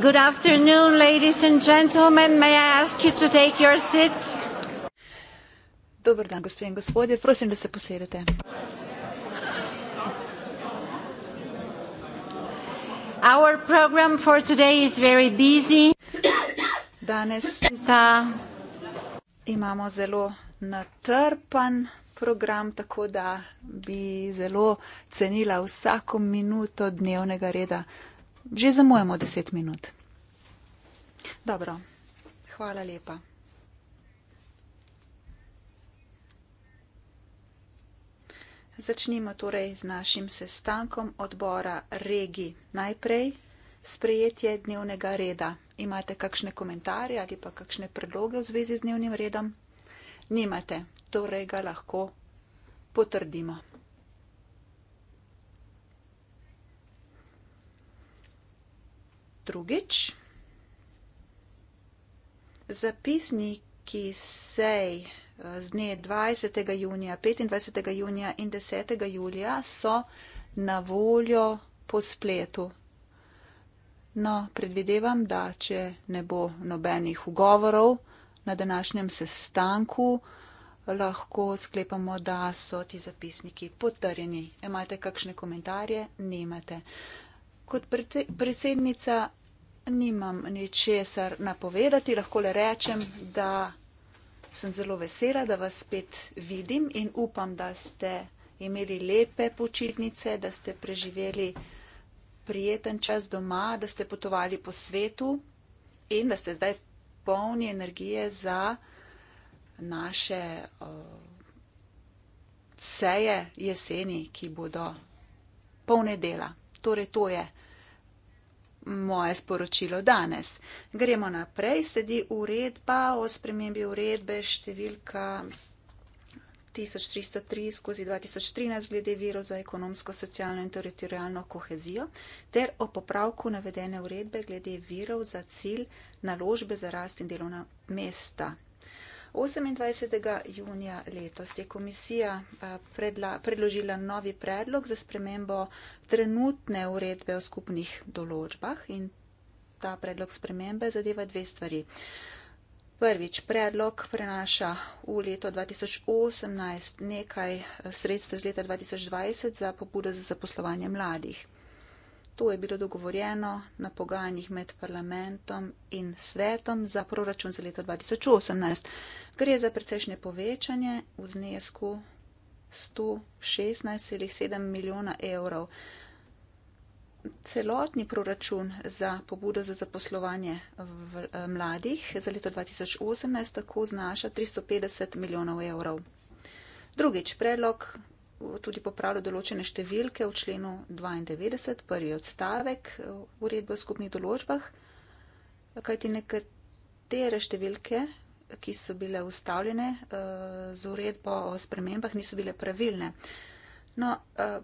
Good afternoon, ladies and gentlemen. May I ask you to take your seats? Dober dan, gospe in gospodje. Prosim, da se posedete. Our program for today is very busy. Danes imamo zelo natrpan program, tako da bi zelo cenila vsako minuto dnevnega reda, že zamujamo deset minut. Dobro, hvala lepa. Začnimo torej z našim sestankom odbora regi. Najprej sprejetje dnevnega reda. Imate kakšne komentarje ali pa kakšne predloge v zvezi z dnevnim redom? Nimate, torej ga lahko potrdimo. drugič. Zapisniki sej eh, z dne 20. junija, 25. junija in 10. julija so na voljo po spletu. No, predvidevam, da če ne bo nobenih ugovorov na današnjem sestanku, lahko sklepamo, da so ti zapisniki potrjeni. Imate kakšne komentarje? Nimate. Kot predsednica nimam ničesar napovedati, lahko le rečem, da sem zelo vesela, da vas spet vidim in upam, da ste imeli lepe počitnice, da ste preživeli prijeten čas doma, da ste potovali po svetu in da ste zdaj polni energije za naše uh, seje jeseni, ki bodo polne dela. Torej, to je moje sporočilo danes. Gremo naprej, sedi uredba o spremembi uredbe številka 1303 skozi 2013 glede virov za ekonomsko, socialno in teritorijalno kohezijo ter o popravku navedene uredbe glede virov za cilj naložbe za rast in delovna mesta. 28. junija letos je komisija eh, predla, predložila novi predlog za spremembo trenutne uredbe o skupnih določbah in ta predlog spremembe zadeva dve stvari. Prvič, predlog prenaša v leto 2018 nekaj eh, sredstev z leta 2020 za pobudo za zaposlovanje mladih. To je bilo dogovorjeno na pogajanjih med parlamentom in svetom za proračun za leto 2018. Gre za precejšnje povečanje v znesku 116,7 milijona evrov. Celotni proračun za pobudo za zaposlovanje v, v, eh, mladih za leto 2018 tako znaša 350 milijonov evrov. Drugič, predlog tudi popravilo določene številke v členu 92, prvi odstavek eh, uredbe o skupnih določbah, kajti nekatere številke, ki so bile ustavljene eh, z uredbo o spremembah, niso bile pravilne. No, eh,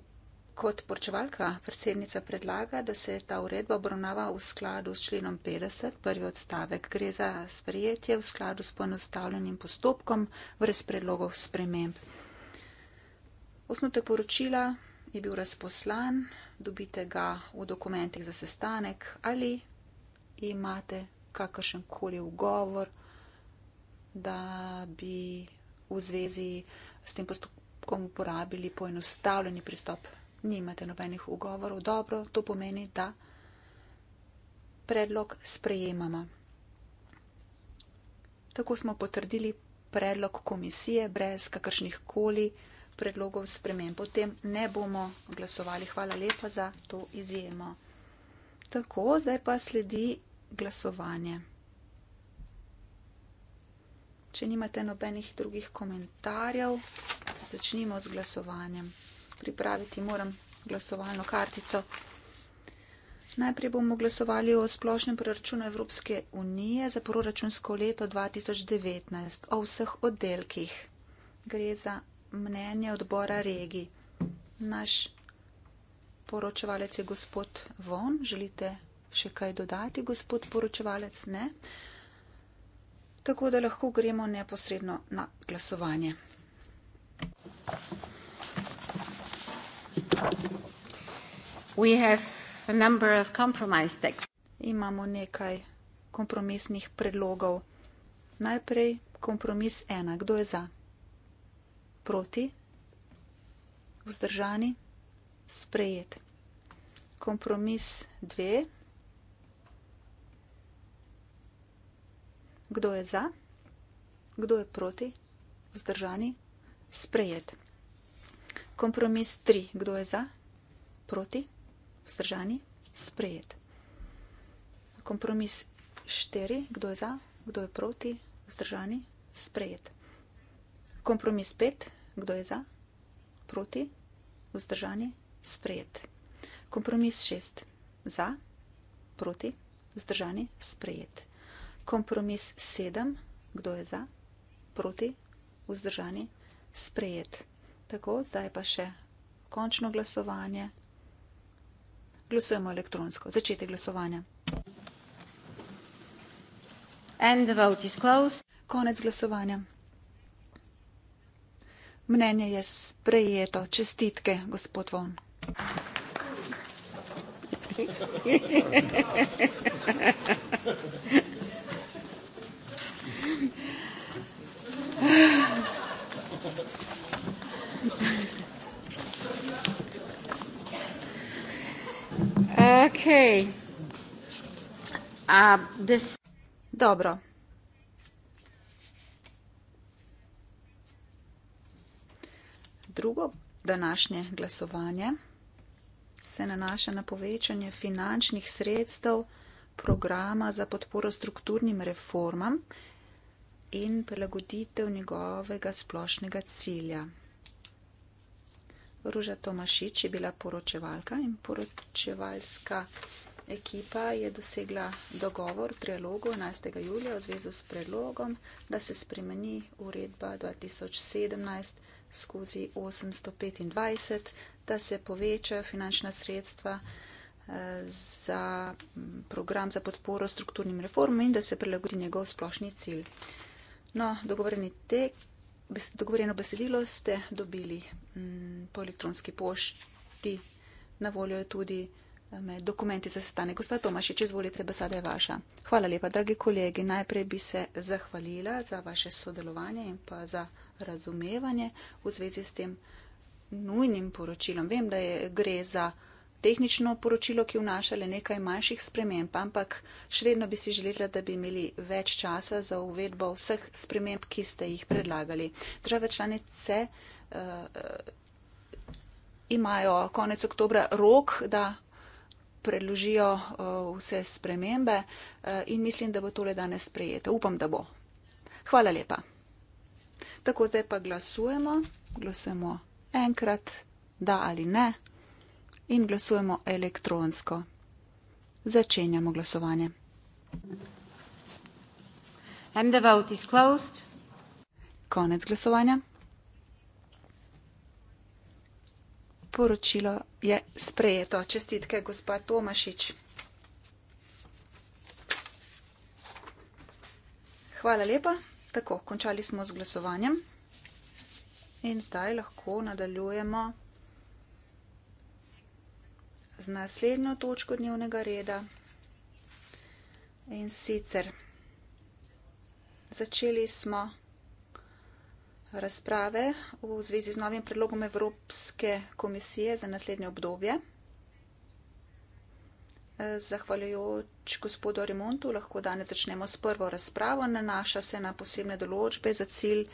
kot porčevalka predsednica predlaga, da se ta uredba obravnava v skladu s členom 50, prvi odstavek. Gre za sprejetje v skladu s poenostavljenim postopkom brez predlogov sprememb. Osnutek poročila je bil razposlan, dobite ga v dokumentih za sestanek ali imate kakršen koli ugovor, da bi v zvezi s tem postopkom uporabili poenostavljeni pristop. Nimate nobenih ugovorov, dobro, to pomeni, da predlog sprejemamo. Tako smo potrdili predlog komisije brez kakršnih koli predlogov spremen. Potem ne bomo glasovali. Hvala lepa za to izjemo. Tako, zdaj pa sledi glasovanje. Če nimate nobenih drugih komentarjev, začnimo z glasovanjem. Pripraviti moram glasovalno kartico. Najprej bomo glasovali o splošnem proračunu Evropske unije za proračunsko leto 2019, o vseh oddelkih. Gre za mnenje odbora regij. Naš poročevalec je gospod Von. Želite še kaj dodati, gospod poročevalec? Ne. Tako da lahko gremo neposredno na glasovanje. Imamo nekaj kompromisnih predlogov. Najprej kompromis ena. Kdo je za? proti, vzdržani, sprejet. Kompromis dve. Kdo je za, kdo je proti, vzdržani, sprejet. Kompromis tri. Kdo je za, proti, vzdržani, sprejet. Kompromis štiri. Kdo je za, kdo je proti, vzdržani, sprejet. Kompromis pet. Kdo je za? Proti? Vzdržani? Sprejet. Kompromis šest. Za? Proti? Vzdržani? Sprejet. Kompromis sedem. Kdo je za? Proti? Vzdržani? Sprejet. Tako, zdaj pa še končno glasovanje. Glasujemo elektronsko. Začeti glasovanje. End the vote is closed. Konec glasovanja. Mnenje je sprejeto. Čestitke, gospod Von. Okay. Uh, this... Dobro, drugo današnje glasovanje se nanaša na povečanje finančnih sredstev programa za podporo strukturnim reformam in prilagoditev njegovega splošnega cilja. Ruža Tomašič je bila poročevalka in poročevalska ekipa je dosegla dogovor v trialogu 11. julija v zvezi s predlogom, da se spremeni uredba 2017 skozi 825, da se povečajo finančna sredstva eh, za program za podporo strukturnim reformom in da se prilagodi njegov splošni cilj. No, dogovorjeno besedilo ste dobili po elektronski pošti. Na voljo je tudi med dokumenti za sestanek. Gospod Tomašič, izvolite, besada je vaša. Hvala lepa, dragi kolegi. Najprej bi se zahvalila za vaše sodelovanje in pa za razumevanje v zvezi s tem nujnim poročilom. Vem, da je, gre za tehnično poročilo, ki vnaša le nekaj manjših sprememb, ampak še vedno bi si želela, da bi imeli več časa za uvedbo vseh sprememb, ki ste jih predlagali. Države članice uh, imajo konec oktobra rok, da predložijo uh, vse spremembe uh, in mislim, da bo tole danes sprejeto. Upam, da bo. Hvala lepa. Tako zdaj pa glasujemo, glasujemo enkrat, da ali ne, in glasujemo elektronsko. Začenjamo glasovanje. And the vote is closed. Konec glasovanja. Poročilo je sprejeto. Čestitke, gospa Tomašič. Hvala lepa. Tako, končali smo z glasovanjem in zdaj lahko nadaljujemo z naslednjo točko dnevnega reda. In sicer začeli smo razprave v zvezi z novim predlogom Evropske komisije za naslednje obdobje. Zahvaljujoč gospodu Remontu lahko danes začnemo s prvo razpravo. Nanaša se na posebne določbe za cilj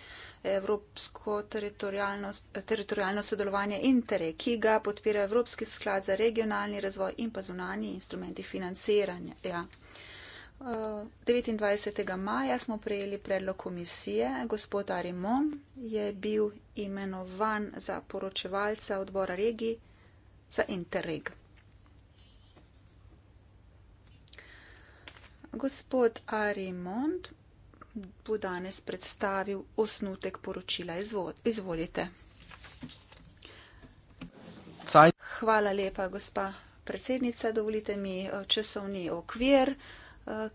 evropsko teritorijalno, teritorijalno sodelovanje Intere, ki ga podpira Evropski sklad za regionalni razvoj in pa zunanji instrumenti financiranja. Eh, ja. 29. maja smo prejeli predlog komisije. Gospod Arimon je bil imenovan za poročevalca odbora regij za Interreg. gospod Ari Mond bo danes predstavil osnutek poročila. Izvolite. Hvala lepa, gospa predsednica. Dovolite mi eh, časovni okvir, eh,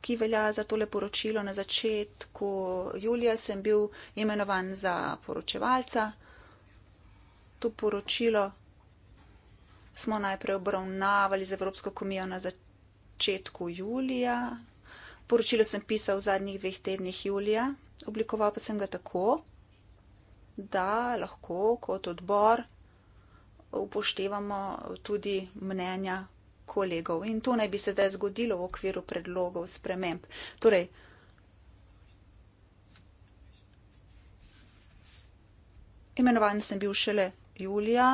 ki velja za tole poročilo. Na začetku julija sem bil imenovan za poročevalca. To poročilo smo najprej obravnavali z Evropsko komijo na začetku začetku julija. Poročilo sem pisal v zadnjih dveh tednih julija, oblikoval pa sem ga tako, da lahko kot odbor upoštevamo tudi mnenja kolegov. In to naj bi se zdaj zgodilo v okviru predlogov sprememb. Torej, imenovan sem bil šele julija,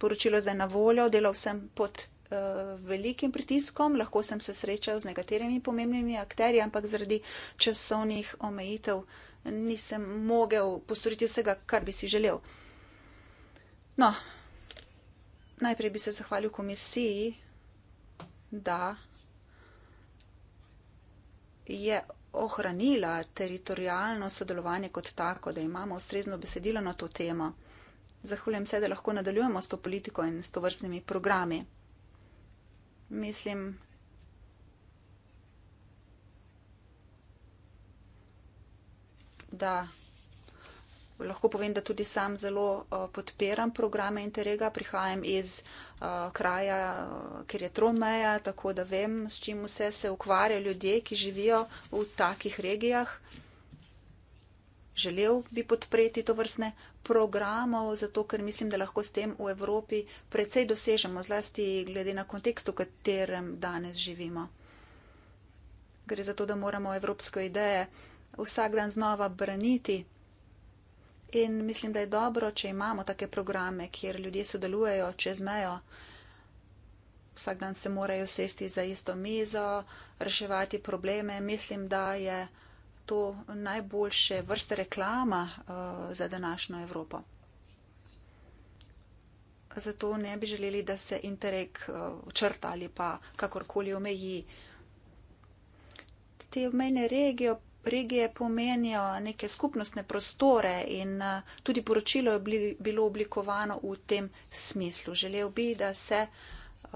poročilo je zdaj na voljo, delal sem pod. Eh, velikim pritiskom, lahko sem se srečal z nekaterimi pomembnimi akterji, ampak zaradi časovnih omejitev nisem mogel postoriti vsega, kar bi si želel. No, najprej bi se zahvalil komisiji, da je ohranila teritorijalno sodelovanje kot tako, da imamo ustrezno besedilo na to temo. Zahvaljujem se, da lahko nadaljujemo s to politiko in s to vrstnimi programi mislim, da lahko povem, da tudi sam zelo eh, podpiram programe Interrega. Prihajam iz eh, kraja, eh, kjer je Tromeja, tako da vem, s čim vse se ukvarjajo ljudje, ki živijo v takih regijah želel bi podpreti to vrstne programov, zato ker mislim, da lahko s tem v Evropi precej dosežemo, zlasti glede na kontekst, v katerem danes živimo. Gre za to, da moramo evropske ideje vsak dan znova braniti. In mislim, da je dobro, če imamo take programe, kjer ljudje sodelujejo čez mejo. Vsak dan se morajo sesti za isto mizo, reševati probleme. Mislim, da je to najboljše vrste reklama uh, za današnjo Evropo. Zato ne bi želeli, da se interreg uh, črta ali pa kakorkoli omeji. Te obmejne regije, regije pomenijo neke skupnostne prostore in uh, tudi poročilo je bili, bilo oblikovano v tem smislu. Želel bi, da se uh,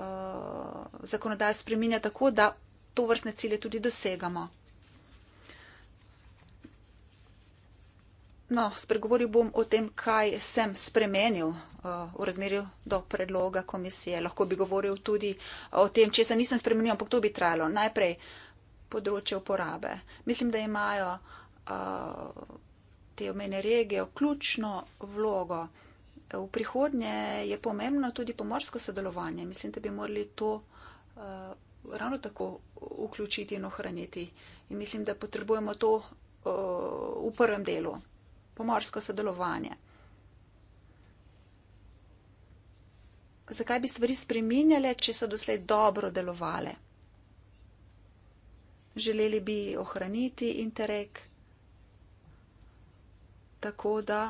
zakonodaj spreminja tako, da to vrstne cilje tudi dosegamo. No, spregovoril bom o tem, kaj sem spremenil uh, v razmerju do predloga komisije. Lahko bi govoril tudi o tem, če se nisem spremenil, ampak to bi trajalo. Najprej področje uporabe. Mislim, da imajo uh, te omene regije ključno vlogo. V prihodnje je pomembno tudi pomorsko sodelovanje. Mislim, da bi morali to uh, ravno tako vključiti in ohraniti. In mislim, da potrebujemo to uh, v prvem delu pomorsko sodelovanje. Zakaj bi stvari spremenjale, če so doslej dobro delovale? Želeli bi ohraniti interreg tako, da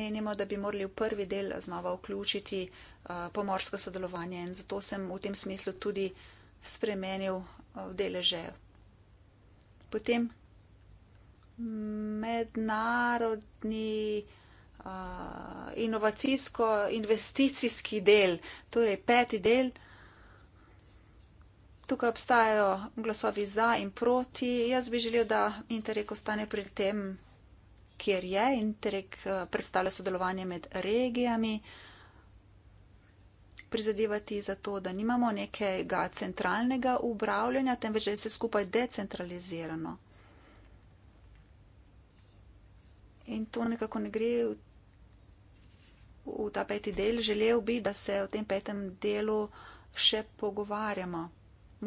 menimo, da bi morali v prvi del znova vključiti uh, pomorsko sodelovanje in zato sem v tem smislu tudi spremenil uh, deleže. Potem mednarodni uh, inovacijsko-investicijski del, torej peti del. Tukaj obstajajo glasovi za in proti. Jaz bi želel, da Interreg ostane pri tem, kjer je. Interreg predstavlja sodelovanje med regijami, prizadevati za to, da nimamo nekega centralnega upravljanja, temveč je vse skupaj decentralizirano. In to nekako ne gre v, v ta peti del. Želel bi, da se v tem petem delu še pogovarjamo.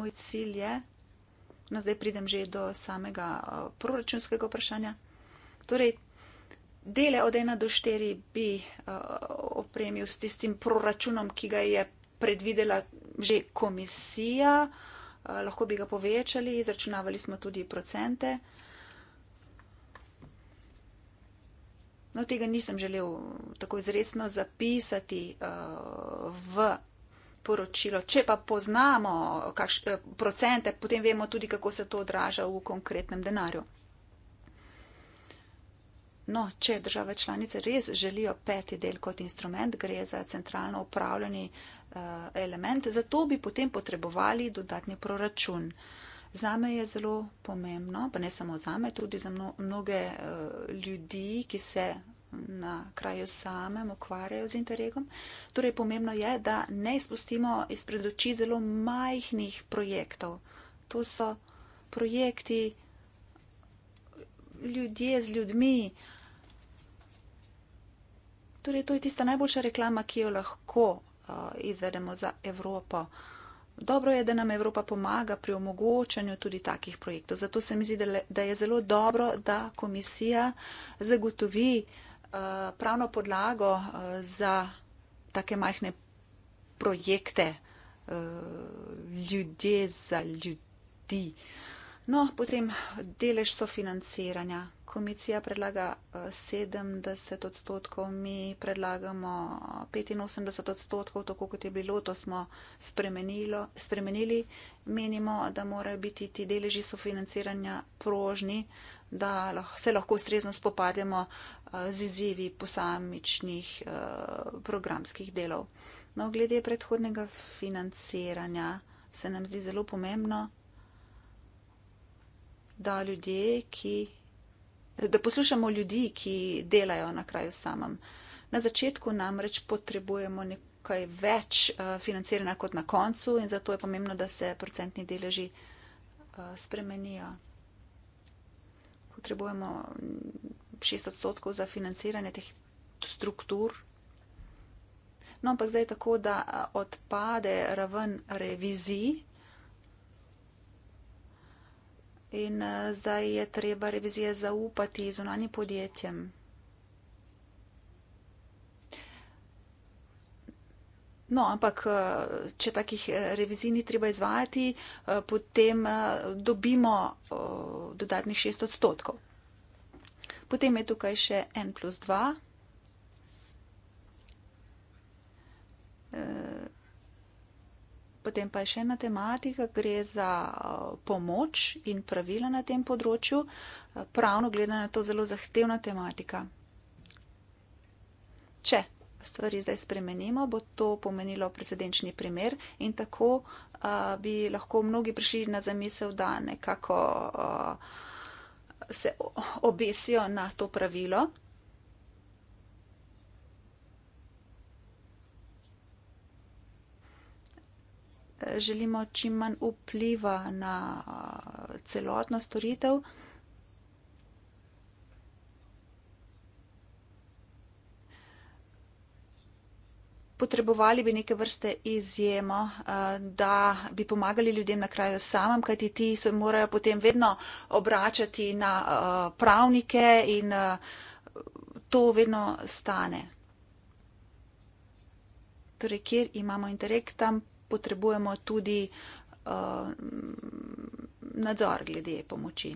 Moj cilj je, no zdaj pridem že do samega proračunskega vprašanja. Torej, dele od ena do štiri bi opremil s tistim proračunom, ki ga je predvidela že komisija. Lahko bi ga povečali, izračunavali smo tudi procente. No, tega nisem želel tako izredno zapisati uh, v poročilo. Če pa poznamo kakš, uh, procente, potem vemo tudi, kako se to odraža v konkretnem denarju. No, če države članice res želijo peti del kot instrument, gre za centralno upravljeni uh, eh, element, zato bi potem potrebovali dodatni proračun. Uh, Zame je zelo pomembno, pa ne samo zame, tudi za mnoge eh, ljudi, ki se na kraju samem ukvarjajo z interregom. Torej, pomembno je, da ne izpustimo izpred oči zelo majhnih projektov. To so projekti ljudje z ljudmi. Torej, to je tista najboljša reklama, ki jo lahko uh, izvedemo za Evropo. Uh, Dobro je, da nam Evropa pomaga pri omogočanju tudi takih projektov. Zato se mi zdi, da je zelo dobro, da komisija zagotovi eh, pravno podlago eh, za take majhne projekte eh, ljudje za ljudi. No, potem delež sofinanciranja. Komisija predlaga 70 eh, odstotkov, mi predlagamo 85 odstotkov, tako kot je bilo, to smo spremenili. Menimo, da morajo biti ti deleži sofinanciranja prožni, da se lahko ustrezno spopademo eh, z izzivi posamičnih eh, programskih delov. No, glede predhodnega financiranja se nam zdi zelo pomembno, da, ljudje, ki, da poslušamo ljudi, ki delajo na kraju samem. Na začetku namreč potrebujemo nekaj več eh, financiranja kot na koncu in zato je pomembno, da se procentni deleži eh, spremenijo. Potrebujemo mm, šest odstotkov za financiranje teh struktur. No, pa zdaj je tako, da eh, odpade raven revizij in eh, zdaj je treba revizije zaupati zunanjim podjetjem. No, ampak eh, če takih eh, revizij ni treba izvajati, potem dobimo dodatnih 6 odstotkov. Potem je tukaj še en plus dva. Potem pa je še ena tematika, gre za uh, pomoč in pravila na tem področju. Uh, pravno gledano je to zelo zahtevna tematika. Če stvari zdaj spremenimo, bo to pomenilo precedenčni primer in tako uh, bi lahko mnogi prišli na zamisel, da nekako uh, se obesijo na to pravilo. želimo čim manj vpliva na uh, celotno storitev. Potrebovali bi neke vrste izjemo, uh, da bi pomagali ljudem na kraju samem, kajti ti se morajo potem vedno obračati na uh, pravnike in to vedno stane. Torej, kjer imamo interreg, tam potrebujemo tudi uh, nadzor glede pomoči.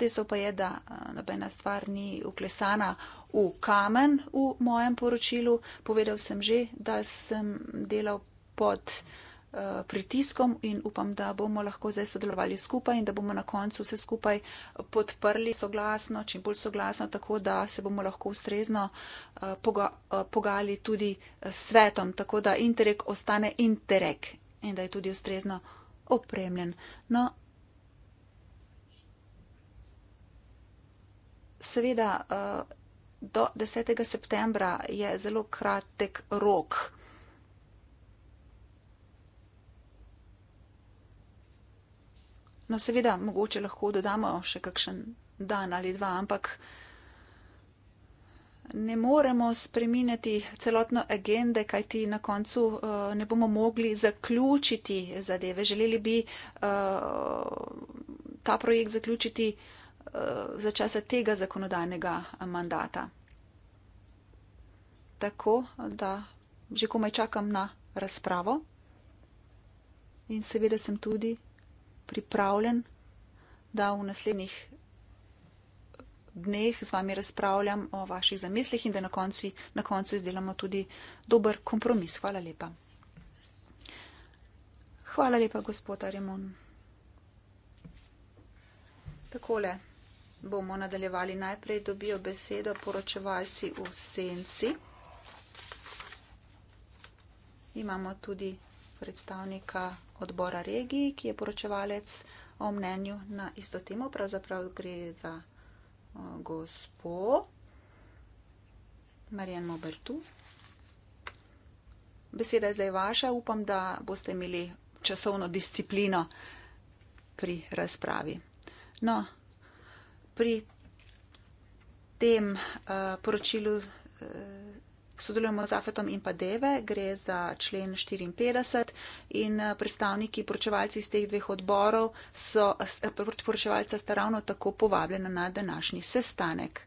Deso pa je, da eh, nobena stvar ni uklesana v kamen v mojem poročilu. Povedal sem že, da sem delal pod. Uh, Eh, pritiskom in upam, da bomo lahko zdaj sodelovali skupaj in da bomo na koncu vse skupaj podprli soglasno, čim bolj soglasno, tako da se bomo lahko ustrezno eh, eh, pogali tudi svetom, tako da interreg ostane interreg in da je tudi ustrezno opremljen. No, seveda, do 10. septembra je zelo kratek rok. No, seveda, mogoče lahko dodamo še kakšen dan ali dva, ampak ne moremo spreminjati celotno agende, kajti na koncu uh, ne bomo mogli zaključiti zadeve. Želeli bi uh, ta projekt zaključiti uh, za časa tega zakonodajnega mandata. Tako da že komaj čakam na razpravo. In seveda sem tudi pripravljen, da v naslednjih dneh z vami razpravljam o vaših zamislih in da na koncu, na koncu izdelamo tudi dober kompromis. Hvala lepa. Hvala lepa, gospod Arimon. Takole bomo nadaljevali. Najprej dobijo besedo poročevalci v senci. Imamo tudi predstavnika odbora regiji, ki je poročevalec o mnenju na isto temo. Pravzaprav gre za gospo Marijan Mobertu. Beseda je zdaj vaša. Upam, da boste imeli časovno disciplino pri razpravi. No, pri tem uh, poročilu uh, sodelujemo z Afetom in pa Deve, gre za člen 54 in eh, predstavniki poročevalci iz teh dveh odborov so, eh, poročevalca sta ravno tako povabljena na današnji sestanek.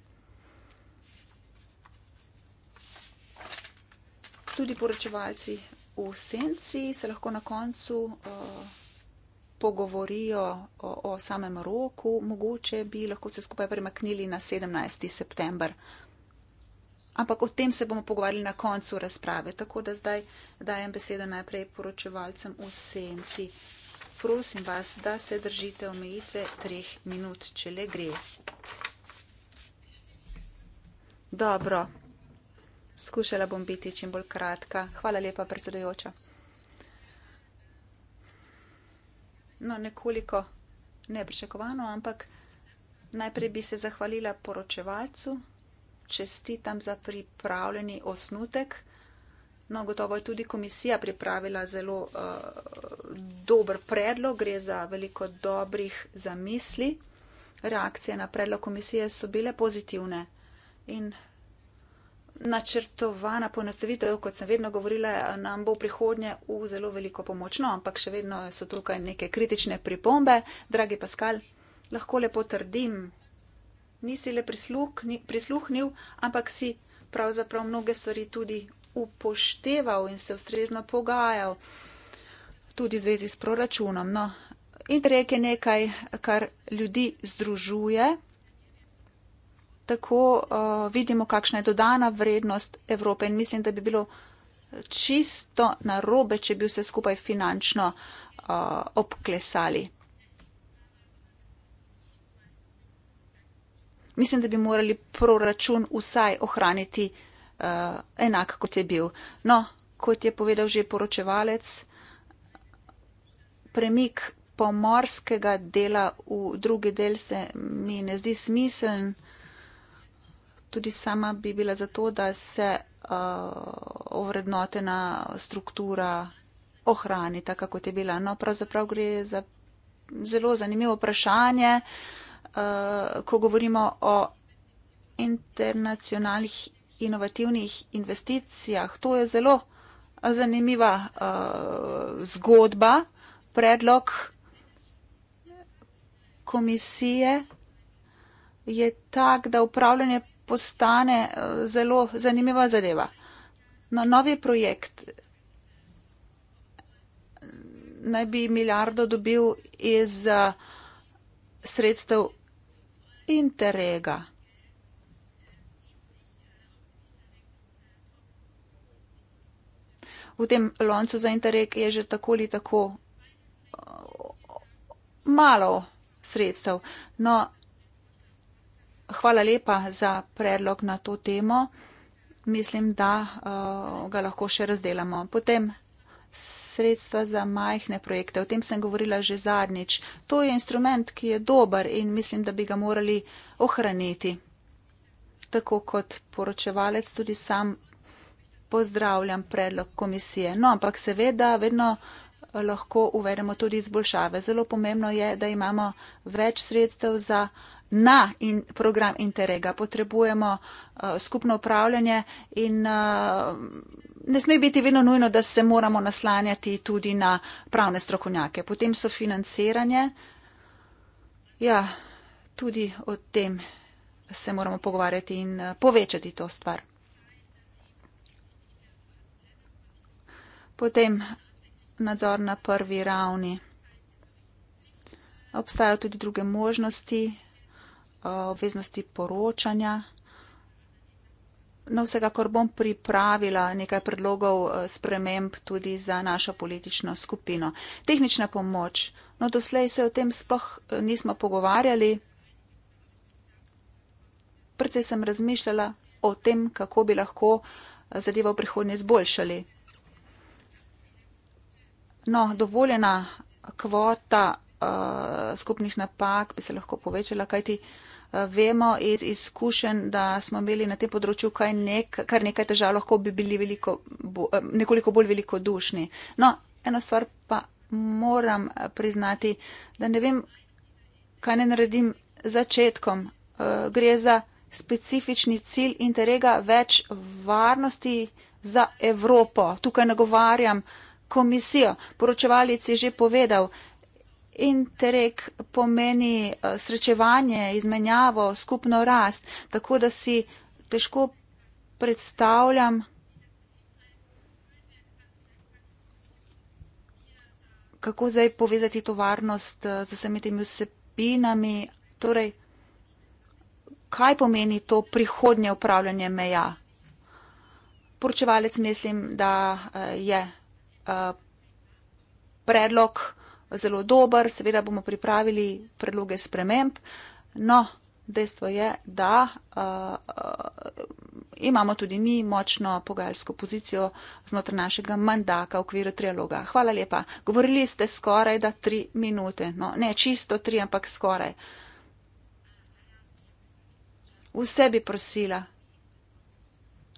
Tudi poročevalci v senci se lahko na koncu uh, pogovorijo o, o samem roku, mogoče bi lahko se skupaj premaknili na 17. september. Ampak o tem se bomo pogovarjali na koncu razprave, tako da zdaj dajem besedo najprej poročevalcem v senci. Prosim vas, da se držite omejitve treh minut, če le gre. Dobro, skušala bom biti čim bolj kratka. Hvala lepa, predsedujoča. No, nekoliko nepričakovano, ampak najprej bi se zahvalila poročevalcu čestitam za pripravljeni osnutek. No, gotovo je tudi komisija pripravila zelo uh, dober predlog, gre za veliko dobrih zamisli. Reakcije na predlog komisije so bile pozitivne in načrtovana ponastavitev, kot sem vedno govorila, nam bo v prihodnje v zelo veliko pomoč. No, ampak še vedno so tukaj neke kritične pripombe. Dragi Paskal, lahko lepo trdim, nisi le prisluhni, prisluhnil, ampak si pravzaprav mnoge stvari tudi upošteval in se ustrezno pogajal, tudi v zvezi s proračunom. No. Interreg je nekaj, kar ljudi združuje, tako uh, vidimo, kakšna je dodana vrednost Evrope in mislim, da bi bilo čisto narobe, če bi vse skupaj finančno uh, obklesali. mislim, da bi morali proračun vsaj ohraniti uh, enak, kot je bil. No, kot je povedal že poročevalec, premik pomorskega dela v drugi del se mi ne zdi smiseln. Tudi sama bi bila za to, da se uh, ovrednotena struktura ohrani, tako kot je bila. No, pravzaprav gre za zelo zanimivo vprašanje. Uh, uh, ko govorimo o internacionalnih inovativnih investicijah. To je zelo zanimiva uh, zgodba, predlog komisije je tak, da upravljanje postane eh, zelo zanimiva zadeva. No, novi projekt naj bi milijardo dobil iz uh, sredstev interega. V tem loncu za interreg je že tako ali tako uh, malo sredstev. No, hvala lepa za predlog na to temo. Mislim, da uh, ga lahko še razdelamo. Potem sredstva za majhne projekte. O tem sem govorila že zadnjič. To je instrument, ki je dober in mislim, da bi ga morali ohraniti. Tako kot poročevalec tudi sam pozdravljam predlog komisije. No, ampak seveda vedno lahko uvedemo tudi izboljšave. Zelo pomembno je, da imamo več sredstev za na in program interega. Potrebujemo uh, skupno upravljanje in uh, ne sme biti vedno nujno, da se moramo naslanjati tudi na pravne strokovnjake. Potem so financiranje. Ja, tudi o tem se moramo pogovarjati in uh, povečati to stvar. Potem nadzor na prvi ravni. Obstajajo tudi druge možnosti. Eh, obveznosti poročanja. No, vsekakor bom pripravila nekaj predlogov eh, sprememb tudi za našo politično skupino. Tehnična pomoč. No, doslej se o tem sploh eh, nismo pogovarjali. Predvsej sem razmišljala o tem, kako bi lahko zadevo v prihodnje zboljšali. No, dovoljena kvota uh, skupnih napak bi se lahko povečala, kajti uh, Vemo iz izkušenj, da smo imeli na tem področju kaj nek, kar nekaj težav, lahko bi bili veliko, bo, eh, nekoliko bolj veliko dušni. No, eno stvar pa moram eh, priznati, da ne vem, kaj ne naredim začetkom. Eh, gre za specifični cilj interega več varnosti za Evropo. Tukaj nagovarjam komisijo. Poročevalec je že povedal, Interreg pomeni eh, srečevanje, izmenjavo, skupno rast, tako da si težko predstavljam, kako zdaj povezati to varnost eh, z vsemi temi vsebinami. Torej, kaj pomeni to prihodnje upravljanje meja? Poročevalec mislim, da eh, je predlog, zelo dober, seveda bomo pripravili predloge sprememb. No, dejstvo je, da uh, uh, imamo tudi mi močno pogajalsko pozicijo znotraj našega mandaka v okviru trialoga. Hvala lepa. Govorili ste skoraj da tri minute. No, ne čisto tri, ampak skoraj. Vse bi prosila,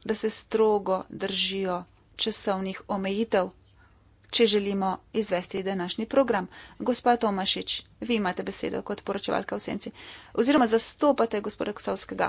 da se strogo držijo časovnih omejitev če želimo izvesti današnji program. Gospa Tomašič, vi imate besedo kot poročevalka v senci oziroma zastopate gospoda Ksavskega.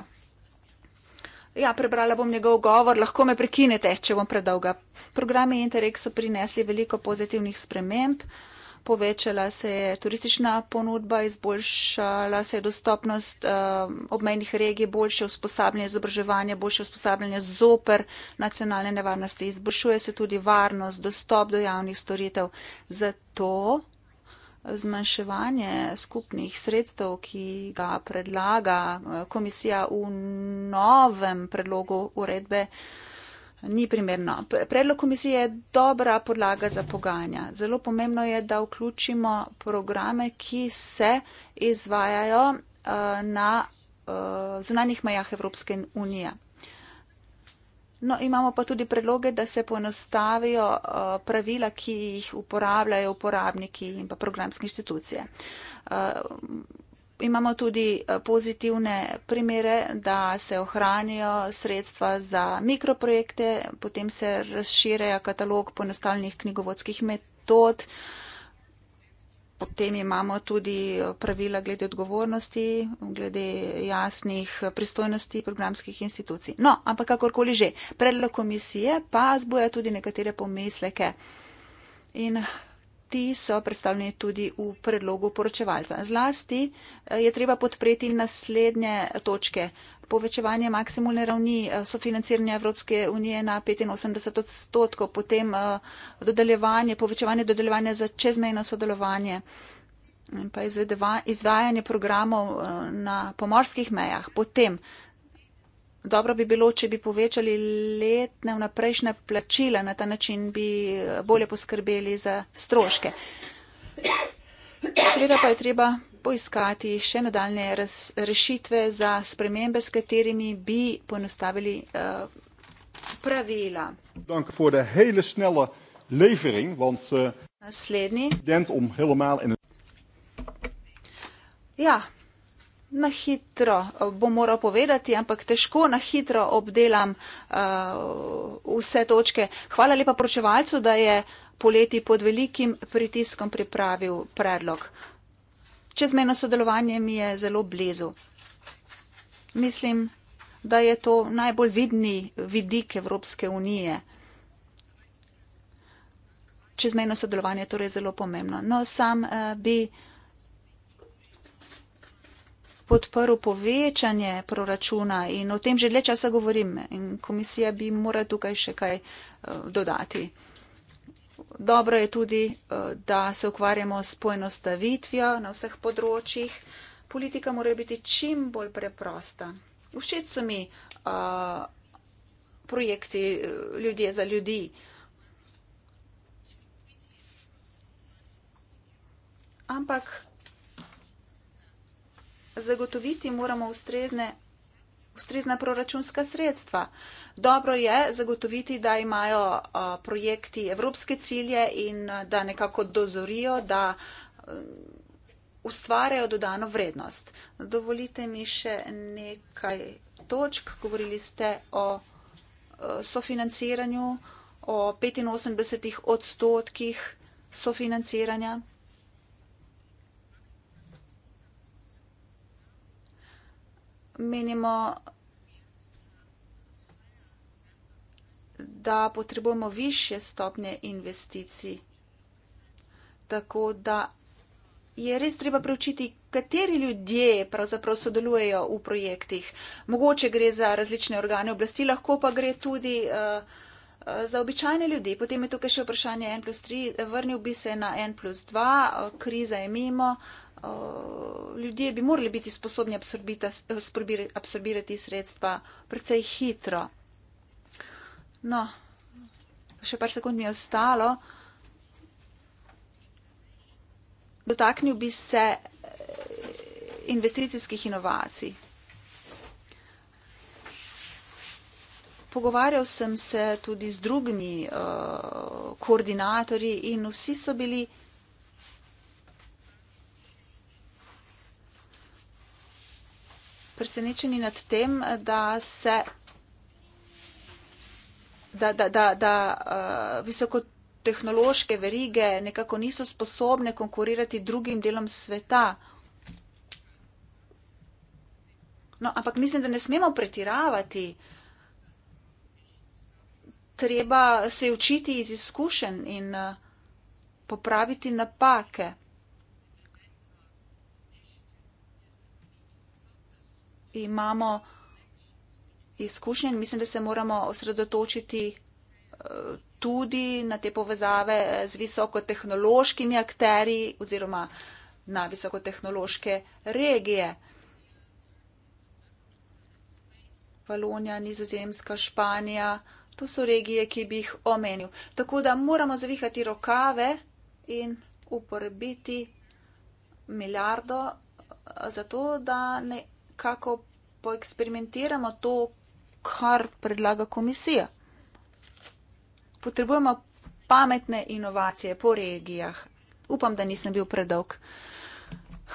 Ja, prebrala bom njegov govor, lahko me prekinete, če bom predolga. Programi Interreg so prinesli veliko pozitivnih sprememb. Uh, povečala se je turistična ponudba, izboljšala se je dostopnost uh, obmejnih regij, boljše usposabljanje, izobraževanje, boljše usposabljanje zoper nacionalne nevarnosti, izboljšuje se tudi varnost, dostop do javnih storitev. Zato zmanjševanje skupnih sredstev, ki ga predlaga eh, komisija v novem predlogu uredbe, uh, ni primerno. Predlog komisije je dobra podlaga za pogajanja. Zelo pomembno je, da vključimo programe, ki se izvajajo eh, na eh, zunanjih mejah Evropske unije. No, imamo pa tudi predloge, da se poenostavijo eh, pravila, ki jih uporabljajo uporabniki in pa programske inštitucije imamo tudi eh, pozitivne primere, da se ohranijo sredstva za mikroprojekte, potem se razširja katalog ponostalnih knjigovodskih metod, potem imamo tudi eh, pravila glede odgovornosti, glede jasnih eh, pristojnosti programskih institucij. No, ampak kakorkoli že, predlog komisije pa zbuja tudi nekatere pomisleke. In ti so predstavljeni tudi v predlogu poročevalca. Zlasti eh, je treba podpreti naslednje točke. Povečevanje maksimalne ravni eh, sofinanciranja Evropske unije na 85 odstotkov, potem eh, dodeljevanje, povečevanje dodeljevanja za čezmejno sodelovanje in pa izvedeva, izvajanje programov na pomorskih mejah, potem Dobro bi bilo, če bi povečali letne vnaprejšnje plačila, na ta način bi bolje poskrbeli za stroške. Seveda pa je treba poiskati še nadaljne rešitve za spremembe, s katerimi bi poenostavili uh, pravila. Dank voor de hele snelle levering, want uh, naslednji. Ja na hitro, eh, bom moral povedati, ampak težko na hitro obdelam uh, vse točke. Hvala lepa poročevalcu, da je poleti pod velikim pritiskom pripravil predlog. Čezmejno sodelovanje mi je zelo blizu. Mislim, da je to najbolj vidni vidik Evropske unije. Čezmejno sodelovanje je torej zelo pomembno. No, sam uh, bi podprl povečanje proračuna in o tem že dlje časa govorim in komisija bi morala tukaj še kaj eh, dodati. Dobro je tudi, eh, da se ukvarjamo s poenostavitvijo na vseh področjih. Politika mora biti čim bolj preprosta. Všeč so mi uh, projekti ljudje za ljudi. Ampak zagotoviti moramo ustrezne, ustrezna proračunska sredstva. Dobro je zagotoviti, da imajo projekti evropske cilje in da nekako dozorijo, da ustvarjajo dodano vrednost. Dovolite mi še nekaj točk. Govorili ste o sofinanciranju, o 85 odstotkih sofinanciranja. menimo, da potrebujemo više stopnje investicij. Tako da je res treba preučiti, kateri ljudje pravzaprav sodelujejo v projektih. Mogoče gre za različne organe oblasti, lahko pa gre tudi uh, uh, za običajne ljudi. Potem je tukaj še vprašanje 1 plus 3, vrnil bi se na 1 plus 2, kriza je mimo. Uh, Eh, ljudje bi morali biti sposobni absorbirati sredstva precej hitro. No, še par sekund mi je ostalo. Dotaknil bi se eh, investicijskih inovacij. Pogovarjal sem se tudi z drugimi uh, koordinatorji in vsi so bili uh, presenečeni nad tem, da se da, da, da, da, uh, visokotehnološke verige nekako niso sposobne konkurirati drugim delom sveta. No, ampak mislim, da ne smemo pretiravati. Treba se učiti iz izkušenj in uh, popraviti napake. imamo izkušnje in mislim, da se moramo osredotočiti eh, tudi na te povezave z visokotehnološkimi akteri oziroma na visokotehnološke regije. Valonija, Nizozemska, Španija, to so regije, ki bi jih omenil. Tako da moramo zavihati rokave in uporabiti milijardo eh, za to, da ne nekako poeksperimentiramo to, kar predlaga komisija. Potrebujemo pametne inovacije po regijah. Upam, da nisem bil predolg.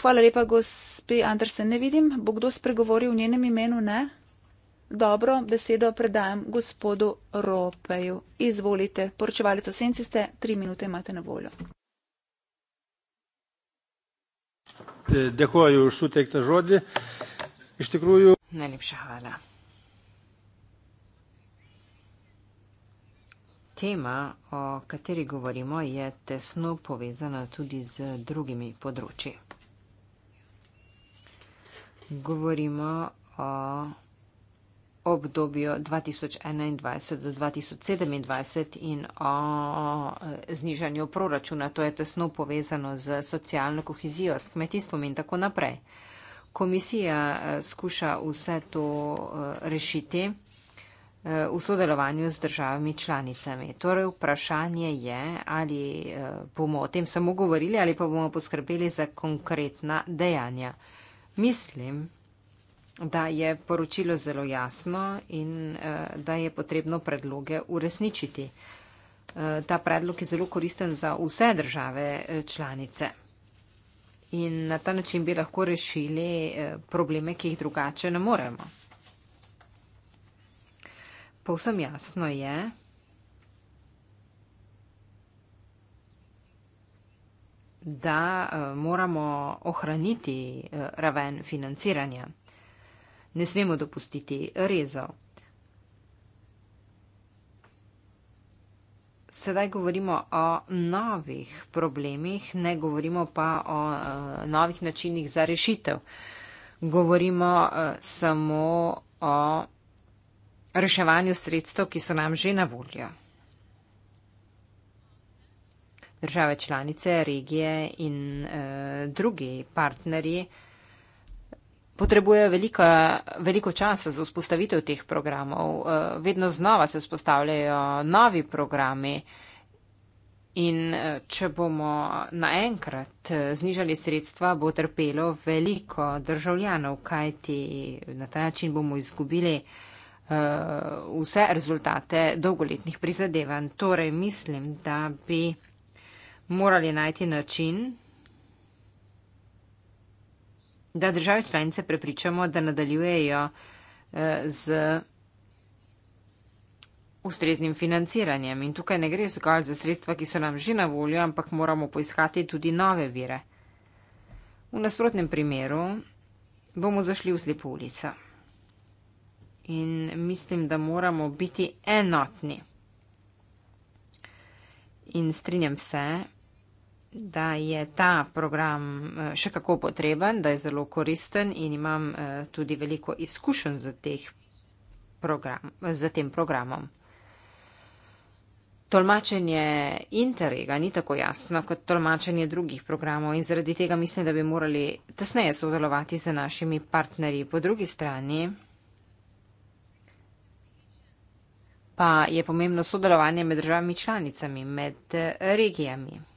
Hvala lepa, gospe Andersen, ne vidim. Bo kdo spregovoril v njenem imenu? Ne? Dobro, besedo predajam gospodu Ropeju. Izvolite, poročevalec o senci ste, tri minute imate na voljo. Dziękuję już tutaj też rodzie iš tikrųjų... Nelipša hvala. Tema, o kateri govorimo, je tesno povezana tudi z drugimi področji. Govorimo o obdobju 2021 do 2027 in o znižanju proračuna. To je tesno povezano z socialno kohezijo, s kmetijstvom in tako naprej. Komisija eh, skuša vse to eh, rešiti eh, v sodelovanju z državami članicami. Torej vprašanje je, ali bomo o tem samo govorili ali pa bomo poskrbeli za konkretna dejanja. Mislim, da je poročilo zelo jasno in da je potrebno predloge uresničiti. Ta predlog je zelo koristen za vse države članice in na ta način bi lahko rešili eh, probleme, ki jih drugače ne moremo. Povsem jasno je, da eh, moramo ohraniti eh, raven financiranja. Ne smemo dopustiti rezov. Sedaj govorimo o novih problemih, ne govorimo pa o eh, novih načinih za rešitev. Govorimo eh, samo o reševanju sredstev, ki so nam že na voljo. Države članice, regije in eh, drugi partnerji potrebujejo veliko, veliko časa za vzpostavitev teh programov. Eh, vedno znova se vzpostavljajo novi programi. In eh, če bomo naenkrat eh, znižali sredstva, bo trpelo veliko državljanov, kajti na ta način bomo izgubili vse rezultate dolgoletnih prizadevanj. Torej mislim, da bi morali najti način, da države članice prepričamo, da nadaljujejo eh, z ustreznim financiranjem. In tukaj ne gre zgolj za sredstva, ki so nam že na voljo, ampak moramo poiskati tudi nove vire. V nasprotnem primeru bomo zašli v slepo ulico. In mislim, da moramo biti enotni. In strinjam se, da je ta program eh, še kako potreben, da je zelo koristen in imam eh, tudi veliko izkušenj z, program, z tem programom. Tolmačenje interega ni tako jasno kot tolmačenje drugih programov in zaradi tega mislim, da bi morali tesneje sodelovati z našimi partnerji. Po drugi strani pa je pomembno sodelovanje med državami članicami, med eh, regijami.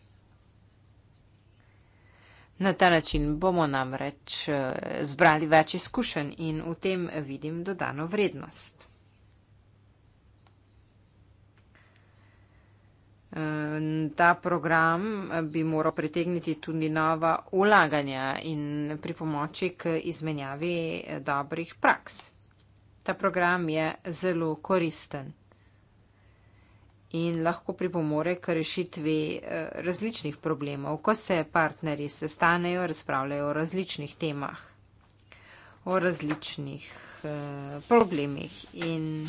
Na ta način bomo namreč eh, zbrali več izkušenj in v tem vidim dodano vrednost. Ta program eh, bi moral pritegniti tudi nova ulaganja in pripomoči k izmenjavi eh, dobrih praks. Ta program je zelo koristen in lahko pripomore k rešitvi eh, različnih problemov, ko se partnerji sestanejo, razpravljajo o različnih temah, o različnih eh, problemih. In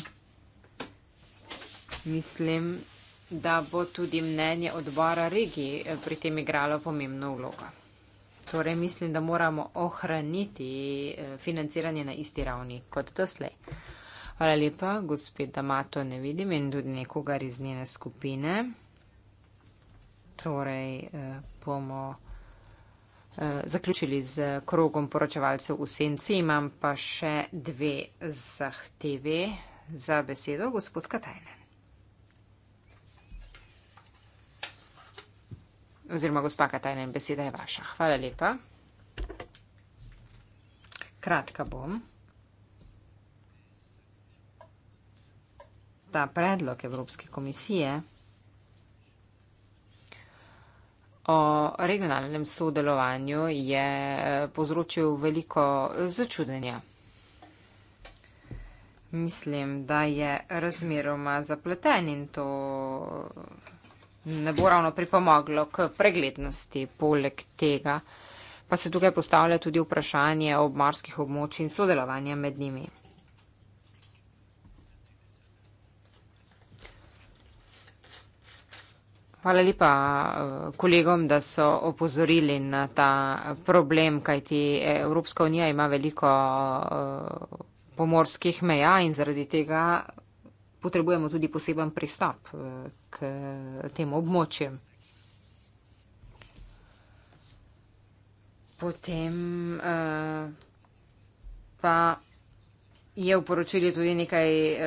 mislim, da bo tudi mnenje odbora regiji eh, pri tem igralo pomembno vlogo. Torej, mislim, da moramo ohraniti financiranje na isti ravni kot doslej. Hvala lepa, gospod Damato, ne vidim in tudi nekogar iz njene skupine. Torej eh, bomo eh, zaključili z krogom poročevalcev v senci. Imam pa še dve zahteve za besedo, gospod Katajne. Oziroma, gospa Katajne, beseda je vaša. Hvala lepa. Kratka bom. ta predlog Evropske komisije o regionalnem sodelovanju je eh, povzročil veliko začudenja. Mislim, da je razmeroma zapleten in to ne bo ravno pripomoglo k preglednosti. Poleg tega pa se tukaj postavlja tudi vprašanje ob morskih območjih in sodelovanja med njimi. Hvala lepa eh, kolegom, da so opozorili na ta problem, kajti Evropska unija ima veliko eh, pomorskih meja in zaradi tega potrebujemo tudi poseben pristop eh, k tem območjem. Potem pa je v poročili tudi nekaj uh,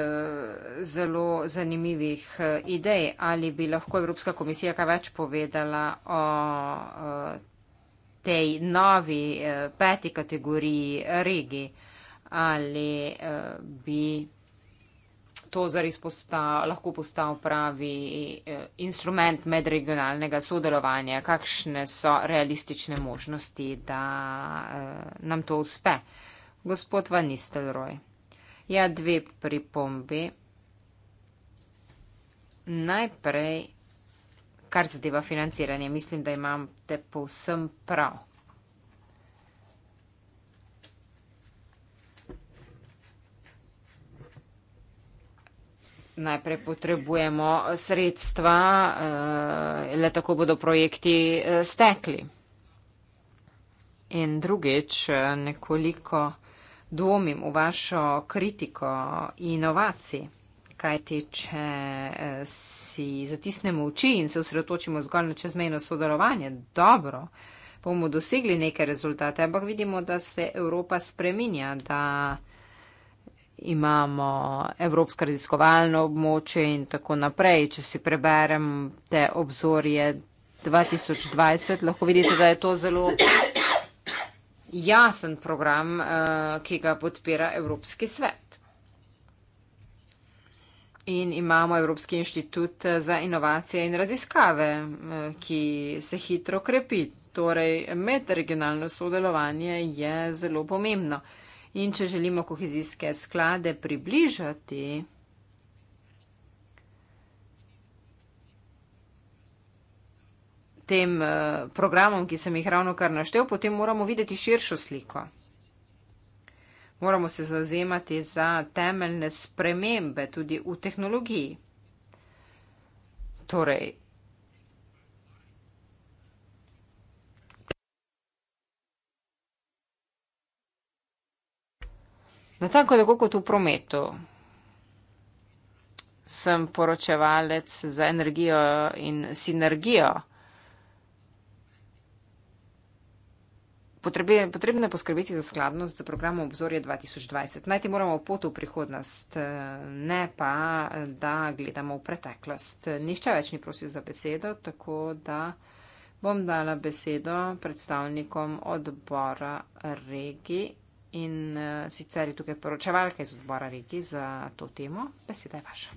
zelo zanimivih uh, idej. Ali bi lahko Evropska komisija kaj več povedala o uh, tej novi uh, peti kategoriji regij? Ali uh, bi to zares postav, lahko postal pravi uh, instrument medregionalnega sodelovanja? Kakšne so realistične možnosti, da uh, nam to uspe? Gospod Van Nistelrooy. Ja, dve pripombi. Najprej, kar zadeva financiranje, mislim, da imam te povsem prav. Najprej potrebujemo sredstva, eh, le tako bodo projekti eh, stekli. In drugič, eh, nekoliko dvomim v vašo kritiko inovacij, kaj ti, če eh, si zatisnemo oči in se osredotočimo zgolj na čezmejno sodelovanje, dobro, bomo dosegli neke rezultate, ampak vidimo, da se Evropa spreminja, da imamo Evropsko raziskovalno območje in tako naprej. Če si preberem te obzorje 2020, lahko vidite, da je to zelo jasen program, eh, ki ga podpira Evropski svet. In imamo Evropski inštitut eh, za inovacije in raziskave, eh, ki se hitro krepi. Torej, medregionalno sodelovanje je zelo pomembno. In če želimo kohezijske sklade približati, tem eh, programom, ki sem jih ravno kar naštel, potem moramo videti širšo sliko. Moramo se zauzemati za temeljne spremembe tudi v tehnologiji. Torej, na tako tako kot v prometu. Sem poročevalec za energijo in sinergijo. Potrebno je poskrbeti za skladnost z programom obzorje 2020. Najti moramo pot v prihodnost, eh, ne pa, eh, da gledamo v preteklost. Nišče več ni prosil za besedo, tako da bom dala besedo predstavnikom odbora regi in eh, sicer je tukaj poročevalka iz odbora regi za to temo. Beseda je vaša.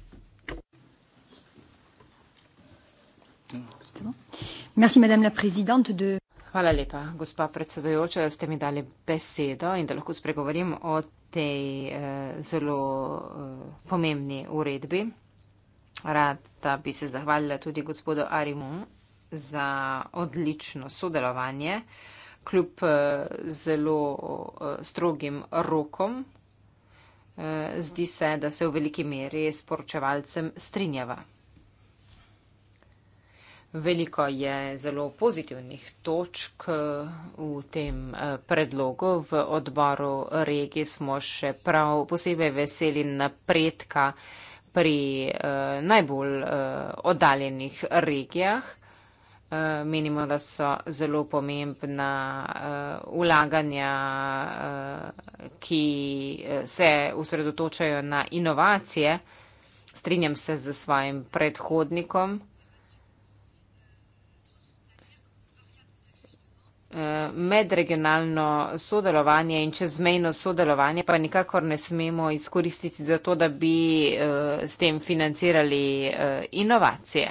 Merci, madame la présidente. De... Hvala lepa, gospa predsedujoča, da ste mi dali besedo in da lahko spregovorim o tej eh, zelo eh, pomembni uredbi. Rada bi se zahvalila tudi gospodu Arimu za odlično sodelovanje, kljub eh, zelo eh, strogim rokom. Eh, zdi se, da se v veliki meri s poročevalcem strinjava. Veliko je zelo pozitivnih točk eh, v tem eh, predlogu. V odboru regi smo še prav posebej veseli napredka pri eh, najbolj oddaljenih regijah. Menimo, da so zelo pomembna ulaganja, ki se usredotočajo na inovacije. Strinjam se z svojim predhodnikom. medregionalno sodelovanje in čezmejno sodelovanje pa nikakor ne smemo izkoristiti za to, da bi eh, s tem financirali eh, inovacije.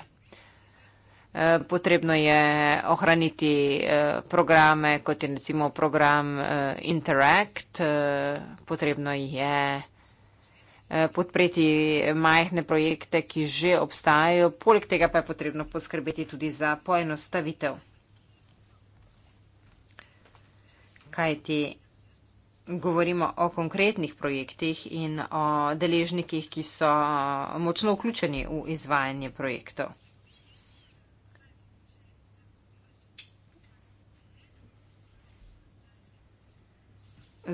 Eh, potrebno je ohraniti programe, kot je recimo program Interact, potrebno je podpreti majhne projekte, ki že obstajajo, poleg tega pa je potrebno poskrbeti tudi za poenostavitev. kajti govorimo o konkretnih projektih in o deležnikih, ki so močno vključeni v izvajanje projektov.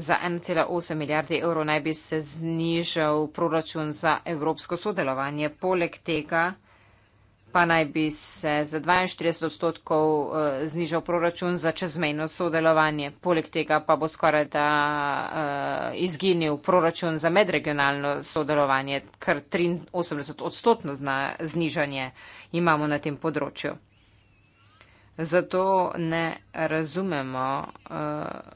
Za 1,8 milijarde evrov naj bi se znižal proračun za evropsko sodelovanje. Poleg tega pa naj bi se za 42 odstotkov eh, znižal proračun za čezmejno sodelovanje. Poleg tega pa bo skoraj da eh, izginil proračun za medregionalno sodelovanje, kar 83 odstotno znižanje imamo na tem področju. Zato ne razumemo. Uh,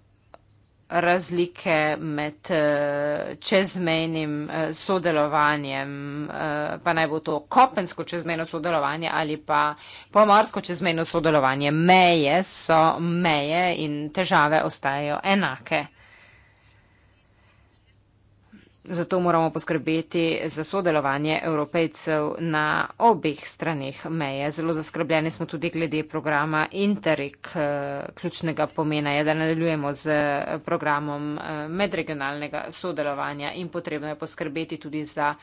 razlike med eh, čezmenim eh, sodelovanjem, eh, pa naj bo to kopensko čezmeno sodelovanje ali pa pomorsko čezmeno sodelovanje. Meje so meje in težave ostajajo enake. Zato moramo poskrbeti za sodelovanje evropejcev na obih stranih meje. Zelo zaskrbljeni smo tudi glede programa Interreg. Eh, ključnega pomena je, da nadaljujemo z programom eh, medregionalnega sodelovanja in potrebno je poskrbeti tudi za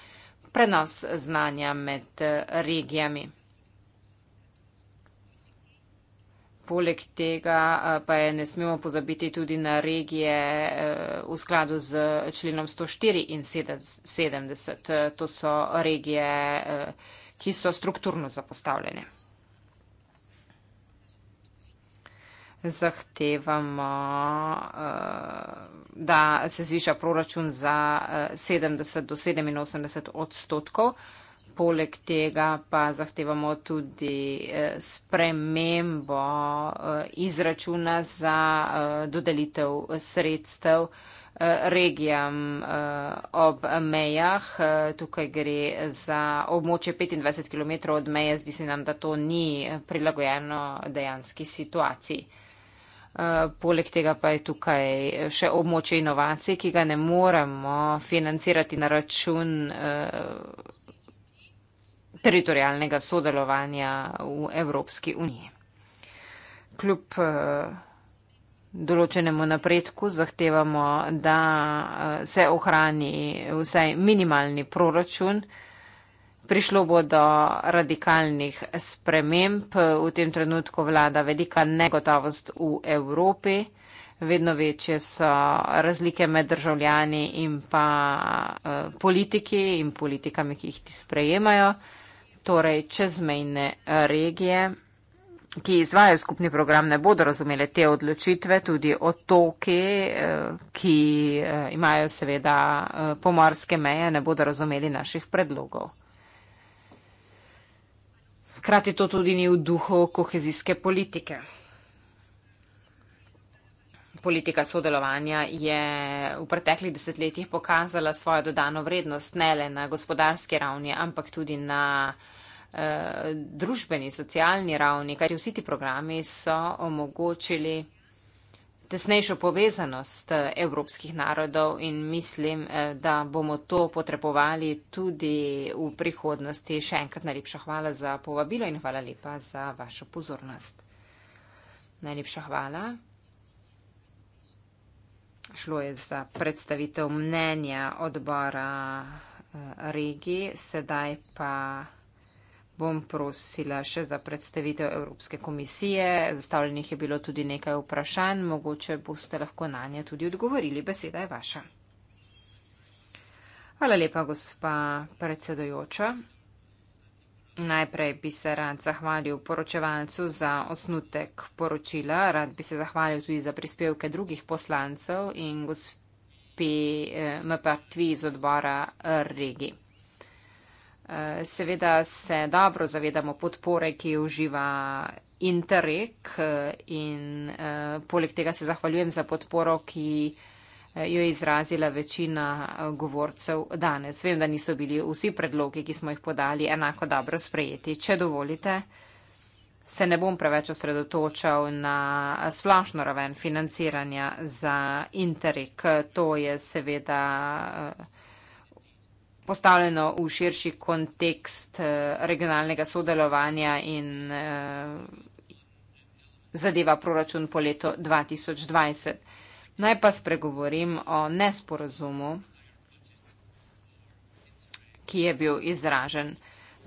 prenos znanja med eh, regijami. Poleg tega eh, pa je ne smemo pozabiti tudi na regije eh, v skladu z členom 174. Eh, to so regije, ki so strukturno zapostavljene. Zahtevamo, da se zviša proračun za 70 do 87 odstotkov poleg tega pa zahtevamo tudi eh, spremembo eh, izračuna za eh, dodelitev sredstev regijam ob mejah. Tukaj gre za območje 25 km od meje. Zdi se nam, da to ni prilagojeno dejanski situaciji. Poleg tega pa je tukaj še območje inovacij, ki ga ne moremo financirati na račun teritorijalnega sodelovanja v Evropski uniji. Kljub eh, določenemu napredku zahtevamo, da eh, se ohrani vsaj minimalni proračun. Prišlo bo do radikalnih sprememb. V tem trenutku vlada velika negotovost v Evropi. Vedno večje so razlike med državljani in pa eh, politiki in politikami, ki jih ti sprejemajo torej čezmejne eh, regije, ki izvajo skupni program, ne bodo razumele te odločitve, tudi otoke, eh, ki eh, imajo seveda pomorske meje, ne bodo razumeli naših predlogov. Hkrati to tudi ni v duhu kohezijske politike. Politika sodelovanja je v preteklih desetletjih pokazala svojo dodano vrednost ne le na gospodarski ravni, ampak tudi na uh, družbeni, socialni ravni, kajti vsi ti programi so omogočili tesnejšo povezanost eh, evropskih narodov in mislim, eh, da bomo to potrebovali tudi v prihodnosti. Še enkrat najlepša hvala za povabilo in hvala lepa za vašo pozornost. Najlepša hvala. Šlo je za predstavitev mnenja odbora eh, regiji, sedaj pa bom prosila še za predstavitev Evropske komisije. Zastavljenih je bilo tudi nekaj vprašanj, mogoče boste lahko na nje tudi odgovorili. Beseda je vaša. Hvala lepa, gospa predsedojoča. Najprej bi se rad zahvalil poročevalcu za osnutek poročila, rad bi se zahvalil tudi za prispevke drugih poslancev in gospe eh, MPTV iz odbora eh, Regi. Seveda se dobro zavedamo podpore, ki jo uživa Interreg in eh, poleg tega se zahvaljujem za podporo, ki eh, jo je izrazila večina eh, govorcev danes. Vem, da niso bili vsi predlogi, ki smo jih podali, enako dobro sprejeti. Če dovolite, se ne bom preveč osredotočal na splošno raven financiranja za Interreg. To je seveda postavljeno v širši kontekst eh, regionalnega sodelovanja in eh, zadeva proračun po leto 2020. Naj pa spregovorim o nesporazumu, ki je bil izražen.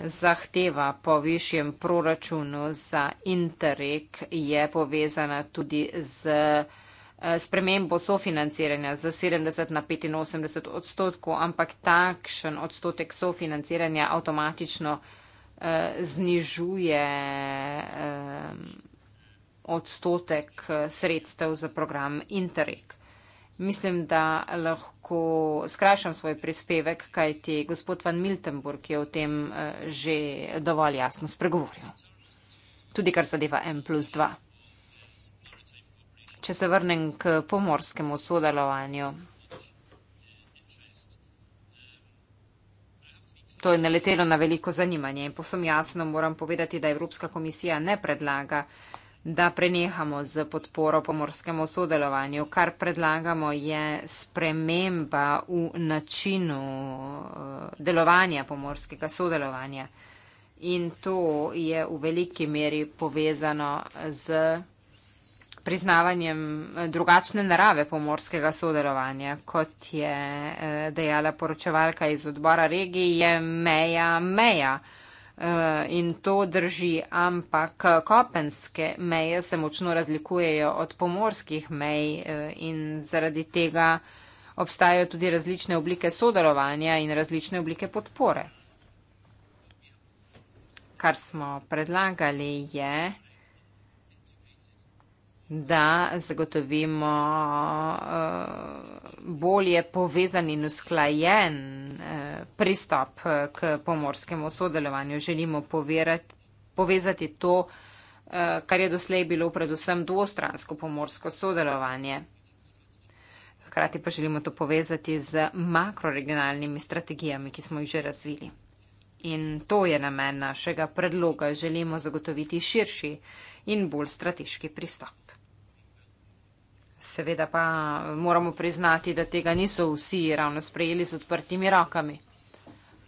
Zahteva po višjem proračunu za Interreg je povezana tudi z proračunom Eh, spremembo sofinanciranja za 70 na 85 odstotkov, ampak takšen odstotek sofinanciranja avtomatično eh, znižuje eh, odstotek sredstev za program Interreg. Mislim, da lahko skrajšam svoj prispevek, kaj ti gospod Van Miltenburg je o tem že dovolj jasno spregovoril. Tudi kar zadeva M plus 2. Če se vrnem k pomorskemu sodelovanju. To je naletelo na veliko zanimanje in posem jasno moram povedati, da Evropska komisija ne predlaga, da prenehamo z podporo pomorskemu sodelovanju. Kar predlagamo je sprememba v načinu eh, delovanja pomorskega sodelovanja. In to je v veliki meri povezano z priznavanjem eh, drugačne narave pomorskega sodelovanja, kot je eh, dejala poročevalka iz odbora regije, je meja meja. Eh, in to drži, ampak kopenske meje se močno razlikujejo od pomorskih mej in zaradi tega obstajajo tudi različne oblike sodelovanja in različne oblike podpore. Kar smo predlagali je, da zagotovimo eh, bolje povezan in usklajen eh, pristop eh, k pomorskemu sodelovanju. Želimo povezati to, kar je doslej bilo predvsem dvostransko pomorsko sodelovanje. Hkrati pa želimo to povezati z makroregionalnimi strategijami, ki smo jih že razvili. In to je namen našega predloga. Želimo zagotoviti širši in bolj strateški pristop. Seveda pa moramo priznati, da tega niso vsi ravno sprejeli z odprtimi rokami.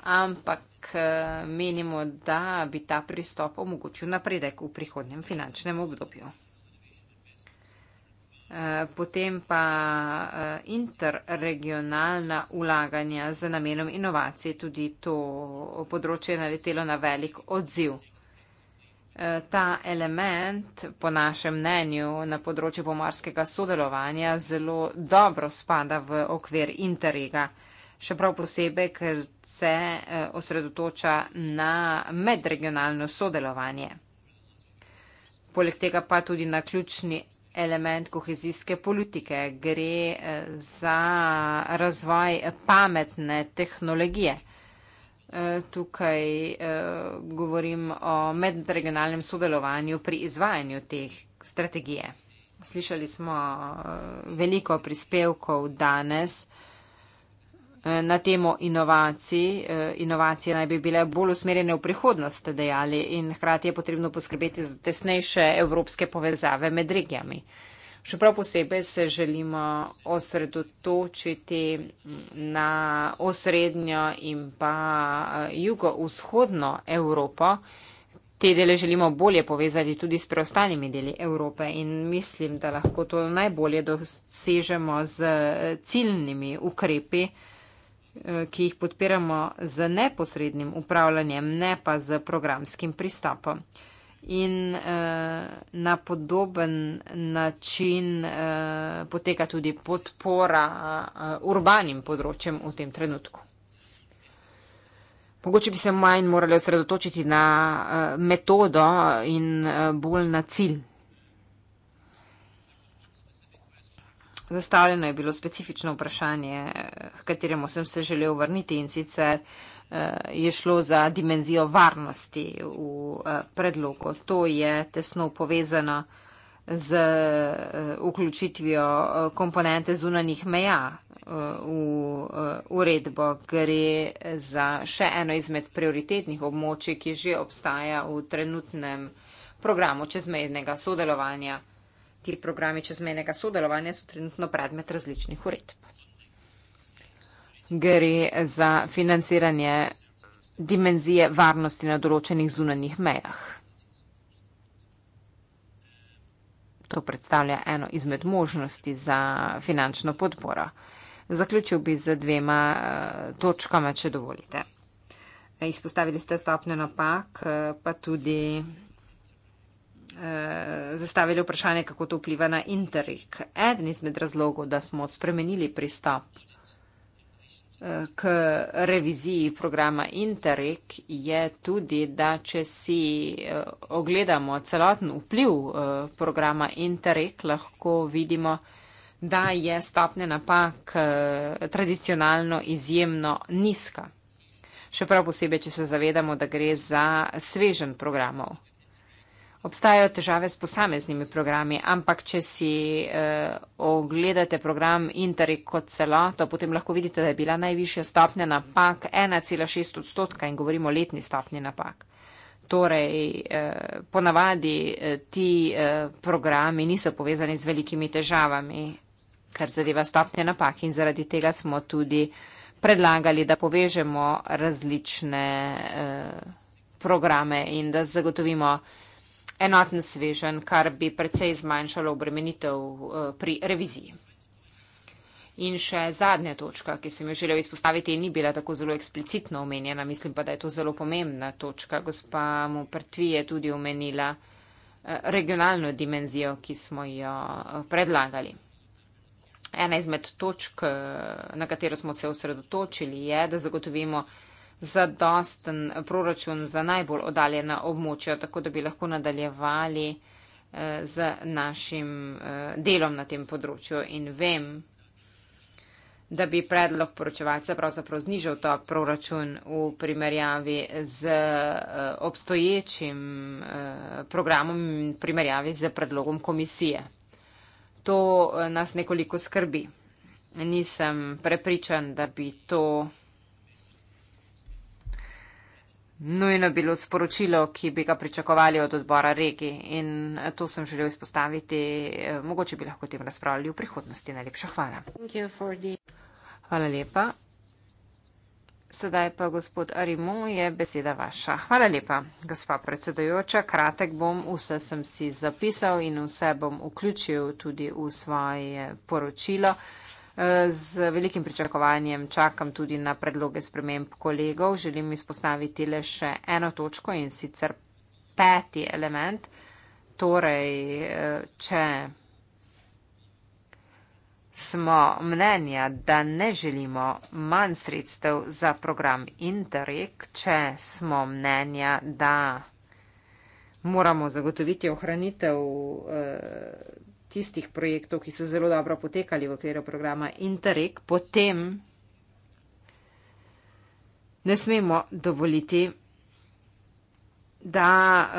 Ampak eh, menimo, da bi ta pristop omogočil napredek v prihodnem finančnem obdobju. Eh, potem pa eh, interregionalna ulaganja z namenom inovacij, tudi to področje je naletelo na velik odziv. Eh, ta element po našem mnenju na področju pomorskega sodelovanja zelo dobro spada v okvir interega. Še prav posebej, ker se eh, osredotoča na medregionalno sodelovanje. Poleg tega pa tudi na ključni element kohezijske politike gre eh, za razvoj pametne tehnologije. Eh, tukaj eh, govorim o medregionalnem sodelovanju pri izvajanju teh strategije. Slišali smo eh, veliko prispevkov danes na temo inovacij. Inovacije naj bi bile bolj usmerjene v prihodnost, dejali, in hkrati je potrebno poskrbeti za tesnejše evropske povezave med regijami. Še prav posebej se želimo osredotočiti na osrednjo in pa eh, jugovzhodno Evropo. Te dele želimo bolje povezati tudi s preostalimi deli Evrope in mislim, da lahko to najbolje dosežemo z eh, ciljnimi ukrepi, eh, ki jih podpiramo z neposrednim upravljanjem, ne pa z programskim pristopom in uh, na podoben način uh, poteka tudi podpora uh, urbanim področjem v tem trenutku. Mogoče bi se manj morali osredotočiti na uh, metodo in uh, bolj na cilj. Zastavljeno je bilo specifično vprašanje, h kateremu sem se želel vrniti in sicer uh, je šlo za dimenzijo varnosti v eh, predlogu. To je tesno povezano z eh, vključitvijo eh, komponente zunanih meja v uredbo. Gre za še eno izmed prioritetnih območij, ki že obstaja v trenutnem programu čezmejnega sodelovanja. Ti programi čezmejnega sodelovanja so trenutno predmet različnih uredb gre za financiranje dimenzije varnosti na določenih zunanjih mejah. To predstavlja eno izmed možnosti za finančno podporo. Zaključil bi z dvema eh, točkama, če dovolite. Eh, izpostavili ste stopne napak, eh, pa tudi zastavili vprašanje, kako to vpliva na Interreg. Eden izmed razlogov, da smo spremenili pristop k reviziji programa Interreg je tudi, da če si eh, ogledamo celoten vpliv eh, programa Interreg, lahko vidimo, da je stopne napak eh, tradicionalno izjemno nizka. Še prav posebej, če se zavedamo, da gre za svežen programov. Obstajajo težave s posameznimi programi, ampak če si eh, ogledate program Interreg kot celoto, potem lahko vidite, da je bila najvišja stopnja napak 1,6 odstotka in govorimo o letni stopnji napak. Torej, eh, ponavadi eh, ti eh, programi niso povezani z velikimi težavami, kar zadeva stopnje napak in zaradi tega smo tudi predlagali, da povežemo različne eh, programe in da zagotovimo, enoten svežen, kar bi precej zmanjšalo obremenitev eh, pri reviziji. In še zadnja točka, ki sem jo želel izpostaviti in ni bila tako zelo eksplicitno omenjena, mislim pa, da je to zelo pomembna točka. Gospa Mupertvi je tudi omenila eh, regionalno dimenzijo, ki smo jo eh, predlagali. Ena izmed točk, na katero smo se osredotočili, je, da zagotovimo zadosten proračun za najbolj oddaljena območja, tako da bi lahko nadaljevali eh, z našim eh, delom na tem področju. In vem, da bi predlog poročevalca pravzaprav znižal ta proračun v primerjavi z eh, obstoječim programom in primerjavi z predlogom komisije. To nas nekoliko skrbi. Nisem prepričan, da bi to nujno bilo sporočilo, ki bi ga pričakovali od odbora regi in to sem želel izpostaviti. Eh, mogoče bi lahko o tem razpravljali v prihodnosti. Najlepša hvala. Hvala lepa. Sedaj pa gospod Arimu je beseda vaša. Hvala lepa, gospa predsedojoča. Kratek bom, vse sem si zapisal in vse bom vključil tudi v svoje poročilo. Z velikim pričakovanjem čakam tudi na predloge sprememb kolegov. Želim izpostaviti le še eno točko in sicer peti element. Torej, če smo mnenja, da ne želimo manj sredstev za program Interreg, če smo mnenja, da moramo zagotoviti ohranitev. Eh, tistih projektov, ki so zelo dobro potekali v okviru programa Interreg, potem ne smemo dovoliti, da uh,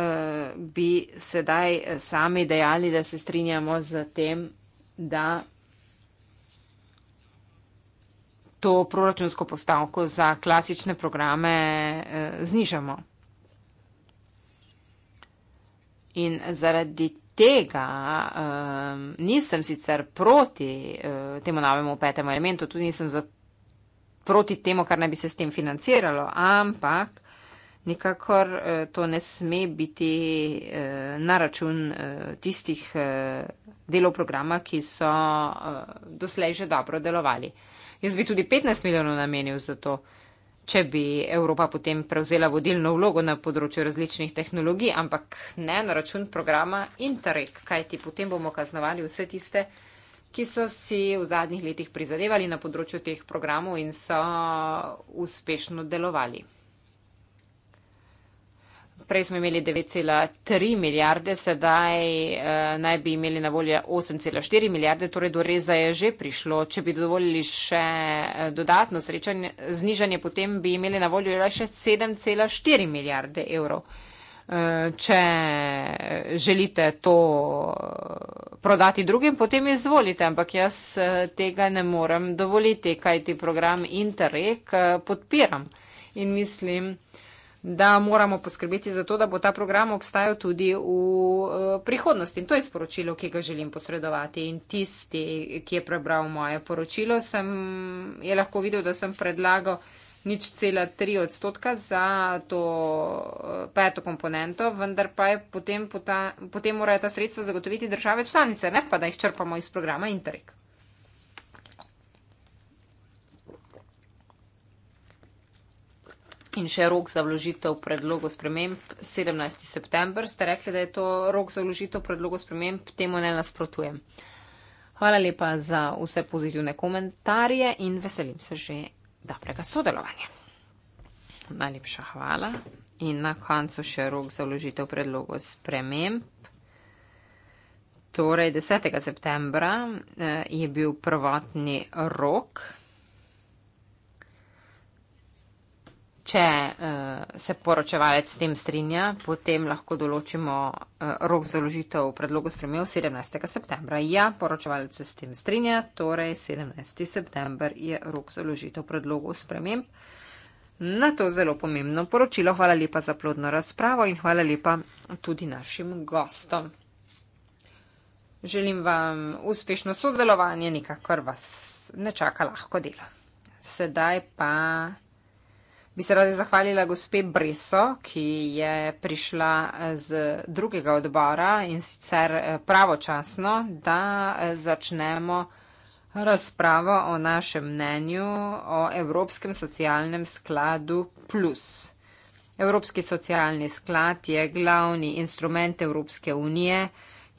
bi sedaj sami dejali, da se strinjamo z tem, da to proračunsko postavko za klasične programe uh, znižamo. In zaradi tega um, nisem sicer proti uh, temu novemu petemu elementu, tudi nisem za, proti temu, kar naj bi se s tem financiralo, ampak. Nikakor eh, to ne sme biti eh, na račun tistih delov programa, ki so doslej že dobro delovali. Jaz bi tudi 15 milijonov namenil za to, če bi Evropa potem prevzela vodilno vlogo na področju različnih tehnologij, ampak ne na račun programa Interreg, kajti potem bomo kaznovali vse tiste, ki so si v zadnjih letih prizadevali na področju teh programov in so uspešno delovali prej smo imeli 9,3 milijarde, sedaj uh, naj bi imeli na voljo 8,4 milijarde, torej do reza je že prišlo. Če bi dovolili še eh, dodatno srečanje, znižanje, potem bi imeli na voljo le še 7,4 milijarde evrov. Eh, če želite to prodati drugim, potem izvolite, ampak jaz tega ne morem dovoliti, kaj ti program Interreg podpiram. In mislim, da moramo poskrbeti za to, da bo ta program obstajal tudi v eh, prihodnosti. In to je sporočilo, ki ga želim posredovati. In tisti, ki je prebral moje poročilo, sem, je lahko videl, da sem predlagal nič cela tri odstotka za to eh, peto komponento, vendar pa je potem, potem morajo ta sredstva zagotoviti države članice, ne pa da jih črpamo iz programa Interreg. in še rok za vložitev predlogov sprememb 17. september. Ste rekli, da je to rok za vložitev predlogov sprememb, temu ne nasprotujem. Hvala lepa za vse pozitivne komentarje in veselim se že dobrega sodelovanja. Najlepša hvala in na koncu še rok za vložitev predlogov sprememb. Torej, 10. septembra eh, je bil prvotni rok. Če eh, se poročevalec s tem strinja, potem lahko določimo eh, rok za ložitev predlogu spremev 17. septembra. Ja, poročevalec se s tem strinja, torej 17. september je rok za ložitev predlogu sprememb. Na to zelo pomembno poročilo. Hvala lepa za plodno razpravo in hvala lepa tudi našim gostom. Želim vam uspešno sodelovanje, nikakor vas ne čaka lahko delo. Sedaj pa bi se radi zahvalila gospe Breso, ki je prišla eh, z drugega odbora in sicer eh, pravočasno, da eh, začnemo razpravo o našem mnenju o Evropskem socialnem skladu plus. Evropski socialni sklad je glavni instrument Evropske unije,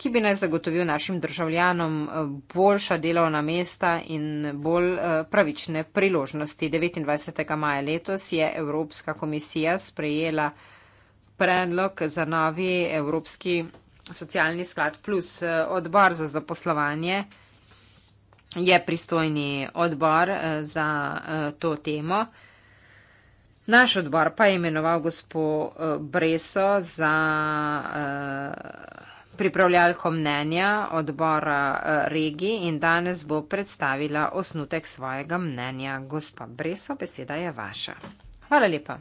ki bi naj zagotovil našim državljanom eh, boljša delovna mesta in bolj eh, pravične priložnosti. 29. maja letos je Evropska komisija sprejela predlog za novi Evropski socialni sklad plus eh, odbor za zaposlovanje. Je pristojni odbor za to temo. Naš odbor pa je imenoval gospod Breso za pripravljalko mnenja odbora eh, regij in danes bo predstavila osnutek svojega mnenja. Gospa Breso, beseda je vaša. Hvala lepa,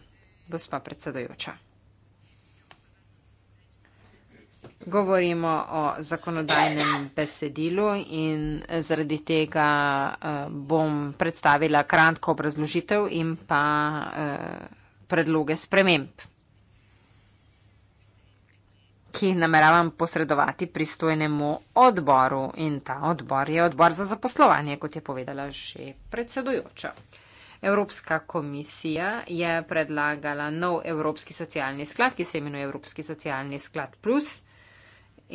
gospa predsedojoča. Govorimo o zakonodajnem besedilu in zaradi tega eh, bom predstavila kratko obrazložitev in pa eh, predloge sprememb ki nameravam posredovati pristojnemu odboru in ta odbor je odbor za zaposlovanje, kot je povedala že predsedujoča. Evropska komisija je predlagala nov Evropski socialni sklad, ki se imenuje Evropski socialni sklad plus.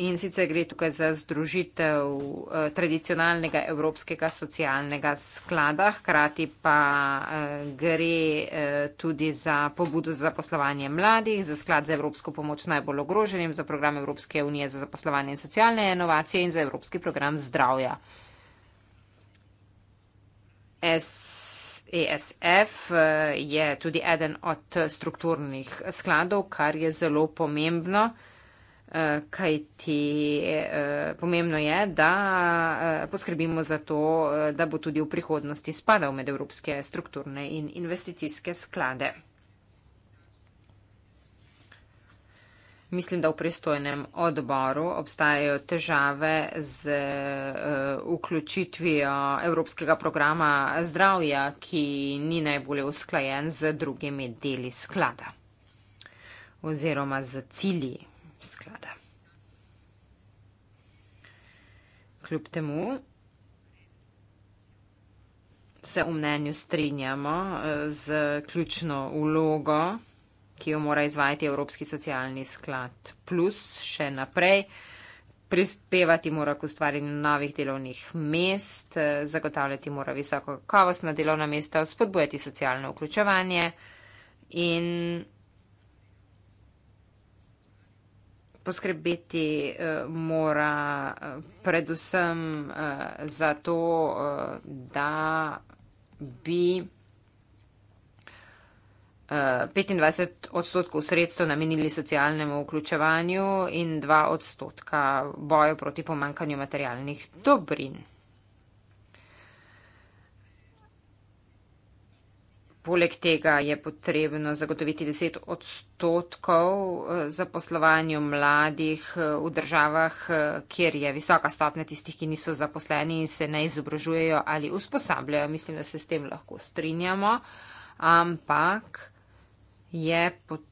In sicer gre tukaj za združitev eh, tradicionalnega Evropskega socialnega sklada, hkrati pa eh, gre eh, tudi za pobudo za zaposlovanje mladih, za sklad za evropsko pomoč najbolj ogroženim, za program Evropske unije za zaposlovanje in socialne inovacije in za Evropski program zdravja. S ESF eh, je tudi eden od strukturnih skladov, kar je zelo pomembno kaj ti eh, pomembno je, da eh, poskrbimo za to, eh, da bo tudi v prihodnosti spadal med evropske strukturne in investicijske sklade. Mislim, da v pristojnem odboru obstajajo težave z vključitvijo evropskega programa zdravja, ki ni najbolje usklajen z drugimi deli sklada oziroma z cilji sklada. Kljub temu se v mnenju strinjamo eh, z ključno vlogo, ki jo mora izvajati Evropski socialni sklad plus še naprej. Prispevati mora k ustvarjanju novih delovnih mest, eh, zagotavljati mora visoko kakovostna delovna mesta, spodbujati socialno vključevanje in poskrbeti eh, mora eh, predvsem eh, za to, da bi 25 odstotkov sredstev namenili socialnemu vključevanju in 2 odstotka boju proti pomankanju materialnih dobrin. Poleg tega je potrebno zagotoviti 10 odstotkov eh, zaposlovanju mladih eh, v državah, eh, kjer je visoka stopnja tistih, ki niso zaposleni in se ne izobražujejo ali usposabljajo. Mislim, da se s tem lahko strinjamo, ampak je, pot,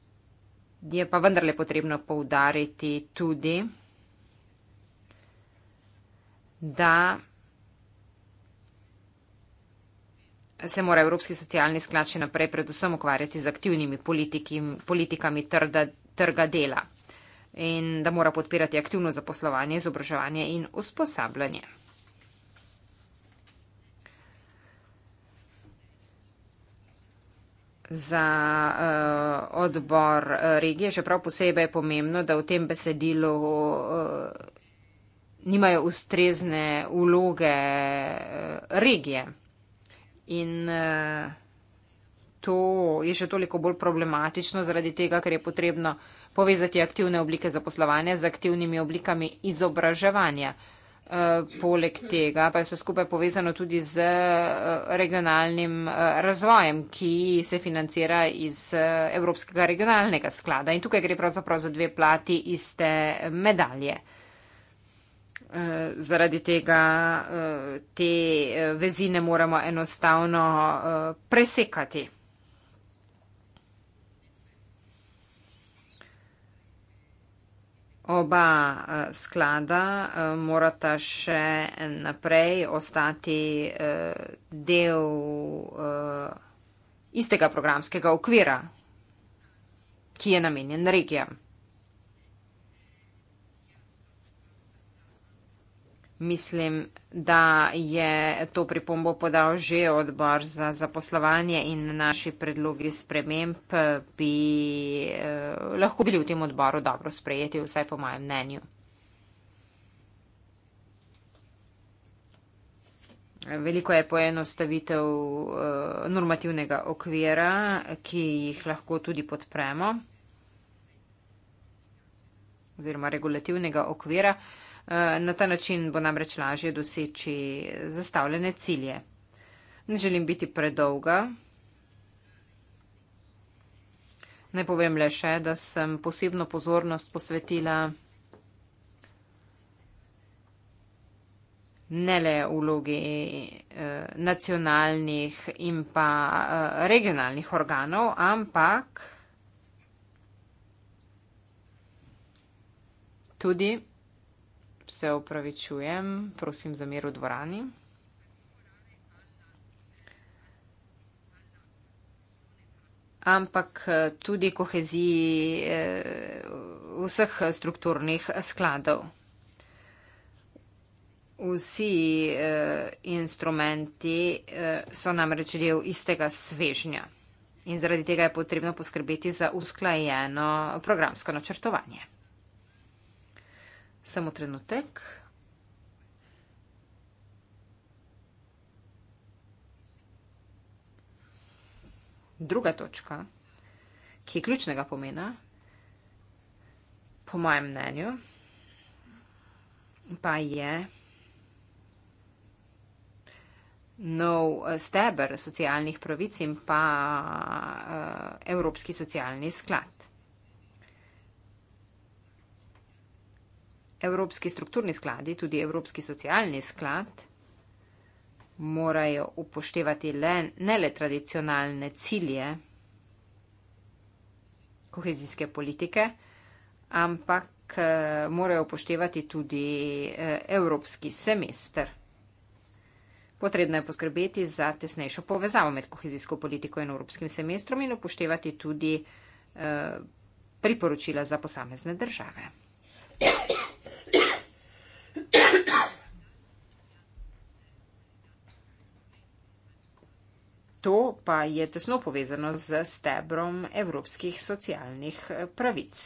je pa vendarle potrebno poudariti tudi, da. se mora Evropski socialni sklad še naprej predvsem ukvarjati z aktivnimi politiki, politikami trda, trga dela in da mora podpirati aktivno zaposlovanje, izobraževanje in usposabljanje. Za uh, odbor eh, regije še prav posebej je pomembno, da v tem besedilu uh, nimajo ustrezne vloge uh, regije. In uh, to je še toliko bolj problematično zaradi tega, ker je potrebno povezati aktivne oblike zaposlovanja z aktivnimi oblikami izobraževanja. Eh, poleg tega pa je vse skupaj povezano tudi z eh, regionalnim razvojem, ki se financira iz Evropskega regionalnega sklada. In tukaj gre pravzaprav za dve plati iste medalje. Eh, zaradi tega eh, te eh, vezi ne moremo enostavno presekati. Oba sklada morata še naprej ostati del istega programskega okvira, ki je namenjen regijam. Mislim, da je to pripombo podal že odbor za zaposlovanje in naši predlogi sprememb bi eh, lahko bili v tem odboru dobro sprejeti, vsaj po mojem mnenju. Veliko je poenostavitev eh, normativnega okvira, ki jih lahko tudi podpremo oziroma regulativnega okvira. Eh, Eh, na ta način bo namreč lažje doseči zastavljene cilje. Ne želim biti predolga. Naj povem le še, da sem posebno pozornost posvetila ne le vlogi eh, nacionalnih in pa eh, regionalnih organov, ampak tudi se opravičujem, prosim za mir v dvorani. Ampak eh, tudi koheziji eh, vseh strukturnih skladov. Vsi eh, instrumenti so namreč del istega svežnja in zaradi tega je potrebno poskrbeti za usklajeno programsko načrtovanje. Samo trenutek. Druga točka, ki je ključnega pomena, po mojem mnenju, pa je nov eh, steber socialnih pravic in pa eh, Evropski socialni sklad. Evropski strukturni skladi, tudi Evropski socialni sklad, morajo upoštevati le, ne le tradicionalne cilje kohezijske politike, ampak eh, morajo upoštevati tudi eh, Evropski semester. Potrebno je poskrbeti za tesnejšo povezavo med kohezijsko politiko in Evropskim semestrom in upoštevati tudi eh, priporočila za posamezne države. To pa je tesno povezano z stebrom evropskih socialnih eh, pravic.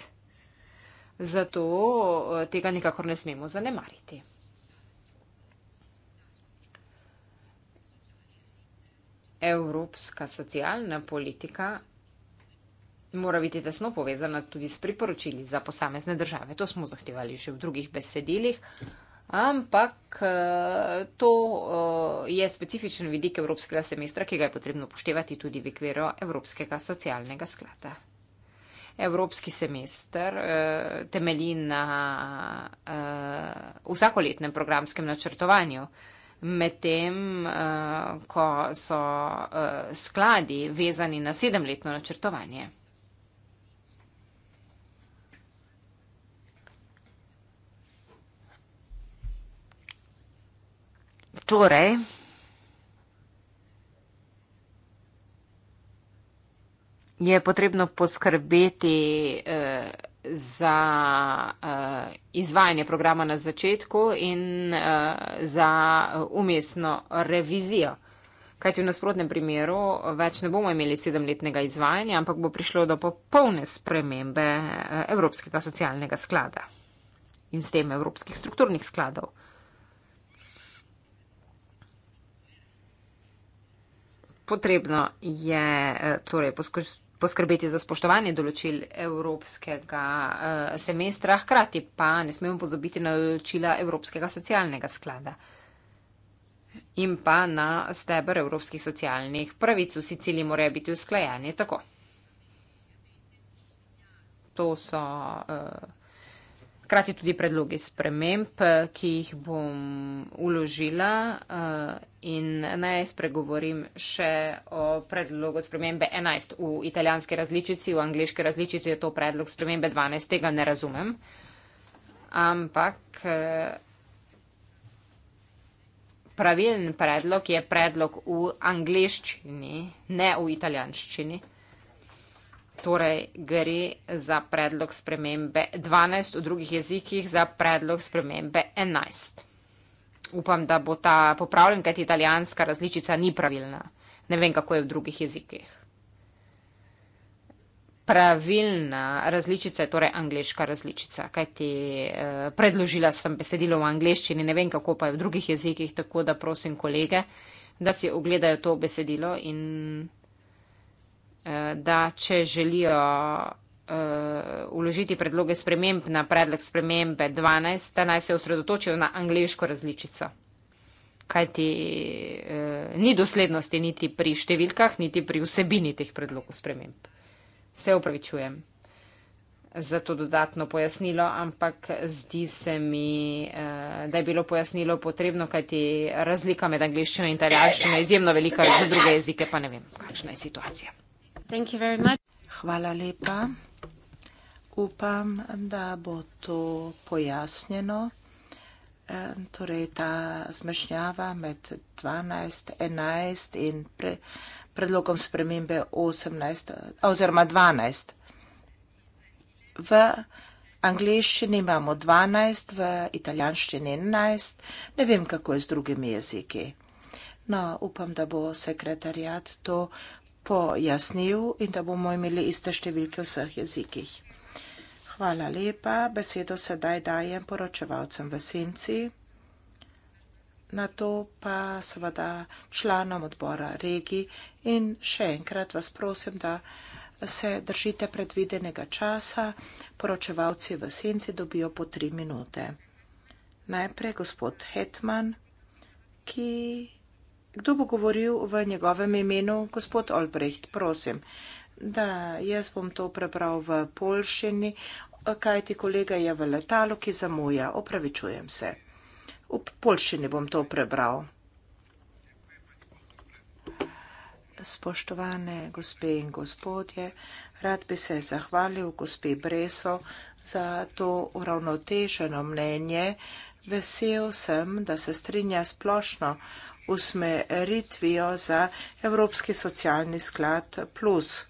Zato eh, tega nikakor ne smemo zanemariti. Evropska socialna politika mora biti tesno povezana tudi s priporočili za posamezne države. To smo zahtevali že v drugih besedilih. Uh, Ampak eh, to eh, je specifičen vidik evropskega semestra, ki ga je potrebno upoštevati tudi v okviru Evropskega socialnega sklada. Evropski semester eh, temelji na vsakoletnem programskem načrtovanju, medtem ko so skladi vezani na sedemletno načrtovanje. Torej, je potrebno poskrbeti eh, za eh, izvajanje programa na začetku in eh, za eh, umestno revizijo. Kajti v nasprotnem primeru več ne bomo imeli sedemletnega izvajanja, ampak bo prišlo do popolne spremembe eh, Evropskega socialnega sklada in s tem Evropskih strukturnih skladov. potrebno je eh, torej poskušati poskrbeti za spoštovanje določil evropskega eh, semestra, hkrati pa ne smemo pozabiti na določila Evropskega socialnega sklada in pa na stebr evropskih socialnih pravic. Vsi cilji morajo biti usklajeni tako. To so. Uh, hkrati tudi predlogi sprememb, ki jih bom uložila eh, in naj spregovorim še o predlogu spremembe 11 v italijanski različici, v angliški različici je to predlog spremembe 12, tega ne razumem. Ampak eh, pravilen predlog je predlog v angliščini, ne v italijanščini. Torej gre za predlog spremembe 12 v drugih jezikih, za predlog spremembe 11. Upam, da bo ta popravljen, kajti italijanska različica ni pravilna. Ne vem, kako je v drugih jezikih. Pravilna različica je torej angliška različica, kajti eh, predložila sem besedilo v angliščini, ne vem, kako pa je v drugih jezikih, tako da prosim kolege, da si ogledajo to besedilo in da če želijo uložiti eh, predloge sprememb na predlog spremembe 12, da naj se osredotočijo na angliško različico. Kaj ti eh, ni doslednosti niti pri številkah, niti pri vsebini teh predlogov sprememb. Se upravičujem za to dodatno pojasnilo, ampak zdi se mi, eh, da je bilo pojasnilo potrebno, kajti razlika med angliščino in italijanščino je izjemno velika, za druge jezike pa ne vem, kakšna je situacija. Hvala lepa. Upam, da bo to pojasnjeno. E, torej, ta zmešnjava med 12, 11 in pre, predlogom spremembe 18 oziroma 12. V angliščini imamo 12, v italijanščini 11, ne vem, kako je z drugimi jeziki. No, upam, da bo sekretarjat to pojasnil in da bomo imeli iste številke v vseh jezikih. Hvala lepa. Besedo sedaj dajem poročevalcem v senci, na to pa seveda članom odbora regi in še enkrat vas prosim, da se držite predvidenega časa. Poročevalci v senci dobijo po tri minute. Najprej gospod Hetman, ki Kdo bo govoril v njegovem imenu? Gospod Olbrecht, prosim. Da, jaz bom to prebral v polščini, kajti kolega je v letalu, ki zamuja. Opravičujem se. V polščini bom to prebral. Spoštovane gospe in gospodje, rad bi se zahvalil gospe Breso za to uravnoteženo mnenje. Vesel sem, da se strinja splošno usmeritvijo za Evropski socialni sklad plus.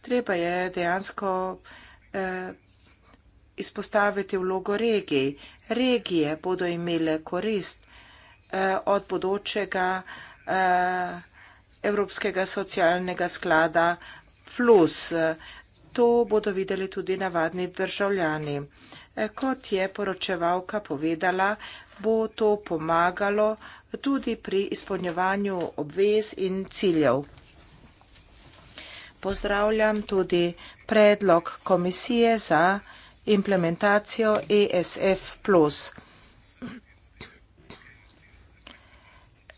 Treba je dejansko eh, izpostaviti vlogo regij. Regije bodo imele korist eh, od bodočega eh, Evropskega socialnega sklada plus. To bodo videli tudi navadni državljani. Eh, kot je poročevalka povedala, bo to pomagalo tudi pri izpolnjevanju obvez in ciljev. Pozdravljam tudi predlog komisije za implementacijo ESF.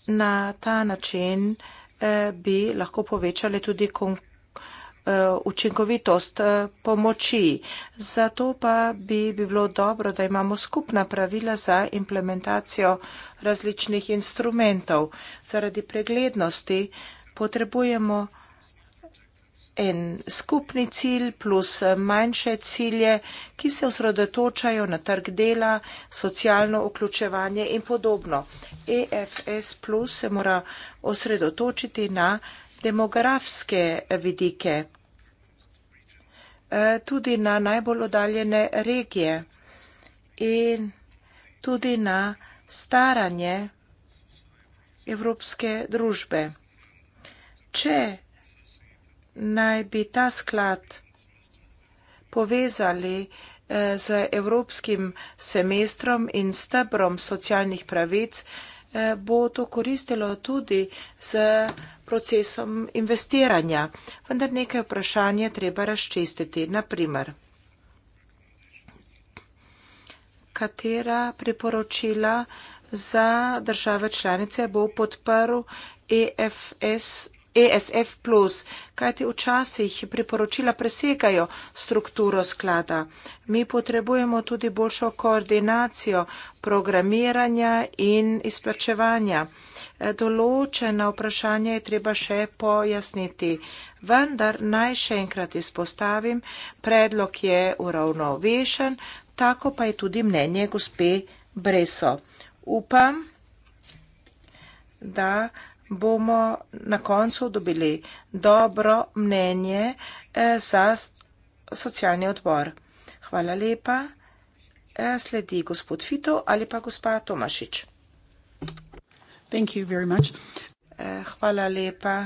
Na ta način eh, bi lahko povečali tudi konkurenčnost Eh, učinkovitost eh, pomoči. Zato pa bi, bi bilo dobro, da imamo skupna pravila za implementacijo različnih instrumentov. Zaradi preglednosti potrebujemo en skupni cilj plus manjše cilje, ki se osredotočajo na trg dela, socialno vključevanje in podobno. EFS plus se mora osredotočiti na demografske vidike, eh, tudi na najbolj oddaljene regije in tudi na staranje evropske družbe. Če naj bi ta sklad povezali eh, z evropskim semestrom in stebrom socialnih pravic, eh, bo to koristilo tudi z procesom investiranja, vendar nekaj vprašanj je treba razčistiti. Naprimer, katera priporočila za države članice bo podprl EFS, ESF, kajti včasih priporočila presegajo strukturo sklada. Mi potrebujemo tudi boljšo koordinacijo programiranja in izplačevanja. Eh, določena vprašanja je treba še pojasniti. Vendar naj še enkrat izpostavim, predlog je uravnovešen, tako pa je tudi mnenje gospe Breso. Upam, da bomo na koncu dobili dobro mnenje eh, za socialni odbor. Hvala lepa. Eh, sledi gospod Fito ali pa gospa Tomašič. Thank you very much. Eh, hvala lepa.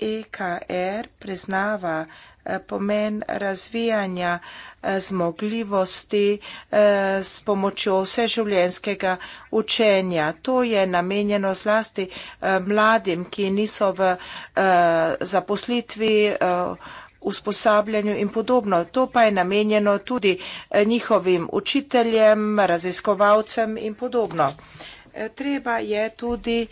EKR priznava eh, pomen razvijanja eh, zmogljivosti s pomočjo vseživljenjskega učenja. To je namenjeno zlasti mladim, ki niso v zaposlitvi, usposabljanju in podobno. To pa je namenjeno tudi njihovim učiteljem, raziskovalcem in podobno. Treba je tudi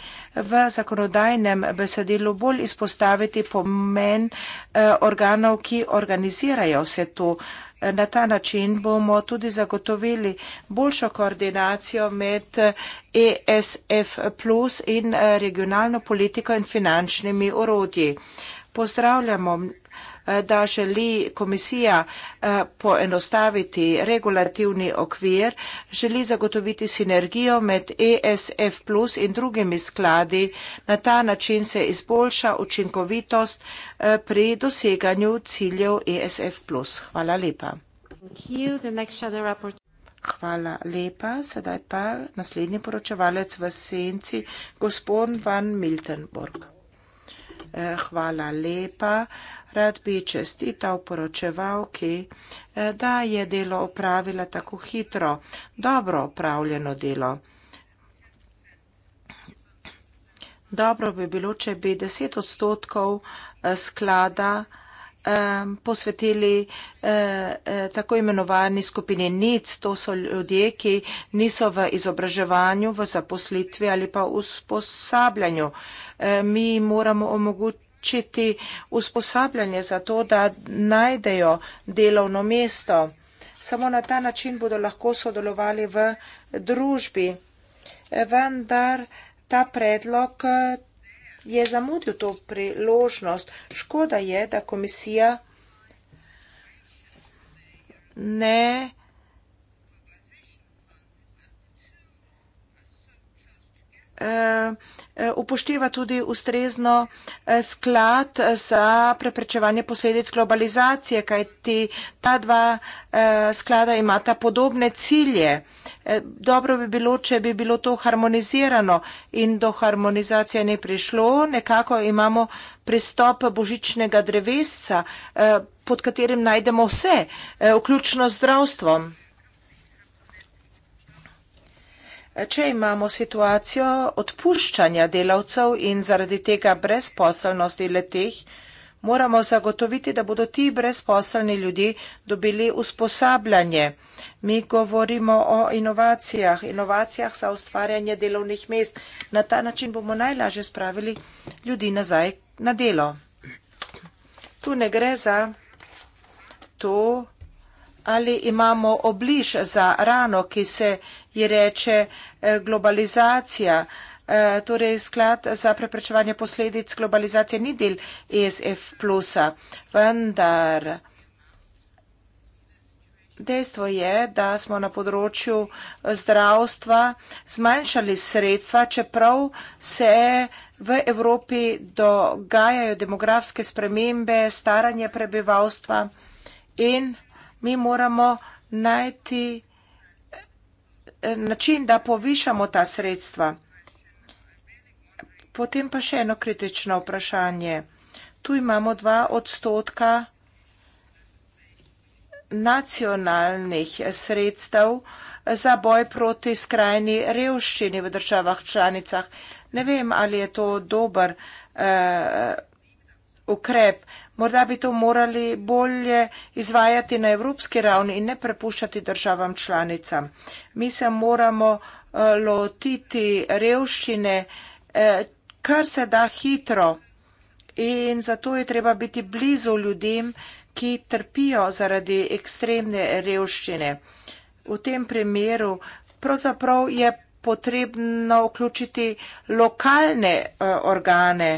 v zakonodajnem besedilu bolj izpostaviti pomen eh, organov, ki organizirajo vse to. Na ta način bomo tudi zagotovili boljšo koordinacijo med ESF eh, e plus in eh, regionalno politiko in finančnimi orodji. Pozdravljamo da želi komisija eh, poenostaviti regulativni okvir, želi zagotoviti sinergijo med ESF plus in drugimi skladi. Na ta način se izboljša učinkovitost eh, pri doseganju ciljev ESF plus. Hvala lepa. Hvala lepa. Sedaj pa naslednji poročevalec v senci, gospod Van Miltenburg. Eh, hvala lepa rad bi čestital poročevalki, eh, da je delo opravila tako hitro, dobro opravljeno delo. Dobro bi bilo, če bi 10 odstotkov eh, sklada posvetili eh, tako imenovani skupini NIC, to so ljudje, ki niso v izobraževanju, v zaposlitvi ali pa v sposabljanju. Mi moramo omogočiti omogočiti usposabljanje za to, da najdejo delovno mesto. Samo na ta način bodo lahko sodelovali v družbi. Vendar ta predlog eh, je zamudil to priložnost. Škoda je, da komisija ne. Eh, upošteva tudi ustrezno eh, sklad eh, za preprečevanje posledic globalizacije, kajti ta dva sklada imata podobne cilje. Dobro bi bilo, če bi bilo to harmonizirano in do harmonizacije ne prišlo. Nekako imamo pristop božičnega drevesca, pod katerim najdemo vse, vključno z zdravstvom. Če imamo situacijo odpuščanja delavcev in zaradi tega brezposelnosti leteh, moramo zagotoviti, da bodo ti brezposelni ljudje dobili usposabljanje. Mi govorimo o inovacijah, inovacijah za ustvarjanje delovnih mest. Na ta način bomo najlažje spravili ljudi nazaj na delo. Tu ne gre za to, ali imamo obliž za rano, ki se ji reče, Eh, globalizacija, eh, torej sklad za preprečevanje posledic globalizacije ni del ESF plusa, vendar dejstvo je, da smo na področju zdravstva zmanjšali sredstva, čeprav se v Evropi dogajajo demografske spremembe, staranje prebivalstva in mi moramo najti vsega, način, da povišamo ta sredstva. Potem pa še eno kritično vprašanje. Tu imamo dva odstotka nacionalnih sredstev za boj proti skrajni revščini v državah članicah. Ne vem, ali je to dober uh, ukrep. Morda bi to morali bolje izvajati na evropski ravni in ne prepuščati državam članicam. Mi se moramo eh, lotiti revščine, eh, kar se da hitro in zato je treba biti blizu ljudem, ki trpijo zaradi ekstremne revščine. V tem primeru pravzaprav je potrebno vključiti lokalne eh, organe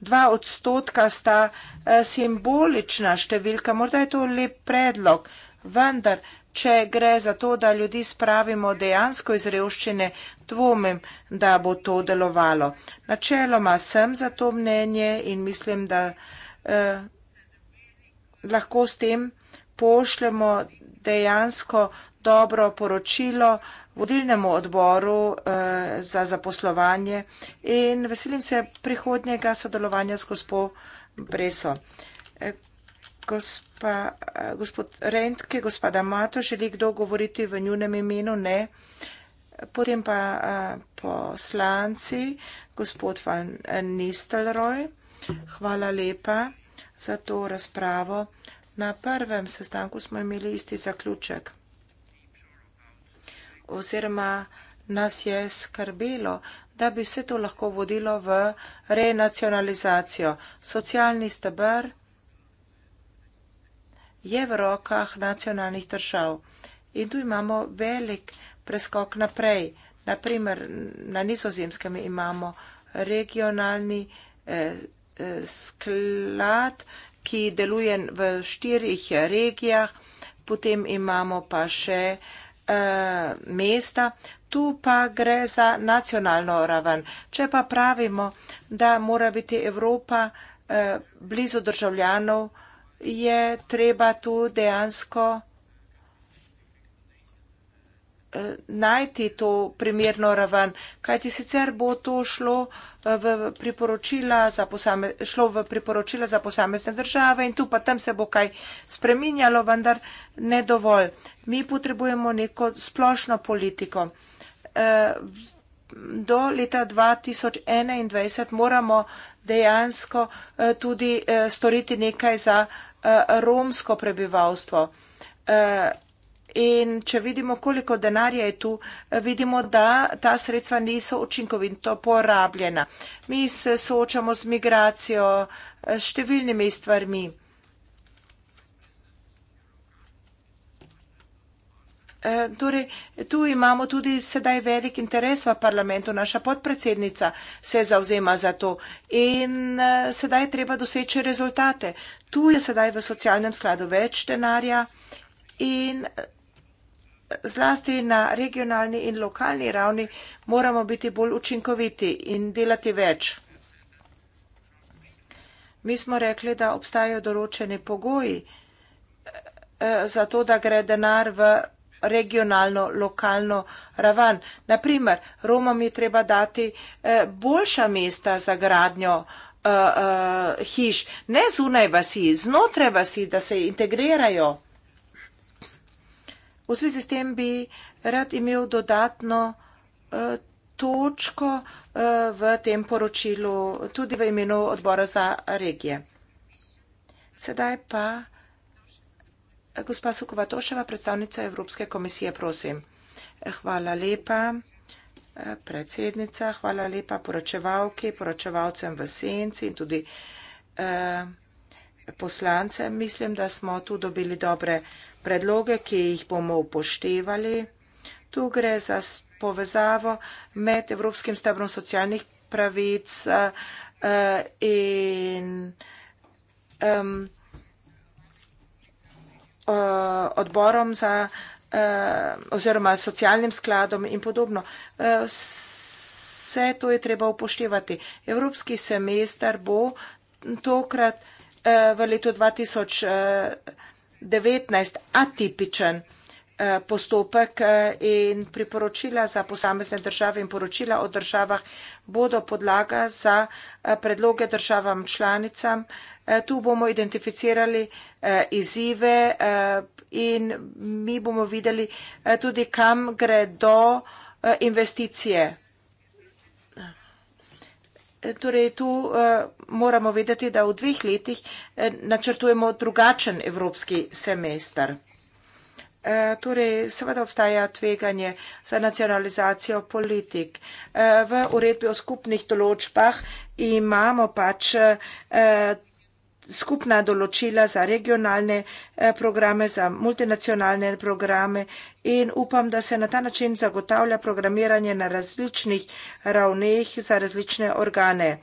dva odstotka sta eh, simbolična številka, morda je to lep predlog, vendar, če gre za to, da ljudi spravimo dejansko iz revščine, dvomim, da bo to delovalo. Načeloma sem za to mnenje in mislim, da eh, lahko s tem pošljemo dejansko dobro poročilo, da je to, vodilnemu odboru eh, za zaposlovanje in veselim se prihodnjega sodelovanja s gospo Breso. Eh, gospa, eh, gospod Rentke, gospoda Mato, želi kdo govoriti v njunem imenu? Ne. Potem pa eh, poslanci, gospod Van Nistelrooy. Hvala lepa za to razpravo. Na prvem sestanku smo imeli isti zaključek oziroma nas je skrbelo, da bi vse to lahko vodilo v renacionalizacijo. Socialni stebr je v rokah nacionalnih držav. In tu imamo velik preskok naprej. Naprimer, na nizozemskem imamo regionalni eh, eh, sklad, ki deluje v štirih regijah, potem imamo pa še eh, uh, mesta, tu pa gre za nacionalno raven. Če pa pravimo, da mora biti Evropa uh, blizu državljanov, je treba tu dejansko najti to primerno raven, kajti sicer bo to šlo eh, v priporočila za, posame, šlo v priporočila za posamezne države in tu pa tam se bo kaj spreminjalo, vendar ne dovolj. Mi potrebujemo neko splošno politiko. Eh, do leta 2021 moramo dejansko eh, tudi storiti nekaj za romsko prebivalstvo. In če vidimo, koliko denarja je tu, vidimo, da ta sredstva niso učinkovito porabljena. Mi se soočamo z migracijo, s eh, številnimi stvarmi. Eh, torej, tu imamo tudi sedaj velik interes v parlamentu, naša podpredsednica se zauzema za to in eh, sedaj treba doseči rezultate. Tu je sedaj v socialnem skladu več denarja in zlasti na regionalni in lokalni ravni moramo biti bolj učinkoviti in delati več. Mi smo rekli, da obstajajo določeni pogoji eh, eh, za to, da gre denar v regionalno, lokalno raven. Naprimer, Romom je treba dati eh, boljša mesta za gradnjo hiš, ne zunaj vasi, znotraj vasi, da se integrirajo. V zvezi s tem bi rad imel dodatno eh, točko eh, v tem poročilu tudi v imenu odbora za regije. Sedaj pa eh, gospa Sukovatoševa, predstavnica Evropske komisije, prosim. Hvala lepa, predsednica, hvala lepa poročevalki, poročevalcem v senci in tudi eh, poslancem. Mislim, da smo tu dobili dobre predloge, ki jih bomo upoštevali. Tu gre za povezavo med Evropskim stebrom socialnih pravic eh, in eh, odborom za eh, oziroma socialnim skladom in podobno. Vse to je treba upoštevati. Evropski semester bo tokrat v letu 2020 atipičen eh, postopek eh, in priporočila za posamezne države in poročila o državah bodo podlaga za eh, predloge državam članicam. Tu bomo identificirali izzive in mi bomo videli tudi, kam gredo investicije torej tu eh, moramo vedeti, da v dveh letih eh, načrtujemo drugačen evropski semester. Eh, torej, seveda obstaja tveganje za nacionalizacijo politik. V uredbi o skupnih določbah imamo pač skupna določila za regionalne eh, programe, za multinacionalne programe in upam, da se na ta način zagotavlja programiranje na različnih ravneh za različne organe.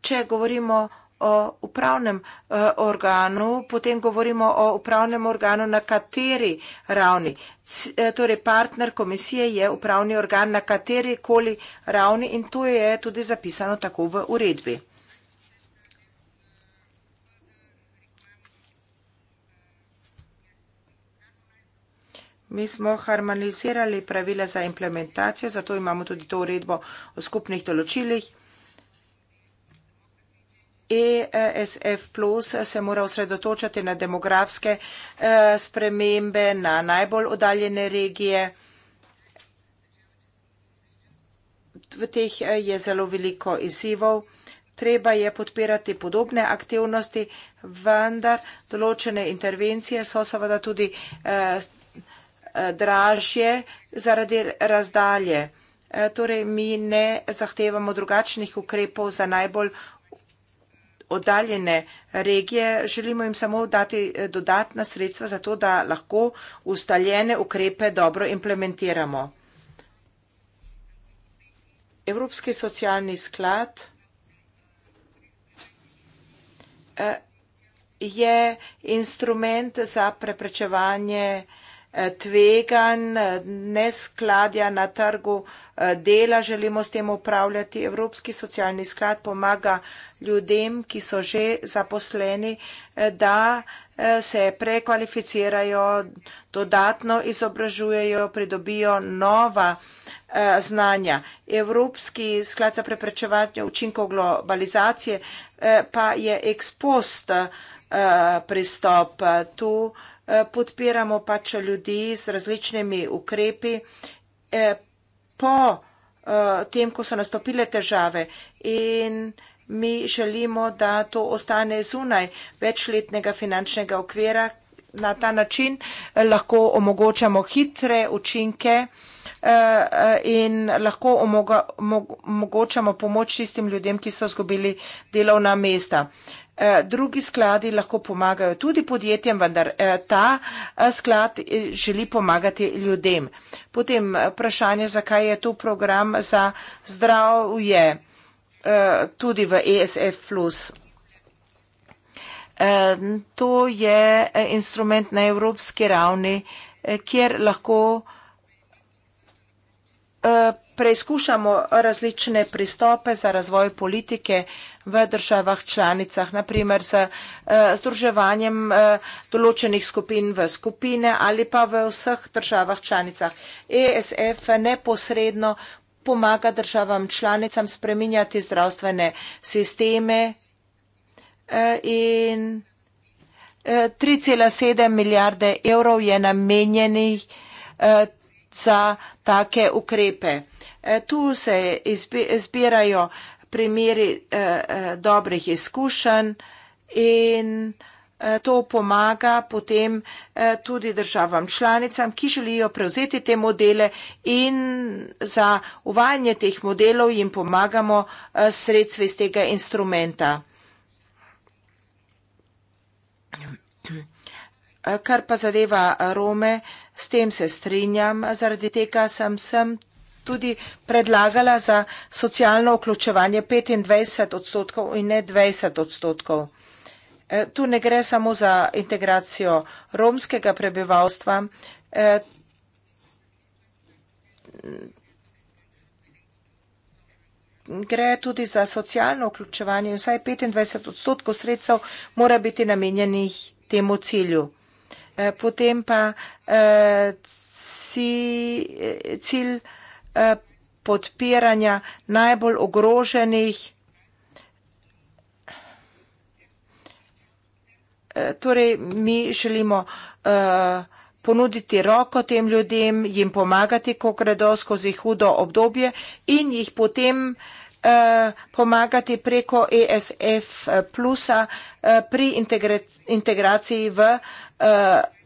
Če govorimo o upravnem uh, organu, potem govorimo o upravnem organu na kateri ravni. C, eh, torej, partner komisije je upravni organ na kateri koli ravni in to je tudi zapisano tako v uredbi. Mi smo harmonizirali pravila za implementacijo, zato imamo tudi to uredbo o skupnih določilih. ESF plus se mora osredotočati na demografske eh, spremembe, na najbolj odaljene regije. V teh eh, je zelo veliko izzivov. Treba je podpirati podobne aktivnosti, vendar določene intervencije so seveda tudi eh, dražje zaradi razdalje. Torej, mi ne zahtevamo drugačnih ukrepov za najbolj oddaljene regije, želimo jim samo dati eh, dodatna sredstva za to, da lahko ustaljene ukrepe dobro implementiramo. Evropski socialni sklad eh, je instrument za preprečevanje tvegan, neskladja na trgu eh, dela, želimo s tem upravljati. Evropski socialni sklad pomaga ljudem, ki so že zaposleni, eh, da eh, se prekvalificirajo, dodatno izobražujejo, pridobijo nova znanja. Evropski sklad za preprečevanje učinkov globalizacije pa je ekspost pristop tu, Eh, podpiramo pač ljudi z različnimi ukrepi. Eh, po eh, tem, ko so nastopile težave in mi želimo, da to ostane zunaj večletnega finančnega okvira, na ta način lahko omogočamo hitre učinke in lahko omogočamo pomoč tistim ljudem, ki so zgubili delovna mesta. Eh, drugi skladi lahko pomagajo tudi podjetjem, vendar eh, ta eh, sklad želi pomagati ljudem. Potem vprašanje, zakaj je tu program za zdravje tudi v ESF. To je instrument na evropski ravni, kjer lahko preizkušamo različne pristope za razvoj politike v državah članicah, naprimer z eh, združevanjem eh, določenih skupin v skupine ali pa v vseh državah članicah. ESF neposredno pomaga državam članicam spreminjati zdravstvene sisteme eh, in 3,7 milijarde evrov je namenjenih za take ukrepe. E, tu se zbirajo primeri e, e, dobrih izkušenj in to pomaga potem tudi državam članicam, ki želijo prevzeti te modele in za uvajanje teh modelov jim pomagamo sredstvi iz tega instrumenta. Kar pa zadeva Rome, s tem se strinjam, zaradi tega sem sem tudi predlagala za socialno vključevanje 25 odstotkov in ne 20 odstotkov. E, tu ne gre samo za integracijo romskega prebivalstva. E, gre tudi za socialno vključevanje in vsaj 25 odstotkov sredstev mora biti namenjenih temu cilju. E, potem pa cilj, cilj Eh, podpiranja najbolj ogroženih. Eh, torej, mi želimo eh, ponuditi roko tem ljudem, jim pomagati, ko gredo skozi hudo obdobje in jih potem pomagati preko ESF plusa pri integraciji v Evropi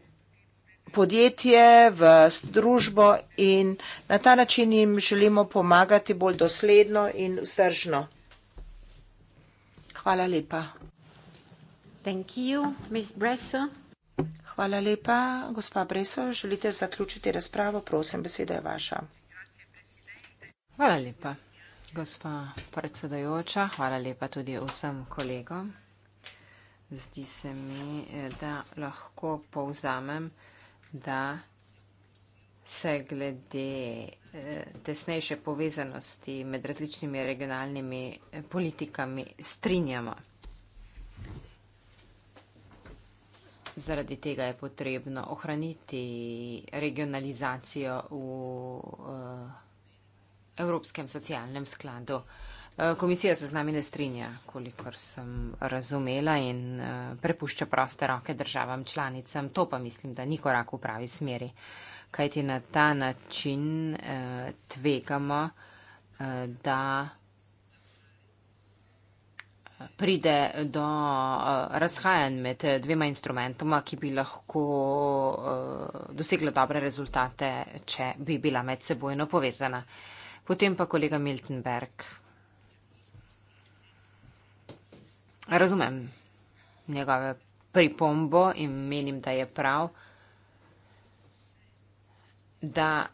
podjetje, v družbo in na ta način jim želimo pomagati bolj dosledno in vzdržno. Hvala lepa. Thank you, Ms. Hvala lepa, gospa Breso. Želite zaključiti razpravo? Prosim, beseda je vaša. Hvala lepa, gospa predsedajoča. Hvala lepa tudi vsem kolegom. Zdi se mi, eh, da lahko povzamem da se glede eh, tesnejše povezanosti med različnimi regionalnimi eh, politikami strinjamo. Zaradi tega je potrebno ohraniti regionalizacijo v eh, Evropskem socialnem skladu. Eh, komisija se z nami ne strinja, kolikor sem razumela in eh, prepušča proste roke državam članicam. To pa mislim, da ni korak v pravi smeri, kajti na ta način eh, tvegamo, da pride do razhajanj med dvema instrumentoma, ki bi lahko dosegla dobre rezultate, če bi bila medsebojno povezana. Potem pa kolega Miltenberg. Razumem njegove pripombo in menim, da je prav, da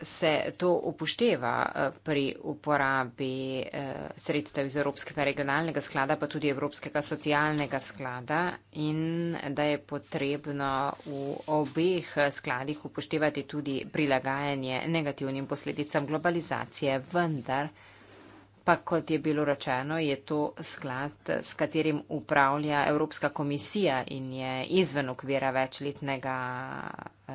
se to upošteva eh, pri uporabi eh, sredstev iz Evropskega regionalnega sklada, pa tudi Evropskega socialnega sklada in da je potrebno v obeh eh, skladih upoštevati tudi prilagajanje negativnim posledicam globalizacije, vendar pa kot je bilo rečeno, je to sklad, s katerim upravlja Evropska komisija in je izven okvira večletnega eh,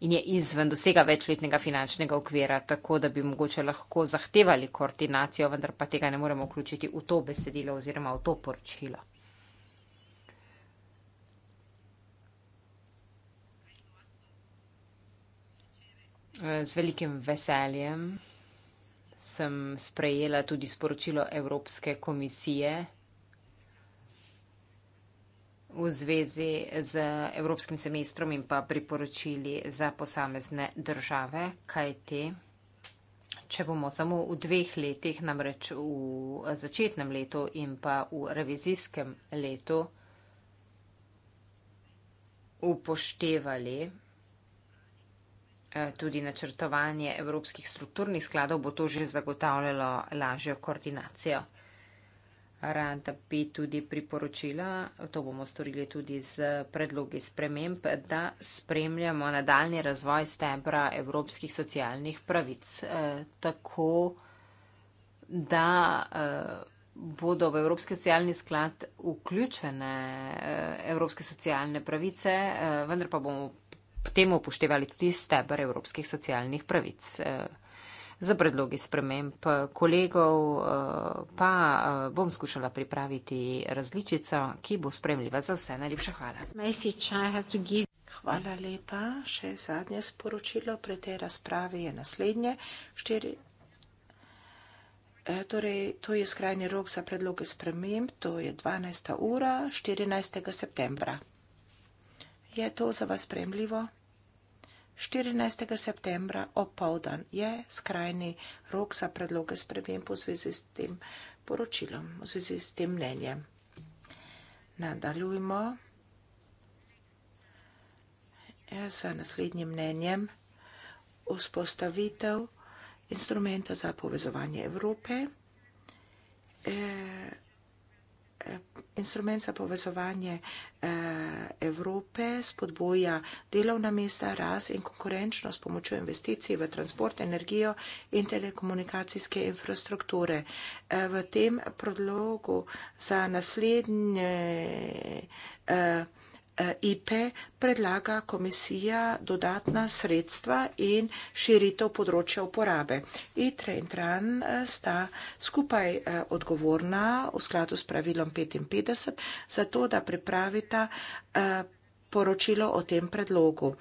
in je izven dosega večletnega finančnega okvira, tako da bi mogoče lahko zahtevali koordinacijo, vendar pa tega ne moremo vključiti v to besedilo oziroma v to poročilo. Eh, z velikim veseljem sem sprejela tudi sporočilo Evropske komisije v zvezi z Evropskim semestrom in pa priporočili za posamezne države, kaj te. Če bomo samo v dveh letih, namreč v začetnem letu in pa v revizijskem letu, upoštevali Eh, tudi načrtovanje evropskih strukturnih skladov bo to že zagotavljalo lažjo koordinacijo. Rada bi tudi priporočila, to bomo storili tudi z predlogi sprememb, da spremljamo nadaljni razvoj stebra evropskih socialnih pravic, eh, tako da eh, bodo v Evropski socialni sklad vključene evropske socialne pravice, vendar pa bomo potem upoštevali tudi stebr evropskih socialnih pravic. Eh, za predlogi sprememb kolegov eh, pa eh, bom skušala pripraviti različico, ki bo spremljiva za vse. Najlepša hvala. Hvala lepa. Še zadnje sporočilo pri tej razpravi je naslednje. Štiri... E, torej, to je skrajni rok za predloge sprememb, to je 12. ura 14. septembra je to za vas spremljivo? 14. septembra opoldan je skrajni rok za predloge sprememb v zvezi s tem poročilom, v zvezi s tem mnenjem. Nadaljujmo z naslednjim mnenjem. Vzpostavitev instrumenta za povezovanje Evrope. E Eh, instrument za povezovanje eh, Evrope, spodboja delovna mesta, raz in konkurenčnost pomočjo investicij v transport, energijo in telekomunikacijske infrastrukture. Eh, v tem predlogu za naslednje Eh, IPE predlaga komisija dodatna sredstva in širitev področja uporabe. ITRE in TRAN eh, sta skupaj eh, odgovorna v skladu s pravilom 55 za to, da pripravita poročilo o tem predlogu.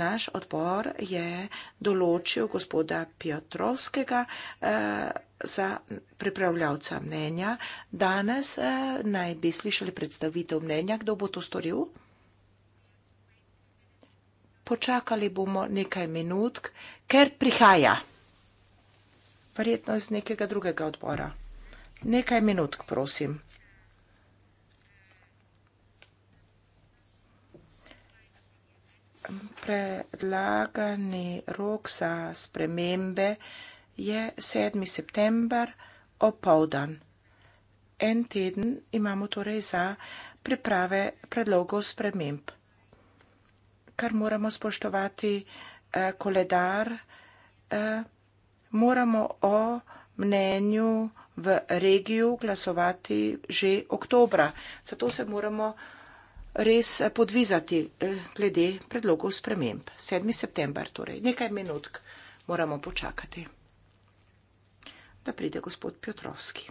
Naš odbor je določil gospoda Piotrovskega za pripravljavca mnenja. Danes eh, naj bi slišali predstavitev mnenja, kdo bo to storil. Počakali bomo nekaj minut, ker prihaja. Verjetno iz nekega drugega odbora. Nekaj minut, prosim. Predlagani rok za spremembe je 7. september opoldan. En teden imamo torej za priprave predlogov sprememb, kar moramo spoštovati eh, koledar, eh, moramo o mnenju v regiju glasovati že oktobra. Zato se moramo res eh, podvizati eh, glede predlogov sprememb. 7. september, torej nekaj minutk moramo počakati da pride gospod Piotrovski.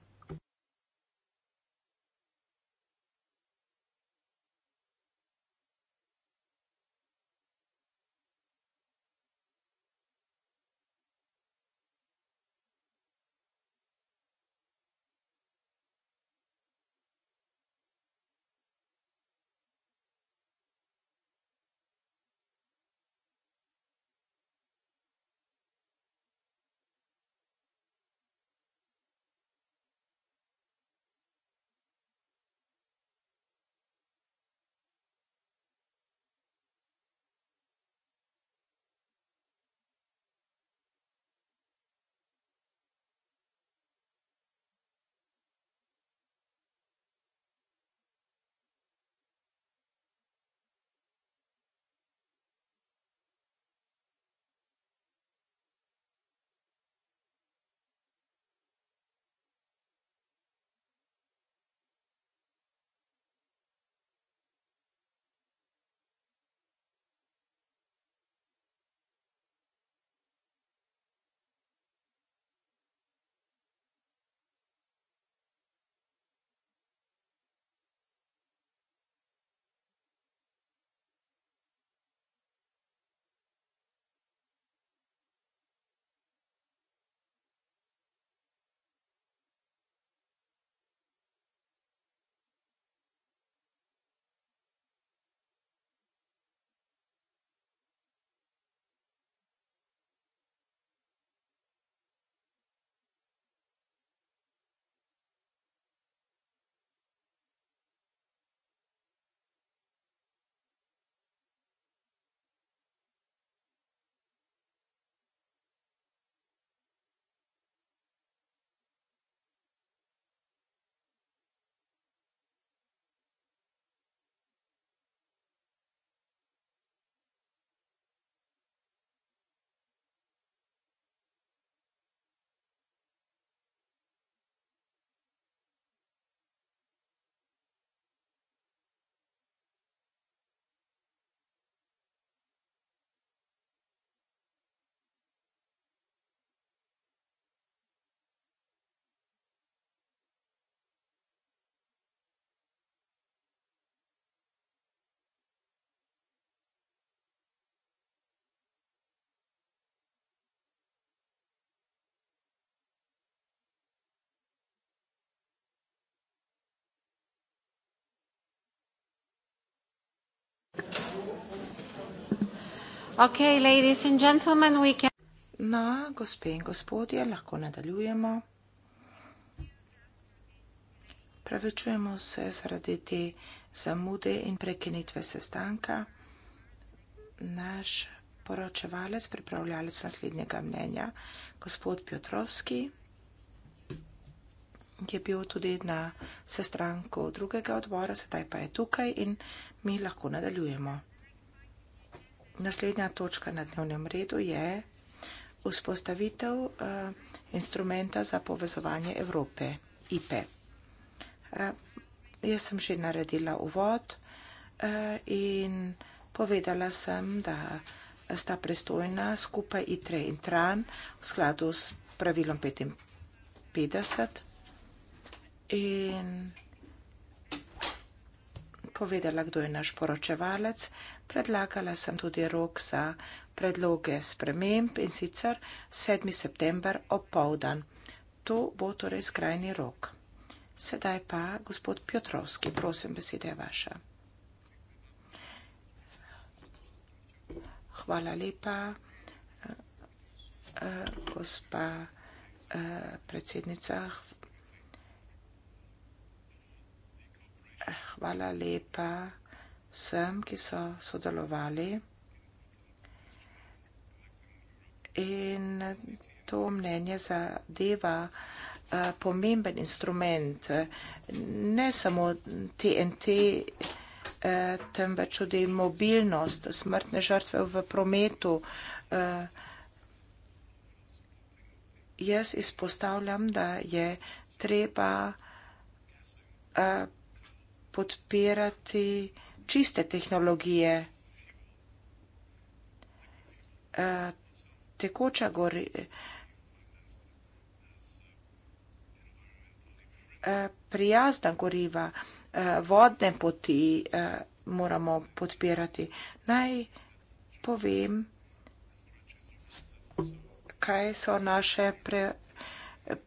No, gospe in gospodje, lahko nadaljujemo. Pravičujemo se zaradi te zamude in prekinitve sestanka. Naš poročevalec, pripravljalec naslednjega mnenja, gospod Piotrovski, je bil tudi na sestanku drugega odbora, sedaj pa je tukaj in mi lahko nadaljujemo. Naslednja točka na dnevnem redu je vzpostavitev eh, instrumenta za povezovanje Evrope, IPE. Eh, jaz sem že naredila uvod eh, in povedala sem, da sta prestojna skupaj ITRE in TRAN v skladu s pravilom 55 in povedala, kdo je naš poročevalec predlagala sem tudi rok za predloge sprememb in sicer 7. september ob povdan. To bo torej skrajni rok. Sedaj pa, gospod Piotrovski, prosim, beseda je vaša. Hvala lepa, eh, eh, gospa eh, predsednica. Hvala lepa vsem, ki so sodelovali. In to mnenje zadeva eh, pomemben instrument, ne samo TNT, eh, temveč tudi mobilnost, smrtne žrtve v prometu. Eh, jaz izpostavljam, da je treba podpirati uh, čiste tehnologije, e, tekoča gori, e, prijazna goriva, e, vodne poti moramo podpirati. Naj povem, kaj so naše pre,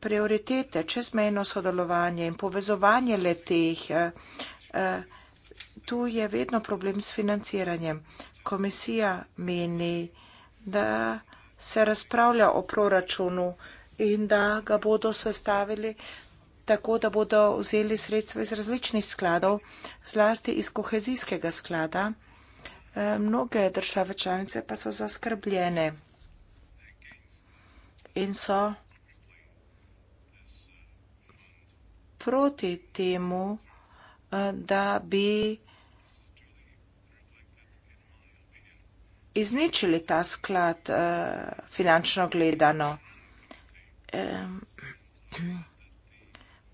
prioritete, čezmejno sodelovanje in povezovanje le teh. Uh, uh, tu je vedno problem s financiranjem. Komisija meni, da se razpravlja o proračunu in da ga bodo sestavili tako, da bodo vzeli sredstva iz različnih skladov, zlasti iz kohezijskega sklada. E, mnoge države članice pa so zaskrbljene in so proti temu, e, da bi izničili ta sklad eh, finančno gledano.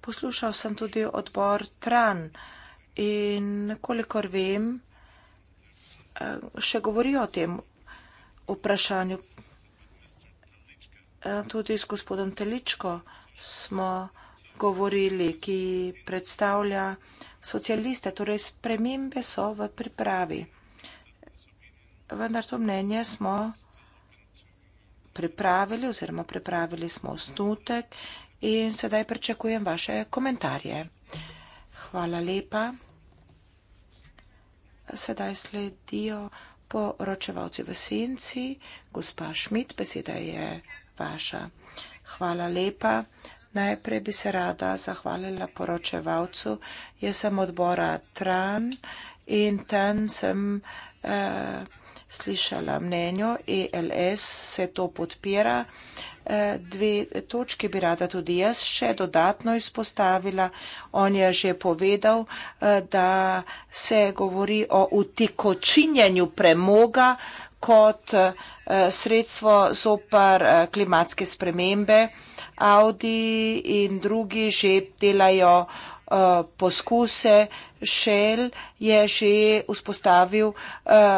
Poslušal sem tudi odbor Tran in kolikor vem, eh, še govorijo o tem vprašanju. Eh, tudi s gospodom Teličko smo govorili, ki predstavlja socialiste, torej spremembe so v pripravi vendar to mnenje smo pripravili oziroma pripravili smo osnutek in sedaj pričakujem vaše komentarje. Hvala lepa. Sedaj sledijo poročevalci v senci. Gospa Šmit, beseda je vaša. Hvala lepa. Najprej bi se rada zahvalila poročevalcu. Jaz sem odbora Tran in tam sem eh, slišala mnenjo, ELS se to podpira. E, dve točke bi rada tudi jaz še dodatno izpostavila. On je že povedal, e, da se govori o utekočinjenju premoga kot e, sredstvo zopar klimatske spremembe. Audi in drugi že delajo poskuse, Shell je že vzpostavil uh,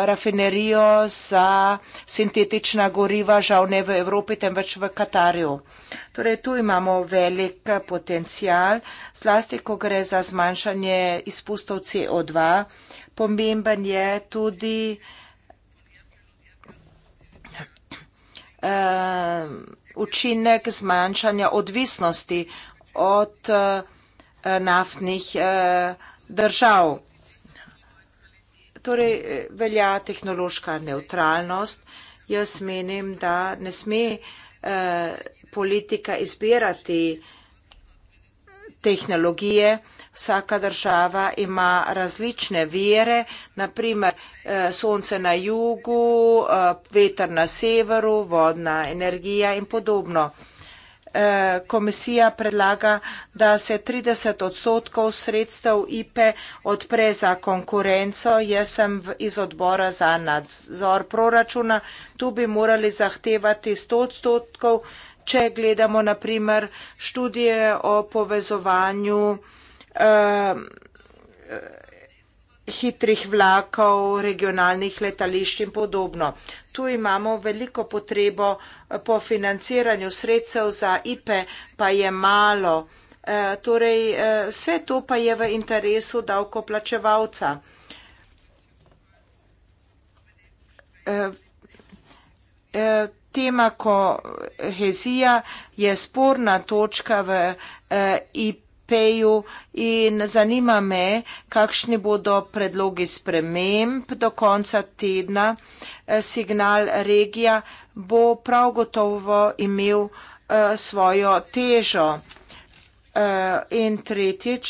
rafinerijo za sintetična goriva, žal ne v Evropi, temveč v Katarju. Torej, tu imamo velik eh, potencial, zlasti, ko gre za zmanjšanje izpustov CO2. Pomemben je tudi uh, učinek zmanjšanja odvisnosti od uh, naftnih. Uh, držav. Torej eh, velja tehnološka neutralnost. Jaz menim, da ne sme eh, politika izbirati tehnologije. Vsaka država ima različne vire, naprimer eh, sonce na jugu, veter na severu, vodna energija in podobno. Eh, komisija predlaga, da se 30 odstotkov sredstev IPE odpre za konkurenco. Jaz sem iz odbora za nadzor proračuna. Tu bi morali zahtevati 100 odstotkov, če gledamo naprimer študije o povezovanju. Uh, hitrih vlakov, regionalnih letališč in podobno. Tu imamo veliko potrebo eh, po financiranju sredstev za IPE, pa je malo. E, torej, e, vse to pa je v interesu davkoplačevalca. E, tema kohezija je sporna točka v e, IPE SP-ju in zanima me, kakšni bodo predlogi sprememb do konca tedna. Eh, signal regija bo prav gotovo imel eh, svojo težo. Eh, in tretjič,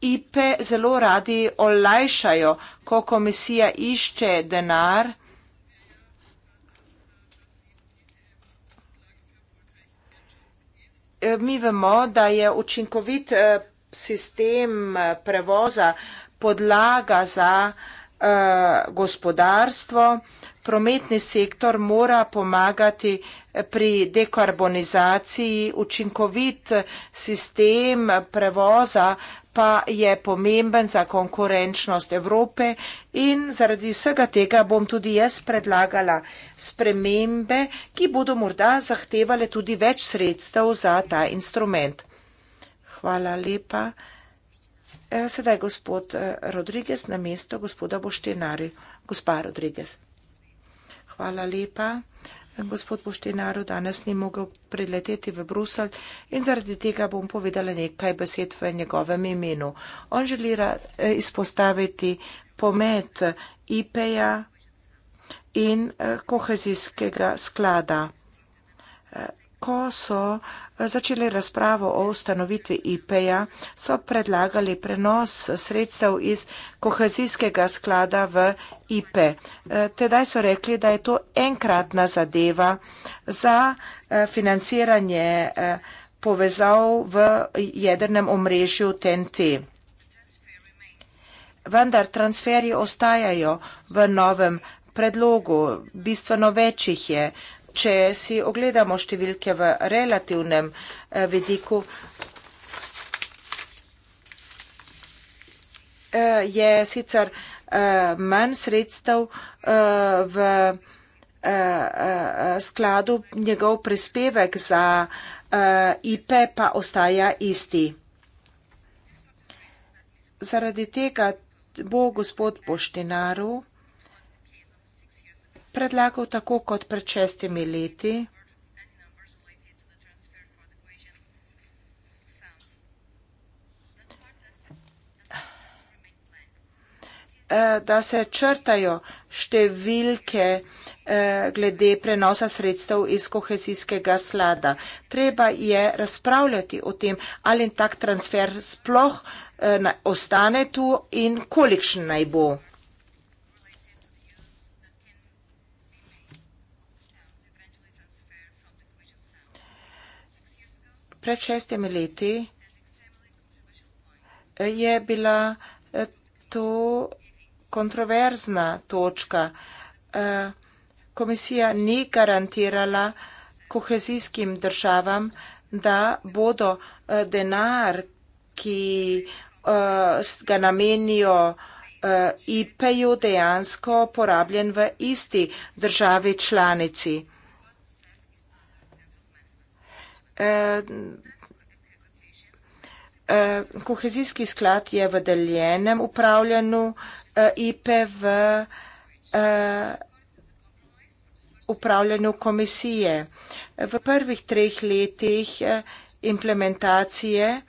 IP zelo radi olajšajo, ko komisija išče denar. Eh, mi vemo, da je učinkovit eh, sistem eh, prevoza podlaga za gospodarstvo. Prometni sektor mora pomagati pri dekarbonizaciji, učinkovit sistem prevoza pa je pomemben za konkurenčnost Evrope in zaradi vsega tega bom tudi jaz predlagala spremembe, ki bodo morda zahtevale tudi več sredstev za ta instrument. Hvala lepa. E, sedaj gospod e, Rodriguez na mesto gospoda Boštenari. Gospa Rodriguez. Hvala lepa gospod Poštenaru danes ni mogel prileteti v Brusel in zaradi tega bom povedala nekaj besed v njegovem imenu. On želi eh, izpostaviti pomet IPE-ja in eh, kohezijskega sklada ko so eh, začeli razpravo o ustanovitvi IPEJA, so predlagali prenos sredstev iz kohezijskega sklada v IPE. Eh, tedaj so rekli, da je to enkratna zadeva za eh, financiranje povezav v jedrnem omrežju TNT. Vendar transferji ostajajo v novem predlogu, bistveno večjih je, če si ogledamo številke v relativnem eh, vidiku, eh, je sicer eh, manj sredstev v skladu, njegov prispevek za IPE pa ostaja isti. Zaradi tega bo gospod Poštinaru predlagal tako kot pred šestimi leti. Eh, da se črtajo številke eh, glede prenosa sredstev iz kohezijskega slada. Treba je razpravljati o tem, ali tak transfer sploh eh, ostane tu in kolikšen naj bo. pred šestimi leti eh, je bila eh, to kontroverzna točka. Eh, komisija ni garantirala kohezijskim državam, da bodo denar, ki ga namenijo IP-ju, dejansko porabljen v isti državi članici. Eh, eh, kohezijski sklad je v deljenem upravljanju eh, IPE v upravljanju komisije. V prvih treh letih implementacije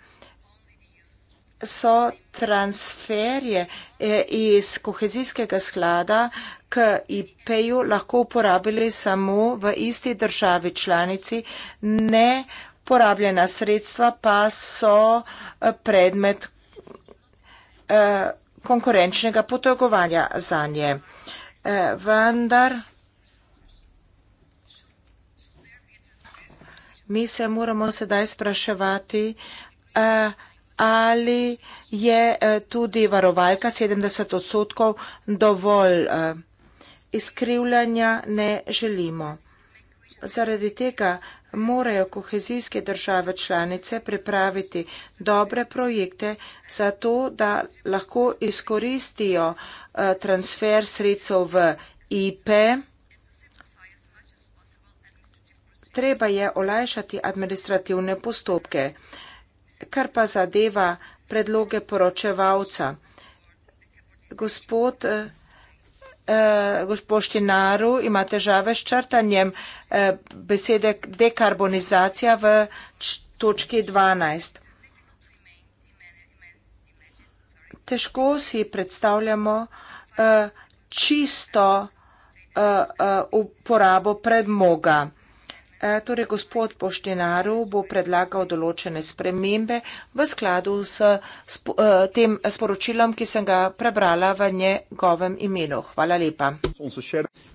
so transferje E, iz kohezijskega sklada k IP-ju lahko uporabili samo v isti državi članici, ne porabljena sredstva pa so e, predmet e, konkurenčnega potrgovanja za nje. Vendar mi se moramo sedaj spraševati, kaj ali je eh, tudi varovalka 70 odstotkov dovolj. Eh, izkrivljanja ne želimo. Zaradi tega morajo kohezijske države članice pripraviti dobre projekte za to, da lahko izkoristijo eh, transfer sredstev v IPE. Treba je olajšati administrativne postopke kar pa zadeva predloge poročevalca. Gospod eh, Boštinaru eh, ima težave s črtanjem eh, besede dekarbonizacija v točki 12. Težko si predstavljamo eh, čisto eh, eh uporabo predmoga. Eh, torej, gospod Poštenaru bo predlagal določene spremembe v skladu s eh, tem sporočilom, ki sem ga prebrala v njegovem imenu. Hvala lepa.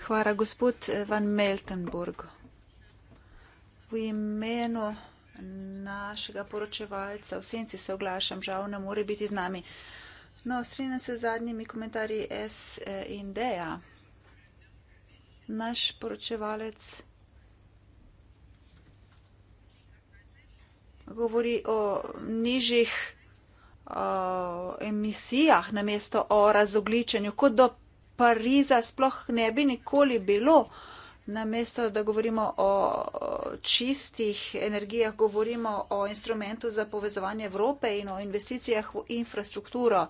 Hvala, gospod eh, Van Meltenburg. V imenu našega poročevalca v senci se oglašam, žal ne more biti z nami. No, strinjam se z zadnjimi komentarji S in D. Naš poročevalec. govori o nižjih o, emisijah, namesto o razogličenju, kot do Pariza sploh ne bi nikoli bilo. Namesto, da govorimo o čistih energijah, govorimo o instrumentu za povezovanje Evrope in o investicijah v infrastrukturo.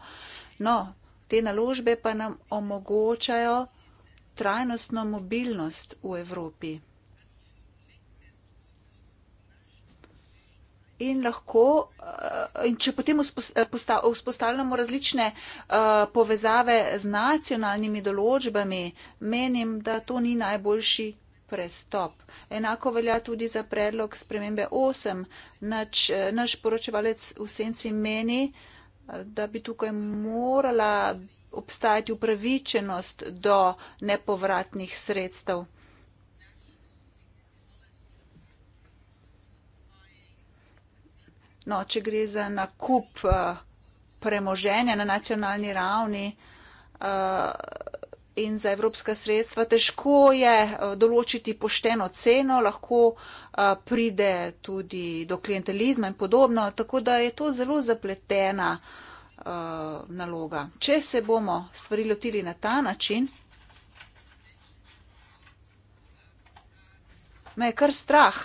No, te naložbe pa nam omogočajo trajnostno mobilnost v Evropi. in lahko, eh, in če potem eh, vzpostavljamo različne eh, povezave z nacionalnimi določbami, menim, da to ni najboljši prestop. Enako velja tudi za predlog spremembe 8. Nač, naš poročevalec v senci meni, da bi tukaj morala obstajati upravičenost do nepovratnih sredstev. No, če gre za nakup uh, premoženja na nacionalni ravni uh, in za evropska sredstva, težko je eh, določiti pošteno ceno, lahko uh, pride tudi do klientelizma in podobno, tako da je to zelo zapletena uh, naloga. Če se bomo stvari lotili na ta način, me je kar strah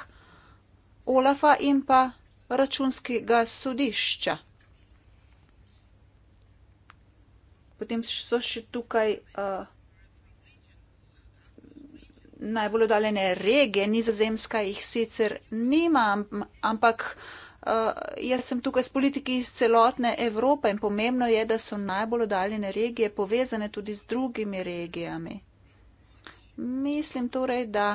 Olafa in pa računskega sodišča. Potem so še tukaj uh, najbolj oddaljene regije, nizozemska jih sicer nima, ampak uh, jaz sem tukaj s politiki iz celotne Evrope in pomembno je, da so najbolj oddaljene regije povezane tudi z drugimi regijami. Mislim torej, da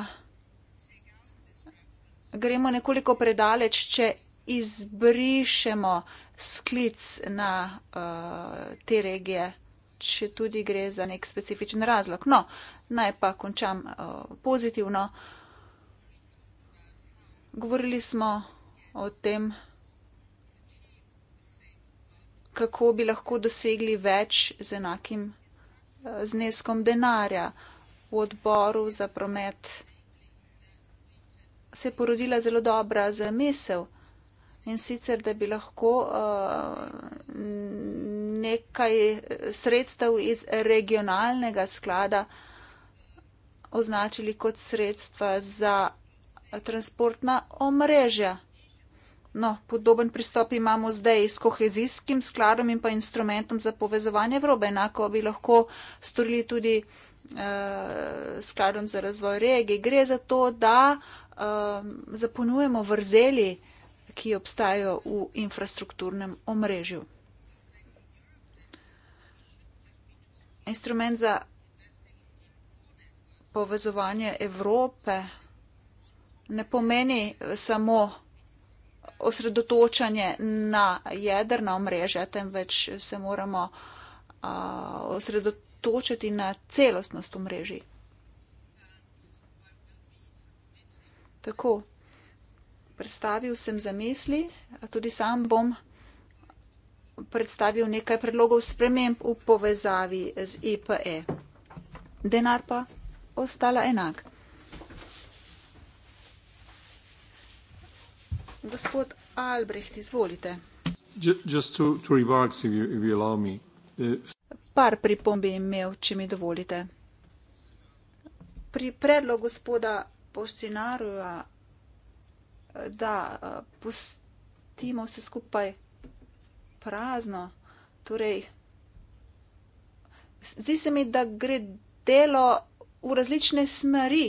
gremo nekoliko predaleč, če izbrišemo sklic na uh, te regije, če tudi gre za nek specifičen razlog. No, naj pa končam uh, pozitivno. Govorili smo o tem, kako bi lahko dosegli več z enakim eh, zneskom denarja. V odboru za promet se je porodila zelo dobra zamisel in sicer, da bi lahko eh, nekaj sredstev iz regionalnega sklada označili kot sredstva za transportna omrežja. No, podoben pristop imamo zdaj s kohezijskim skladom in pa instrumentom za povezovanje Evrope. Enako bi lahko storili tudi eh, skladom za razvoj regij. Gre za to, da eh, zaponujemo vrzeli eh, ki obstajajo v infrastrukturnem omrežju. Instrument za povezovanje Evrope ne pomeni samo osredotočanje na jedrna omrežja, temveč se moramo a, osredotočiti na celostnost omrežij. Tako predstavil sem zamisli, tudi sam bom predstavil nekaj predlogov sprememb v povezavi z IPE. Denar pa ostala enak. Gospod Albrecht, izvolite. Just two, two remarks, if you, if you allow me. Uh, Par pripomb bi imel, če mi dovolite. Pri predlogu gospoda Postinaruja da eh, pustimo vse skupaj prazno. Torej, zdi se mi, da gre delo v različne smeri.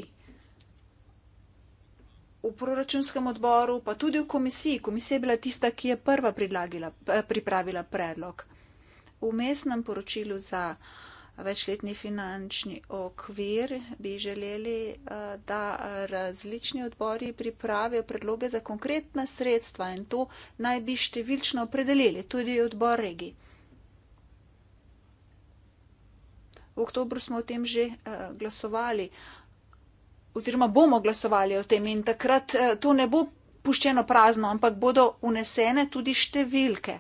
V proračunskem odboru, pa tudi v komisiji. Komisija je bila tista, ki je prva eh, pripravila predlog. V mestnem poročilu za uh, večletni finančni okvir, bi želeli, eh, da različni odbori pripravijo predloge za konkretna sredstva in to naj bi številčno opredelili tudi odbor regi. V oktobru smo o tem že eh, glasovali oziroma bomo glasovali o tem in takrat eh, to ne bo puščeno prazno, ampak bodo unesene tudi številke.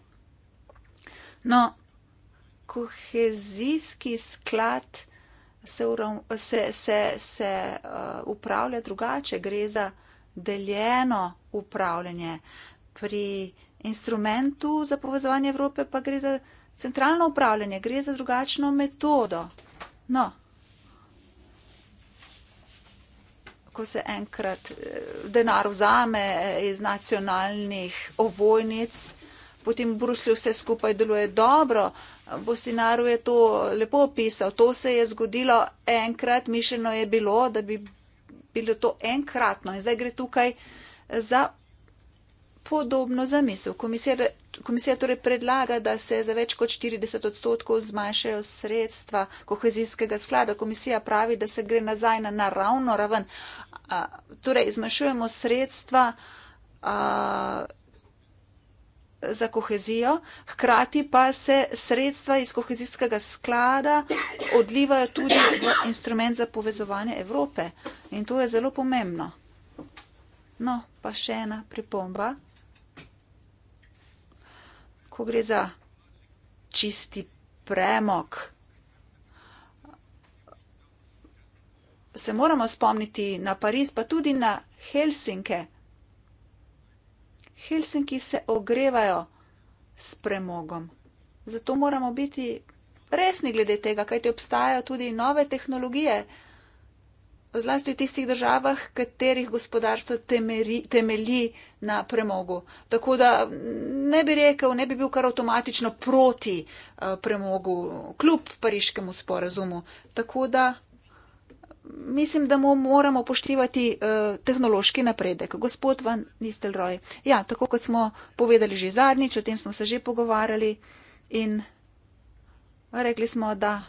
No, kohezijski sklad se, urav, se, se, se uh, upravlja drugače, gre za deljeno upravljanje. Pri instrumentu za povezovanje Evrope pa gre za centralno upravljanje, gre za drugačno metodo. No, ko se enkrat eh, denar vzame eh, iz nacionalnih ovojnic, potem v Bruslju vse skupaj deluje dobro, uh, Bosinaru je to lepo opisal. To se je zgodilo enkrat, mišljeno je bilo, da bi bilo to enkratno. In zdaj gre tukaj za podobno zamisel. Komisija, komisija torej predlaga, da se za več kot 40 odstotkov zmanjšajo sredstva kohezijskega sklada. Komisija pravi, da se gre nazaj na naravno raven. A, torej, zmanjšujemo sredstva. A, za kohezijo, hkrati pa se sredstva iz kohezijskega sklada odlivajo tudi v instrument za povezovanje Evrope. In to je zelo pomembno. No, pa še ena pripomba. Ko gre za čisti premok, se moramo spomniti na Pariz, pa tudi na Helsinke. Helsinki se ogrevajo s premogom. Zato moramo biti resni glede tega, kajti obstajajo tudi nove tehnologije, zlasti v tistih državah, katerih gospodarstvo temeri, temelji na premogu. Tako da ne bi rekel, ne bi bil kar avtomatično proti uh, premogu, kljub pariškemu sporazumu. Tako da mislim, da mu moramo poštivati uh, eh, tehnološki napredek. Gospod Van Nistelrooy. Ja, tako kot smo povedali že zadnjič, o tem smo se že pogovarjali in rekli smo, da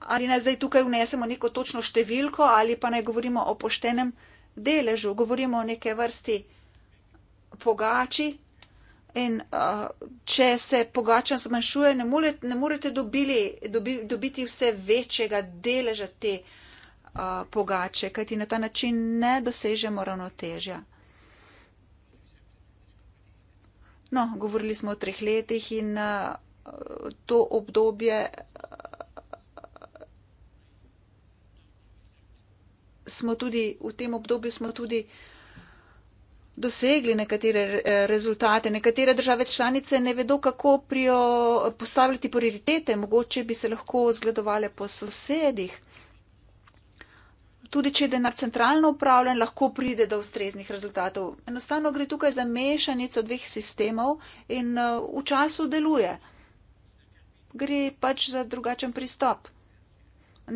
ali naj zdaj tukaj vnesemo neko točno številko ali pa naj govorimo o poštenem deležu, govorimo o neke vrsti pogači. In uh, če se pogača zmanjšuje, ne morete, ne morete dobili, dobi, dobiti vse večjega deleža te uh, uh, pogače, kajti na ta način ne dosežemo ravnotežja. No, govorili smo o treh letih in uh, to obdobje uh, smo tudi, v tem obdobju smo tudi dosegli nekatere e, rezultate. Nekatere države članice ne vedo, kako prijo postavljati prioritete. Mogoče bi se lahko zgledovali po sosedih, tudi če je denar centralno upravljen, lahko pride do ustreznih rezultatov. Enostavno gre tukaj za mešanico dveh sistemov in eh, v času deluje. Gre pač za drugačen pristop.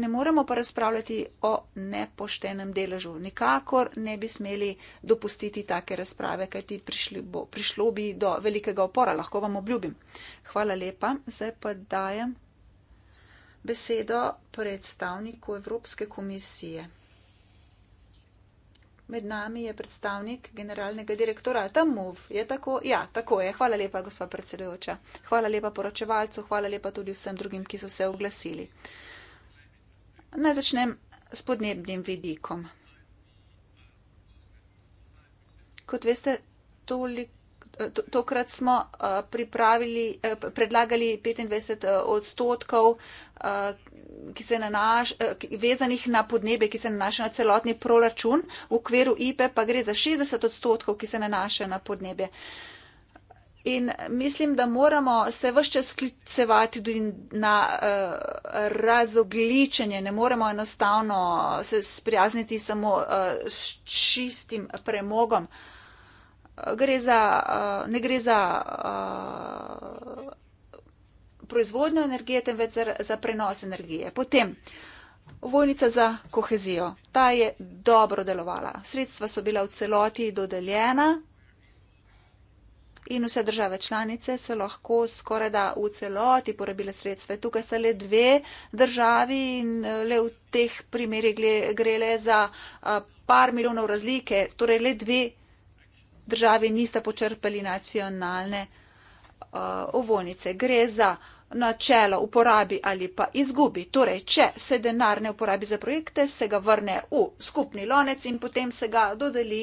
Ne moremo pa razpravljati o nepoštenem deležu. Nikakor ne bi smeli dopustiti take razprave, kajti bo, prišlo bi do velikega opora, lahko vam obljubim. Hvala lepa. Zdaj pa dajem besedo predstavniku Evropske komisije. Med nami je predstavnik generalnega direktora TAMUV. Je tako? Ja, tako je. Hvala lepa, gospa predsedujoča. Hvala lepa poročevalcu, hvala lepa tudi vsem drugim, ki so se oglasili. Naj začnem s podnebnim vidikom. Kot veste, toliko tokrat smo eh, pripravili, eh, predlagali 25 eh, odstotkov, ki se nanaš, vezanih na podnebje, ki se nanaša na celotni proračun, v okviru IPE pa gre za 60 odstotkov, ki se nanaša na podnebje. In mislim, da moramo se vse čas sklicevati tudi na uh, razogličenje. Ne moremo enostavno se sprijazniti samo uh, s čistim premogom. Uh, gre za, eh, ne gre za eh, proizvodnjo energije, temveč za prenos energije. Potem, vojnica za kohezijo. Ta je dobro delovala. Sredstva so bila v celoti dodeljena in vse države članice so lahko skoraj da v celoti porabile sredstva. Tukaj sta le dve državi in eh, le v teh primerjih gre le za par milijonov razlike, torej le dve države državi nista počrpali nacionalne uh, ovojnice. Gre za načelo uporabi ali pa izgubi. Torej, če se denar ne uporabi za projekte, se ga vrne v skupni lonec in potem se ga dodeli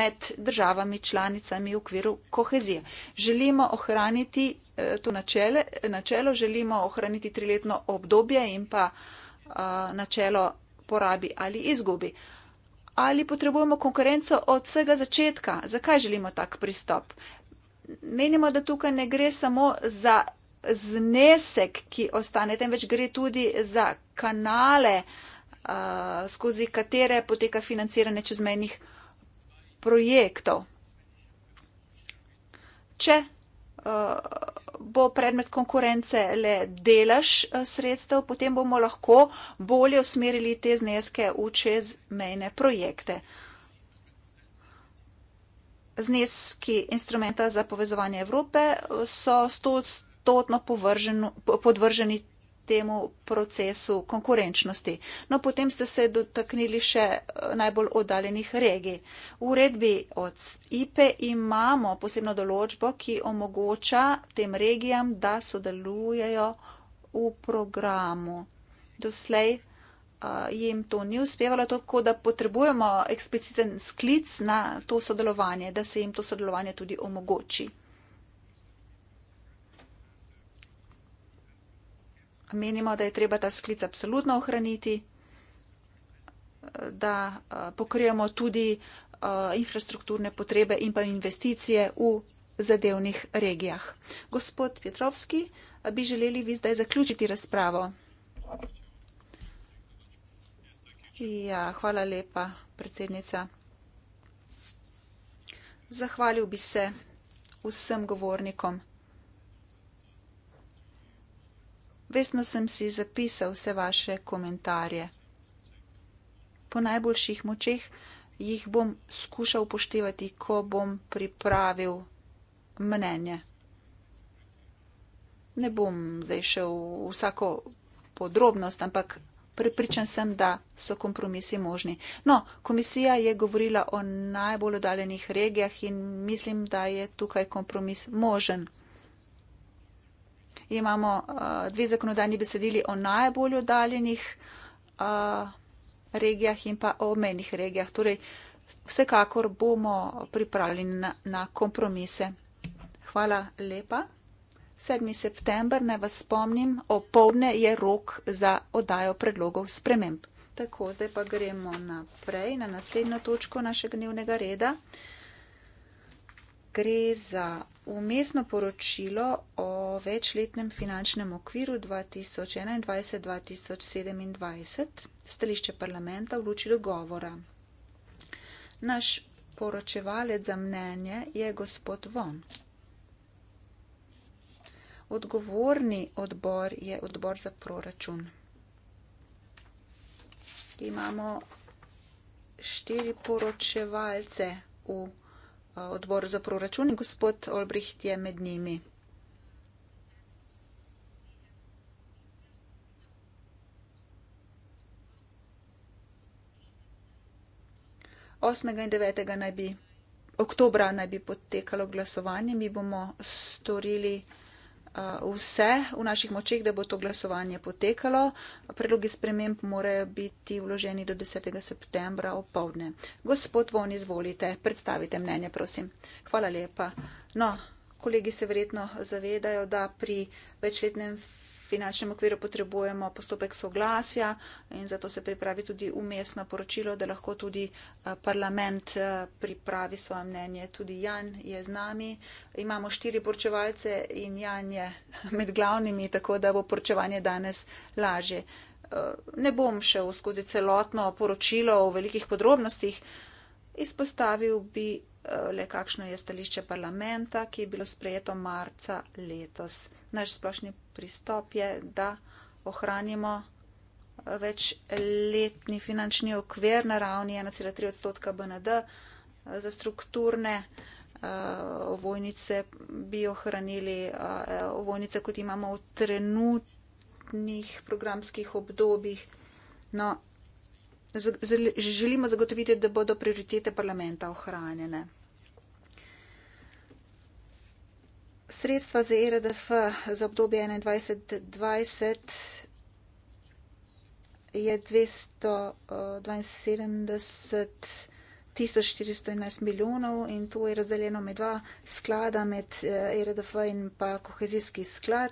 med državami članicami v okviru kohezije. Želimo ohraniti eh, to načele, načelo, želimo ohraniti triletno obdobje in pa eh, načelo porabi ali izgubi. Eh, ali potrebujemo konkurenco od vsega začetka? Zakaj želimo tak pristop? Menimo, da tukaj ne gre samo za znesek, ki ostane, temveč gre tudi za kanale, uh, skozi katere poteka financiranje čezmejnih projektov. Če uh, bo predmet konkurence le delež eh, sredstev, potem bomo lahko bolje usmerili te zneske v čezmejne projekte. Zneski instrumenta za povezovanje Evrope so stotno povrženo, podvrženi temu procesu konkurenčnosti. No, potem ste se dotaknili še eh, najbolj oddaljenih regij. V uredbi od IPE imamo posebno določbo, ki omogoča tem regijam, da sodelujejo v programu. Doslej eh, jim to ni uspevalo, tako da potrebujemo ekspliciten sklic na to sodelovanje, da se jim to sodelovanje tudi omogoči. menimo, da je treba ta sklic absolutno ohraniti, da eh, pokrijemo tudi eh, infrastrukturne potrebe in pa investicije v zadevnih regijah. Gospod Petrovski, eh, bi želeli vi zdaj zaključiti razpravo? Ja, hvala lepa, predsednica. Zahvalil bi se vsem govornikom. Vesno sem si zapisal vse vaše komentarje. Po najboljših močeh jih bom skušal upoštevati, ko bom pripravil mnenje. Ne bom zdaj šel v vsako podrobnost, ampak prepričan sem, da so kompromisi možni. No, komisija je govorila o najbolj oddaljenih regijah in mislim, da je tukaj kompromis možen imamo uh, dve zakonodajni besedili o najbolj oddaljenih uh, regijah in pa o menjih regijah. Torej, vsekakor bomo pripravljeni na, na kompromise. Hvala lepa. 7. september, ne vas spomnim, opovdne je rok za odajo predlogov sprememb. Tako, zdaj pa gremo naprej na naslednjo točko našega dnevnega reda. Gre za umestno poročilo o večletnem finančnem okviru 2021-2027 stališče parlamenta v luči dogovora. Naš poročevalec za mnenje je gospod Von. Odgovorni odbor je odbor za proračun. Imamo štiri poročevalce v odbor za proračun in gospod Olbricht je med njimi. Osmega in devetega naj bi, oktobra naj bi potekalo glasovanje, mi bomo storili. Eh, vse v naših močeh, da bo to glasovanje potekalo. Predlogi sprememb morajo biti vloženi do 10. septembra o povdne. Gospod Von, izvolite, predstavite mnenje, prosim. Hvala lepa. No, kolegi se verjetno zavedajo, da pri večletnem finančnem okviru potrebujemo postopek soglasja in zato se pripravi tudi umestno poročilo, da lahko tudi eh, parlament eh, pripravi svoje mnenje. Tudi Jan je z nami. Imamo štiri poročevalce in Jan je med glavnimi, tako da bo poročevanje danes lažje. Eh, ne bom šel skozi celotno poročilo v velikih podrobnostih. Izpostavil bi le, kakšno je stališče parlamenta, ki je bilo sprejeto marca letos. Naš splošni pristop je, da ohranimo eh, večletni finančni okvir na ravni 1,3 odstotka BND. Eh, za strukturne eh, ovojnice bi ohranili ovojnice, kot imamo v trenutnih programskih obdobjih. No, želimo zagotoviti, da bodo prioritete parlamenta ohranjene. Sredstva za ERDF za obdobje 2021-2020 je 272 411 eh, milijonov in to je razdeljeno med dva sklada, med ERDF eh, e in pa kohezijski sklad.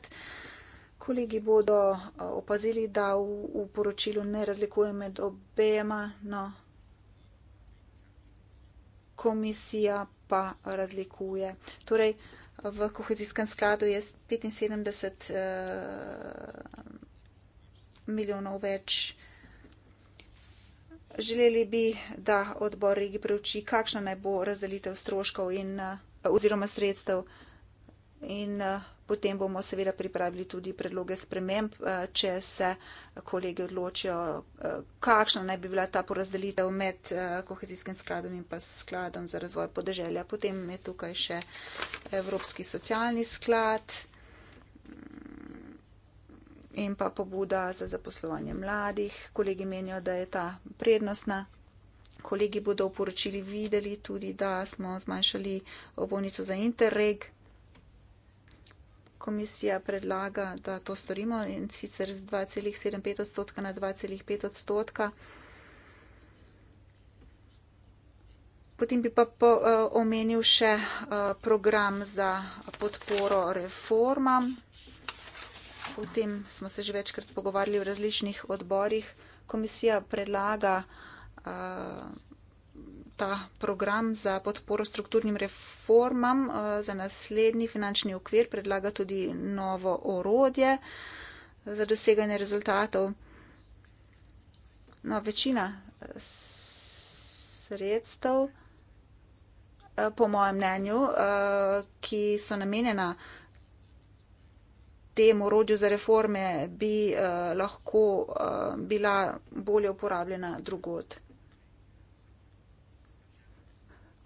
Kolegi bodo eh, opazili, da v, v poročilu ne razlikuje med obema, no komisija pa razlikuje. Torej, V kohezijskem skladu je 75 eh, milijonov več. Želeli bi, da odbor regi preuči, kakšna naj bo razdelitev stroškov in, eh, oziroma sredstev in eh, Potem bomo seveda pripravili tudi predloge sprememb, eh, če se kolegi odločijo, eh, kakšna naj bi bila ta porazdelitev med eh, kohezijskim skladom in pa skladom za razvoj podeželja. Potem je tukaj še Evropski socialni sklad mm, in pa pobuda za zaposlovanje mladih. Kolegi menijo, da je ta prednostna. Kolegi bodo v poročili videli tudi, da smo zmanjšali ovojnico za interreg komisija predlaga, da to storimo in sicer z 2,75 odstotka na 2,5 odstotka. Potem bi pa po, uh, omenil še uh, program za podporo reformam. O tem smo se že večkrat pogovarjali v različnih odborih. Komisija predlaga. Uh, ta program za podporo strukturnim reformam eh, za naslednji finančni okvir predlaga tudi novo orodje eh, za doseganje rezultatov. No, večina eh, sredstev, po mojem mnenju, ki so namenjena temu orodju za reforme, bi lahko bila bolje uporabljena drugot.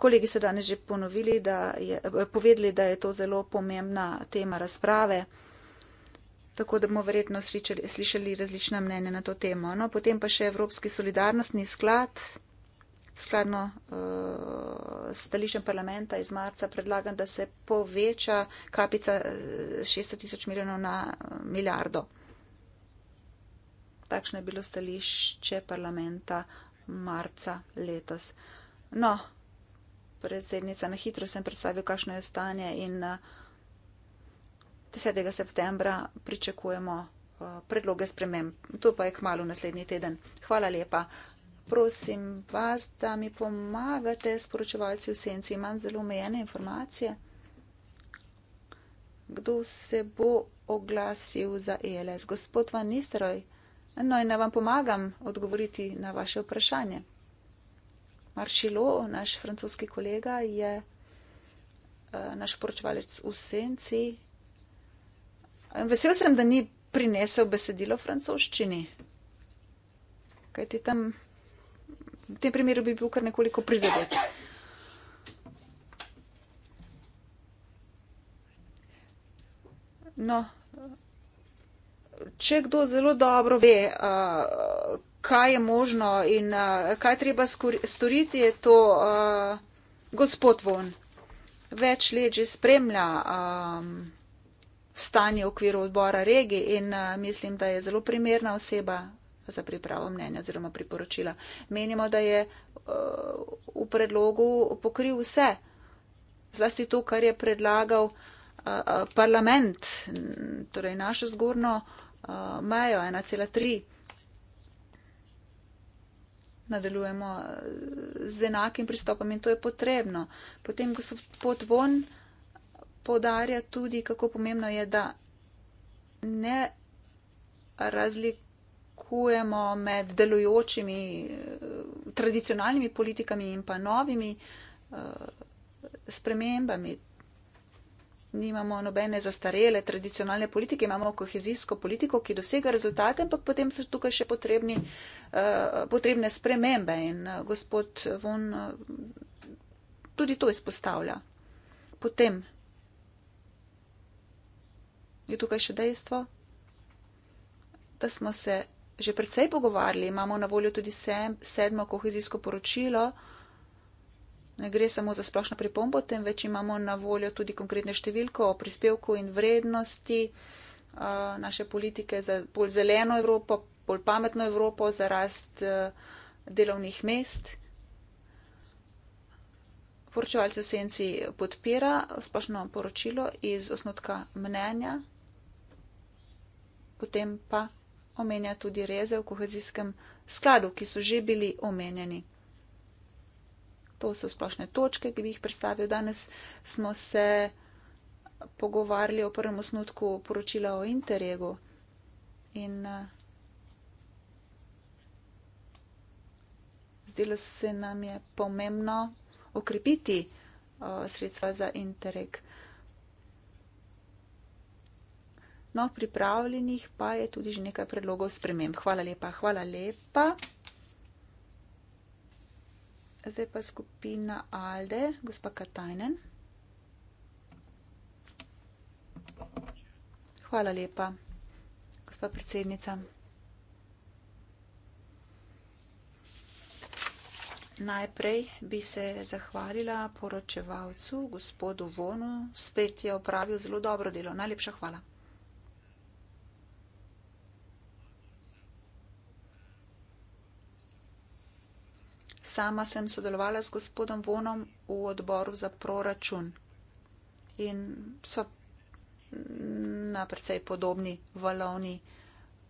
Kolegi so danes že ponovili, da je, eh, povedali, da je to zelo pomembna tema razprave, tako da bomo verjetno slišali, slišali različna mnenja na to temo. No, potem pa še Evropski solidarnostni sklad, skladno uh, eh, stališem parlamenta iz marca, predlagam, da se poveča kapica 600 eh, tisoč milijonov na milijardo. Takšno je bilo stališče parlamenta marca letos. No, predsednica, na hitro sem predstavil, kakšno je stanje in 10. Eh, septembra pričakujemo eh, predloge sprememb. To pa je kmalo naslednji teden. Hvala lepa. Prosim vas, da mi pomagate, sporočevalci v senci, imam zelo omejene informacije. Kdo se bo oglasil za ELS? Gospod Van Nisteroj, no in ne vam pomagam odgovoriti na vaše vprašanje. Maršilo, naš francoski kolega, je eh, naš poročevalec v senci. Vesel sem, da ni prinesel besedilo francoščini, kaj ti tam v tem primeru bi bil kar nekoliko prizadet. No, če kdo zelo dobro ve, eh, kaj je možno in uh, kaj treba storiti, je to uh, gospod Von. Več let že spremlja um, stanje v okviru odbora regi in uh, mislim, da je zelo primerna oseba za pripravo mnenja oziroma priporočila. Menimo, da je uh, v predlogu pokril vse, zlasti to, kar je predlagal uh, parlament, torej našo zgornjo uh, mejo 1,3 nadaljujemo eh, z enakim pristopom in to je potrebno. Potem, ko so pot von, podarja tudi, kako pomembno je, da ne razlikujemo med delujočimi eh, tradicionalnimi politikami in pa novimi eh, spremembami nimamo nobene zastarele tradicionalne politike, imamo kohezijsko politiko, ki dosega rezultate, ampak potem so tukaj še potrebni, eh, potrebne spremembe in eh, gospod Von eh, tudi to izpostavlja. Potem je tukaj še dejstvo, da smo se že predvsej pogovarjali, imamo na voljo tudi sedmo kohezijsko poročilo, ne gre samo za splošno pripombo, temveč imamo na voljo tudi konkretne številke o prispevku in vrednosti naše politike za bolj zeleno Evropo, bolj pametno Evropo, za rast delovnih mest. Poročevalce v senci podpira splošno poročilo iz osnotka mnenja, potem pa omenja tudi reze v kohezijskem skladu, ki so že bili omenjeni. To so splošne točke, ki bi jih predstavil. Danes smo se pogovarjali o prvem osnutku poročila o interjegu. In eh, zdelo se nam je pomembno okrepiti eh, sredstva za interreg. No, pripravljenih pa je tudi že nekaj predlogov sprememb. Hvala lepa, hvala lepa. Zdaj pa skupina Alde, gospa Katajnen. Hvala lepa, gospa predsednica. Najprej bi se zahvalila poročevalcu, gospodu Vonu. Spet je opravil zelo dobro delo. Najlepša hvala. Sama sem sodelovala z gospodom Vonom v odboru za proračun in so na precej podobni valovni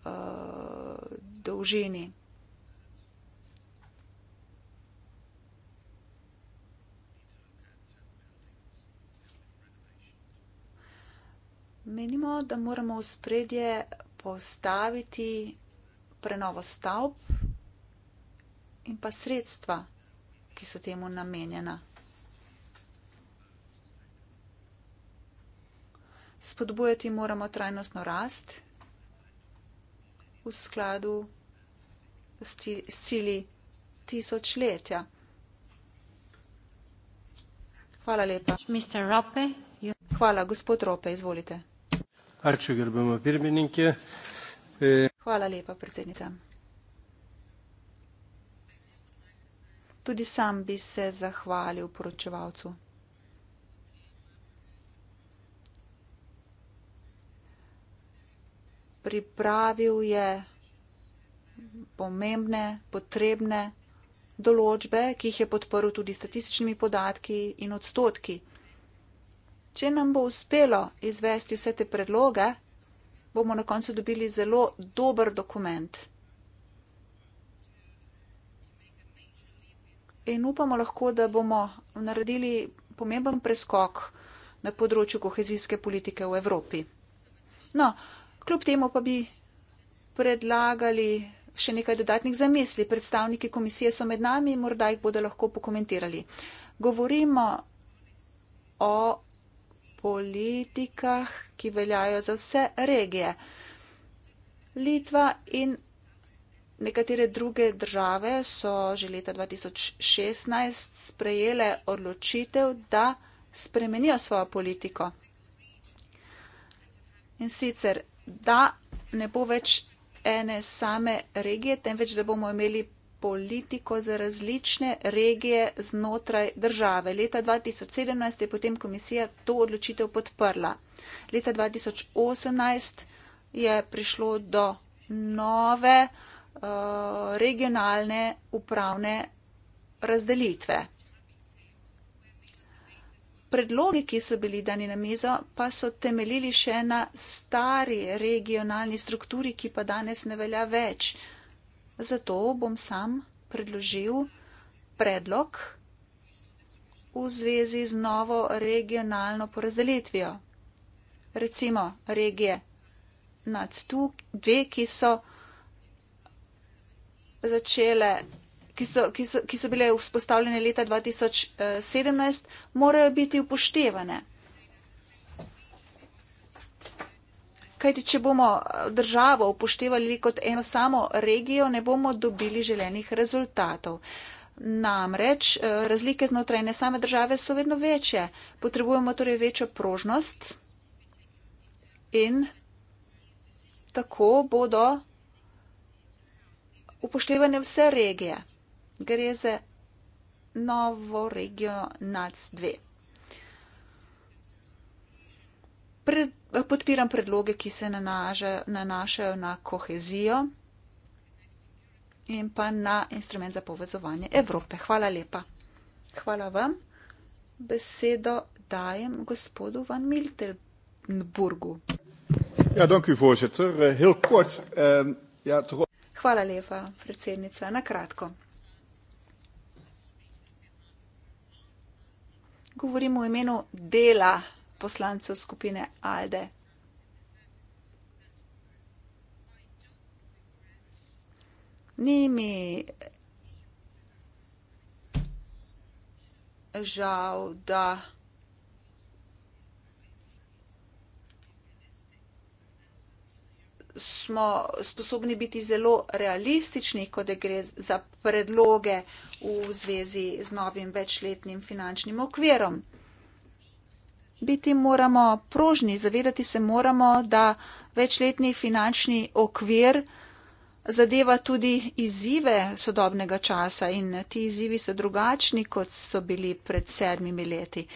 uh, dolžini. Menimo, da moramo v spredje postaviti prenovo stavb, in pa sredstva, ki so temu namenjena. Spodbujati moramo trajnostno rast v skladu s cili tisočletja. Hvala lepa. Rope, you... Hvala, gospod Rope, izvolite. E- Hvala lepa, predsednica. tudi sam bi se zahvalil poročevalcu. Pripravil je pomembne, potrebne določbe, ki jih je podporil tudi statističnimi podatki in odstotki. Če nam bo uspelo izvesti vse te predloge, bomo na koncu dobili zelo dober dokument. in upamo lahko, da bomo naredili pomemben preskok na področju kohezijske politike v Evropi. No, kljub temu pa bi predlagali še nekaj dodatnih zamisli. Predstavniki komisije so med nami, morda jih bodo lahko pokomentirali. Govorimo o politikah, ki veljajo za vse regije. Litva in Nekatere druge države so že leta 2016 sprejele odločitev, da spremenijo svojo politiko. In sicer, da ne bo več ene same regije, temveč da bomo imeli politiko za različne regije znotraj države. Leta 2017 je potem komisija to odločitev podprla. Leta 2018 je prišlo do nove. Eh, regionalne upravne razdelitve. Predlogi, ki so bili dani na mizo, pa so temeljili še na stari regionalni strukturi, ki pa danes ne velja več. Zato bom sam predložil predlog v zvezi z novo regionalno porazdelitvijo. Recimo regije nad tu, dve, ki so uh, začele, ki so, ki so, ki so bile vzpostavljene leta 2017, eh, morajo biti upoštevane. Kajti, če bomo eh, državo upoštevali kot eno samo regijo, ne bomo dobili želenih rezultatov. Namreč eh, razlike znotraj ne same države so vedno večje. Potrebujemo torej večjo prožnost in tako bodo upoštevane vse regije. Gre za novo regijo NAC2. Pred, podpiram predloge, ki se nanaža, nanašajo na kohezijo in pa na instrument za povezovanje Evrope. Hvala lepa. Hvala vam. Besedo dajem gospodu Van Miltenburgu. Ja, dank u voorzitter. Eh, heel kort. Uh, ja, Hvala lepa, predsednica. Na kratko. Govorimo v imenu dela poslancev skupine Alde. Ni mi žal, da. smo sposobni biti zelo realistični, ko gre za predloge v zvezi z novim večletnim finančnim okvirom. Biti moramo prožni, zavedati se moramo, da večletni finančni okvir zadeva tudi izzive sodobnega časa in ti izzivi so drugačni, kot so bili pred sedmimi leti.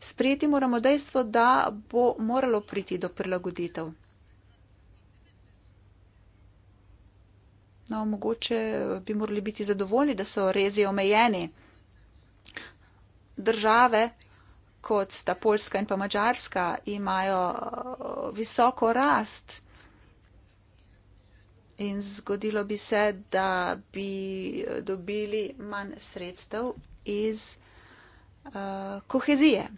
Sprejeti moramo dejstvo, da bo moralo priti do prilagoditev. No, mogoče bi morali biti zadovoljni, da so rezi omejeni. Države, kot sta Poljska in pa Mačarska, imajo uh, visoko rast in zgodilo bi se, da bi dobili manj sredstev iz uh, kohezije.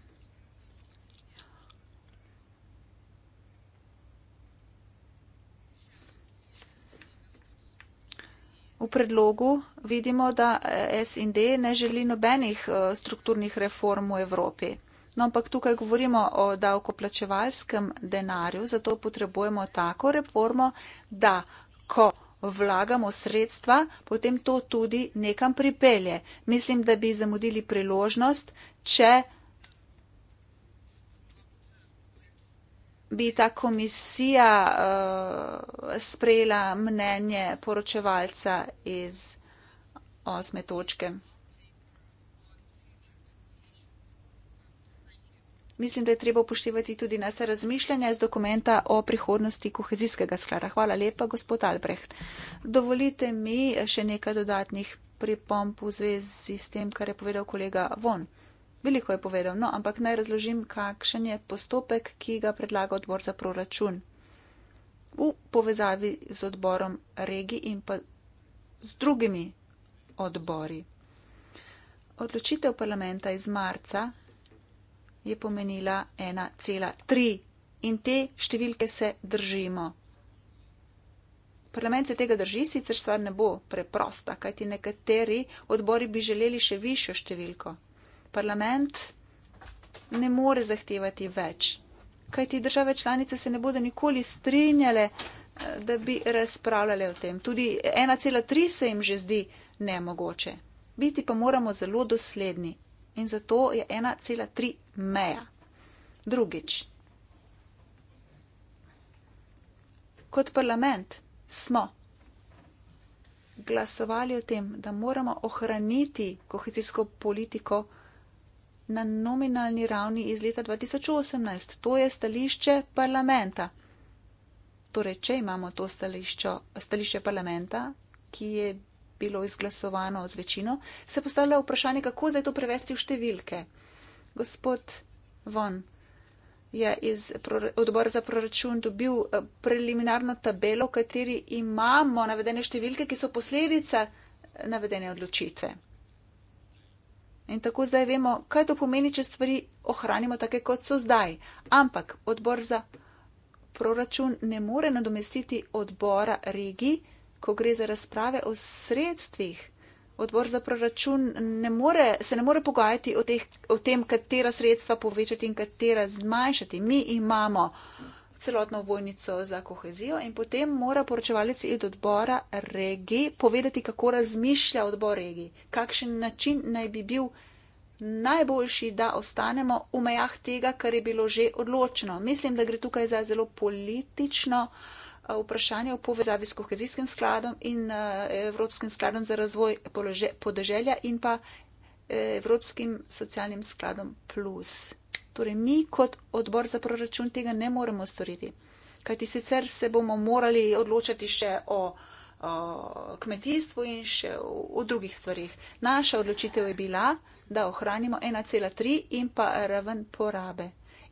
V predlogu vidimo, da eh, SND ne želi nobenih eh, strukturnih reform v Evropi. No, ampak tukaj govorimo o davkoplačevalskem denarju, zato potrebujemo tako reformo, da ko vlagamo sredstva, potem to tudi nekam pripelje. Mislim, da bi zamudili priložnost, če. bi ta komisija uh, sprejela mnenje poročevalca iz osme točke. Mislim, da je treba upoštevati tudi nas razmišljanje iz dokumenta o prihodnosti kohezijskega sklada. Hvala lepa, gospod Albrecht. Dovolite mi še nekaj dodatnih pripomp v zvezi s tem, kar je povedal kolega Von. Veliko je povedal, no, ampak naj razložim, kakšen je postopek, ki ga predlaga odbor za proračun. V povezavi z odborom regi in pa z drugimi odbori. Odločitev parlamenta iz marca je pomenila 1,3 in te številke se držimo. Parlament se tega drži, sicer stvar ne bo preprosta, kajti nekateri odbori bi želeli še višjo številko parlament ne more zahtevati več. Kaj ti države članice se ne bodo nikoli strinjale, eh, da bi razpravljale o tem. Tudi 1,3 se jim že zdi nemogoče. Biti pa moramo zelo dosledni in zato je 1,3 meja. Drugič. Kot parlament smo glasovali o tem, da moramo ohraniti kohezijsko politiko na nominalni ravni iz leta 2018. To je stališče parlamenta. Torej, če imamo to stališče, stališče parlamenta, ki je bilo izglasovano z večino, se postavlja vprašanje, kako zdaj to prevesti v številke. Gospod Von je iz odbora za proračun dobil eh, preliminarno tabelo, v kateri imamo navedene številke, ki so posledica eh, navedene odločitve. In tako zdaj vemo, kaj to pomeni, če stvari ohranimo take, kot so zdaj. Ampak odbor za proračun ne more nadomestiti odbora regi, ko gre za razprave o sredstvih. Odbor za proračun ne more, se ne more pogajati o, teh, o tem, katera sredstva povečati in katera zmanjšati. Mi imamo uh, celotno vojnico za kohezijo in potem mora poročevalec iti od odbora regi povedati, kako razmišlja odbor regi, kakšen način naj bi bil najboljši, da ostanemo v mejah tega, kar je bilo že odločeno. Mislim, da gre tukaj za zelo politično eh, vprašanje v povezavi s kohezijskim skladom in eh, Evropskim skladom za razvoj podeželja in pa eh, Evropskim socialnim skladom plus. Torej, mi kot odbor za proračun tega ne moremo storiti. Kajti sicer se bomo morali odločiti še o, o kmetijstvu in še o, o drugih stvarih. Naša odločitev je bila, da ohranimo 1,3 in pa raven porabe.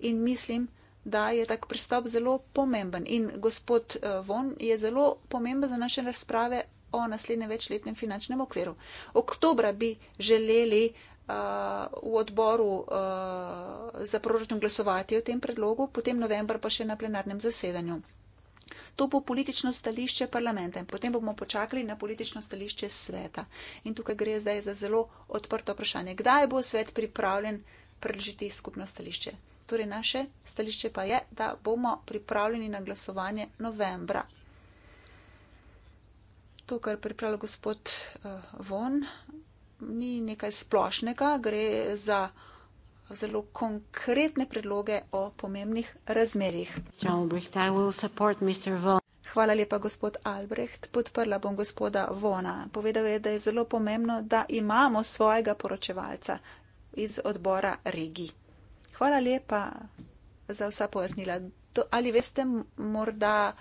In mislim, da je tak pristop zelo pomemben. In gospod eh, Von je zelo pomemben za naše razprave o naslednjem večletnem finančnem okviru. Oktobra bi želeli uh, Uh, v odboru uh, za proračun glasovati o tem predlogu, potem novembra pa še na plenarnem zasedanju. To bo politično stališče parlamenta in potem bomo počakali na politično stališče sveta. In tukaj gre zdaj za zelo odprto vprašanje, kdaj bo svet pripravljen predložiti skupno stališče. Torej, naše stališče pa je, da bomo pripravljeni na glasovanje novembra. To, kar pripravlja gospod uh, Von ni nekaj splošnega, gre za zelo konkretne predloge o pomembnih razmerih. Hvala lepa, gospod Albrecht. Podprla bom gospoda Vona. Povedal je, da je zelo pomembno, da imamo svojega poročevalca iz odbora regi. Hvala lepa za vsa pojasnila. Do, ali veste morda,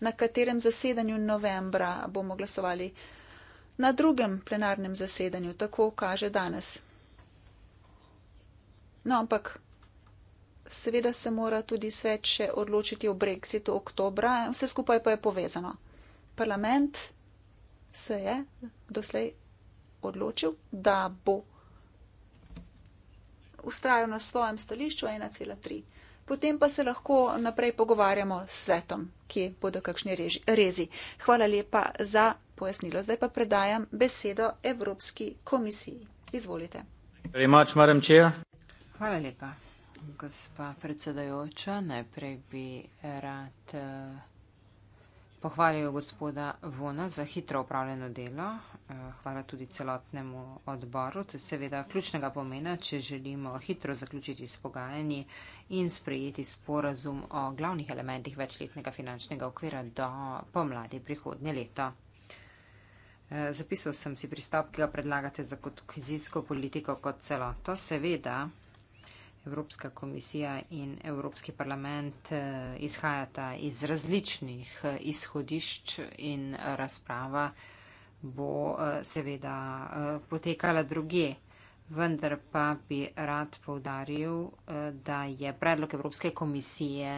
na katerem zasedanju novembra bomo glasovali? na drugem plenarnem zasedanju, tako kaže danes. No, ampak seveda se mora tudi svet še odločiti o brexitu oktobra, vse skupaj pa je povezano. Parlament se je doslej odločil, da bo ustrajal na svojem stališču 1,3. Potem pa se lahko naprej pogovarjamo s svetom, kje bodo kakšni rezi. Hvala lepa za pojasnilo. Zdaj pa predajam besedo Evropski komisiji. Izvolite. Hvala lepa, gospa predsedajoča. Najprej bi rad eh, pohvalil gospoda Vona za hitro upravljeno delo. Eh, hvala tudi celotnemu odboru. To je seveda ključnega pomena, če želimo hitro zaključiti s pogajanji in sprejeti sporazum o glavnih elementih večletnega finančnega okvira do pomladi prihodnje leto. Eh, zapisal sem si pristop, ki ga predlagate za kohezijsko politiko kot celo. To seveda Evropska komisija in Evropski parlament eh, izhajata iz različnih eh, izhodišč in razprava bo seveda potekala druge. Vendar pa bi rad povdaril, da je predlog Evropske komisije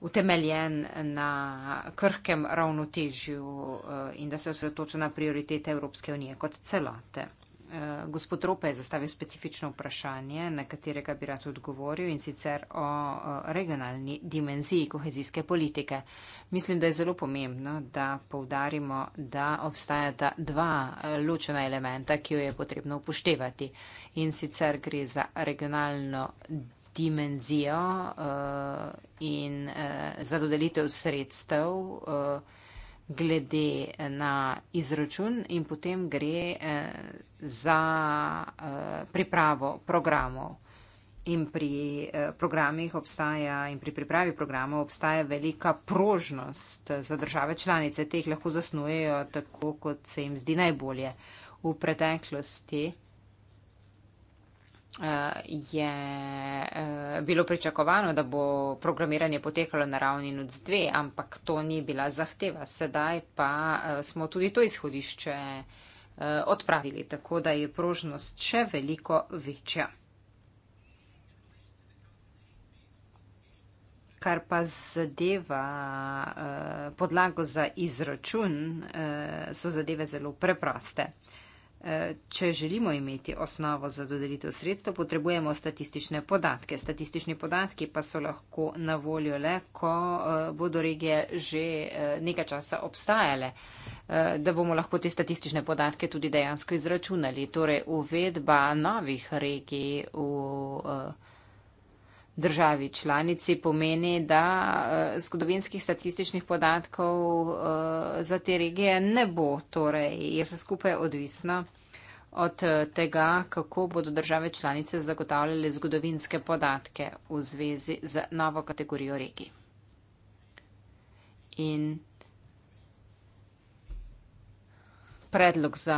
utemeljen na krhkem ravnotežju eh, in da se osredotoča na prioritete Evropske unije kot celote. Eh, gospod Rope je zastavil specifično vprašanje, na katerega bi rad odgovoril in sicer o regionalni dimenziji kohezijske politike. Mislim, da je zelo pomembno, da povdarimo, da obstajata dva ločena elementa, ki jo je potrebno upoštevati in sicer gre za regionalno dimenzijo eh, in eh, za dodelitev sredstev eh, glede na izračun in potem gre za pripravo programov. In pri programih obstaja in pri pripravi programov obstaja velika prožnost za države članice, te jih lahko zasnujejo tako, kot se jim zdi najbolje. V preteklosti je eh, bilo pričakovano, da bo programiranje potekalo na ravni NUC2, ampak to ni bila zahteva. Sedaj pa eh, smo tudi to izhodišče eh, odpravili, tako da je prožnost še veliko večja. Kar pa zadeva podlago za izračun, so zadeve zelo preproste. Če želimo imeti osnovo za dodelitev sredstev, potrebujemo statistične podatke. Statistični podatki pa so lahko na voljo le, ko eh, bodo regije že eh, nekaj časa obstajale, eh, da bomo lahko te statistične podatke tudi dejansko izračunali. Torej, uvedba novih regij v državi članici pomeni, da eh, zgodovinskih statističnih podatkov eh, za te regije ne bo. Torej, je vse skupaj odvisno od eh, tega, kako bodo države članice zagotavljale zgodovinske podatke v zvezi z novo kategorijo regij. In predlog za,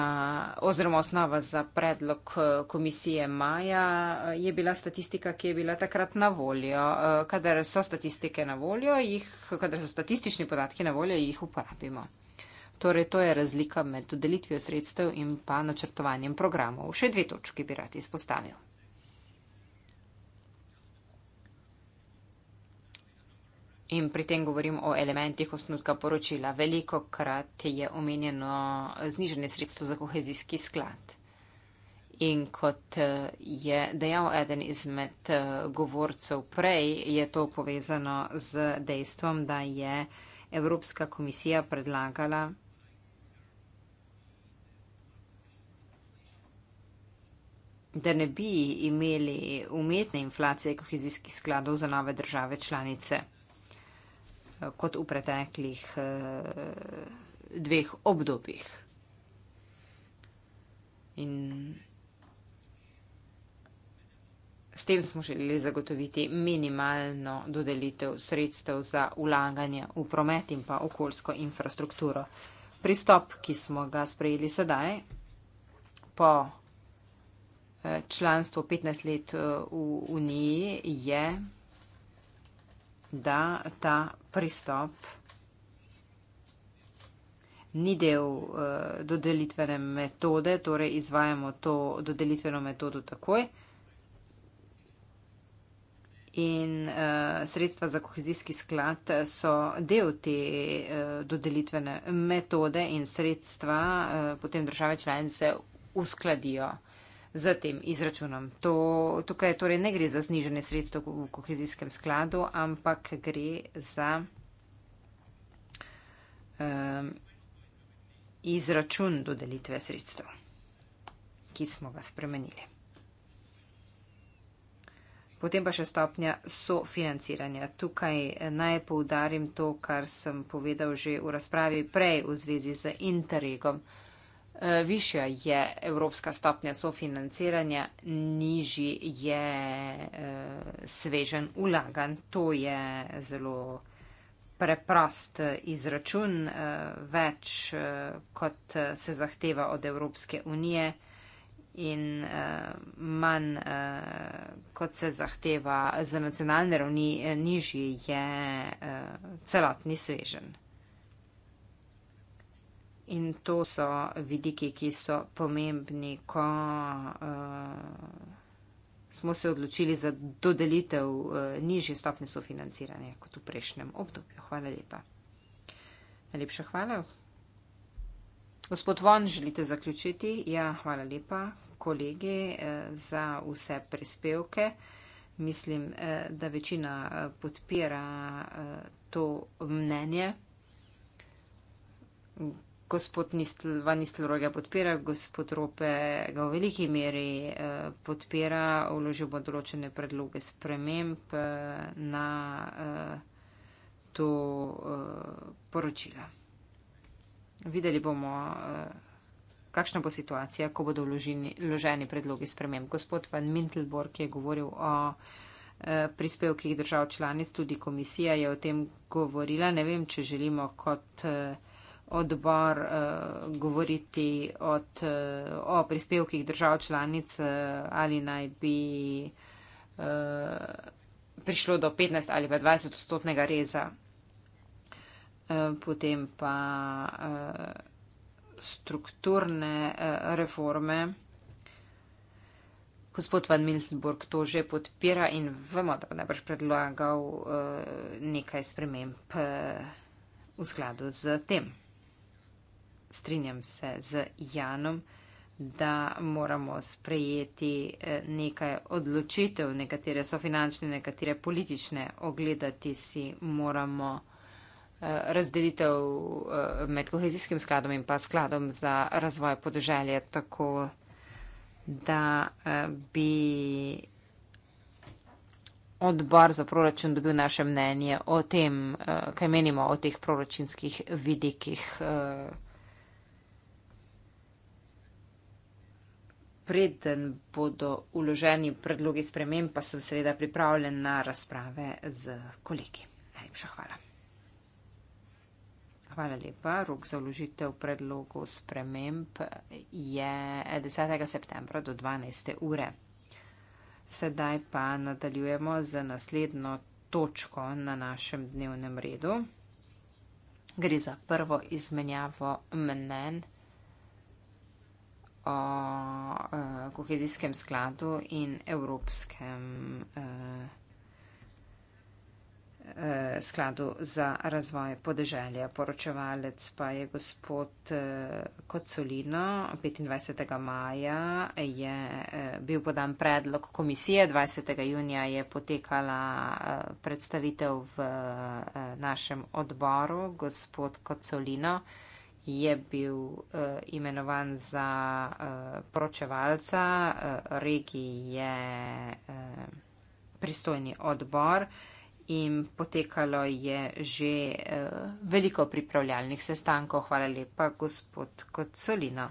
oziroma osnova za predlog eh, komisije Maja eh, je bila statistika, ki je bila takrat na voljo. Eh, kadar so statistike na voljo, jih, kadar so statistični podatki na voljo, jih uporabimo. Torej, to je razlika med delitvijo sredstev in pa načrtovanjem programov. Še dve točki bi rad izpostavil. In pri tem govorim o elementih osnutka poročila. Veliko krat je omenjeno znižanje sredstv za kohezijski sklad. In kot eh, je dejal eden izmed eh, govorcev prej, je to povezano z dejstvom, da je Evropska komisija predlagala da ne bi imeli umetne inflacije kohezijskih skladov za nove države članice kot v preteklih eh, dveh obdobjih. In s tem smo želeli zagotoviti minimalno dodelitev sredstev za ulaganje v promet in pa okoljsko infrastrukturo. Pristop, ki smo ga sprejeli sedaj, po eh, članstvu 15 let eh, v Uniji, je, da ta pristop ni del uh, dodelitvene metode, torej izvajamo to dodelitveno metodo takoj. In uh, sredstva za kohezijski sklad so del te uh, dodelitvene metode in sredstva uh, potem države članice uskladijo za tem izračunom. To, tukaj torej ne gre za znižanje sredstev v kohezijskem skladu, ampak gre za um, izračun dodelitve sredstev, ki smo ga spremenili. Potem pa še stopnja sofinanciranja. Tukaj naj poudarim to, kar sem povedal že v razpravi prej v zvezi z interregom. Uh, Eh, višja je evropska stopnja sofinanciranja, nižji je eh, svežen ulagan. To je zelo preprost eh, izračun, več kot se zahteva od Evropske unije in manj kot se zahteva za nacionalne ravni, nižji je celotni svežen. In to so vidiki, ki so pomembni, ko uh, smo se odločili za dodelitev uh, nižje stopne sofinanciranja kot v prejšnjem obdobju. Hvala lepa. Najlepša hvala. Gospod Von, želite zaključiti? Ja, hvala lepa kolegi eh, za vse prispevke. Mislim, da večina podpira to mnenje gospod Nistl, Van Nistelroga podpira, gospod Rope ga v veliki meri eh, podpira, vložil bo določene predloge sprememb eh, na eh, to poročilo. Videli bomo, kakšna bo situacija, ko bodo vloženi predlogi sprememb. Gospod Van Mintelborg je govoril o prispevkih držav članic, tudi komisija je o tem govorila. Ne vem, če želimo kot odbor eh, govoriti od, eh, o prispevkih držav članic, eh, ali naj bi prišlo do 15 ali pa 20 odstotnega reza. Potem pa strukturne reforme. Gospod Van Milsburg to že podpira in vemo, da bo najbrž predlagal nekaj sprememb v skladu z tem strinjam se z Janom, da moramo sprejeti eh, nekaj odločitev, nekatere so finančne, nekatere politične, ogledati si moramo eh, razdelitev eh, med kohezijskim skladom in pa skladom za razvoj podeželja, tako da bi odbor za proračun dobil naše mnenje o tem, kaj menimo o teh proračunskih vidikih. preden bodo uloženi predlogi spremem, pa sem seveda pripravljen na razprave z kolegi. Najlepša hvala. Hvala lepa. Rok za uložitev predlogov sprememb je 10. septembra do 12. ure. Sedaj pa nadaljujemo z naslednjo točko na našem dnevnem redu. Gre za prvo izmenjavo mnen o uh, kohezijskem skladu in evropskem uh, uh, skladu za razvoj podeželja. Poročevalec pa je gospod uh, Kocolino. 25. maja je uh, bil podan predlog komisije, 20. junija je potekala uh, predstavitev v uh, našem odboru. Gospod Kocolino je bil uh, imenovan za uh, eh, pročevalca, uh, eh, regi je uh, pristojni odbor in potekalo je že uh, veliko pripravljalnih sestankov. Hvala lepa, gospod Kocolino.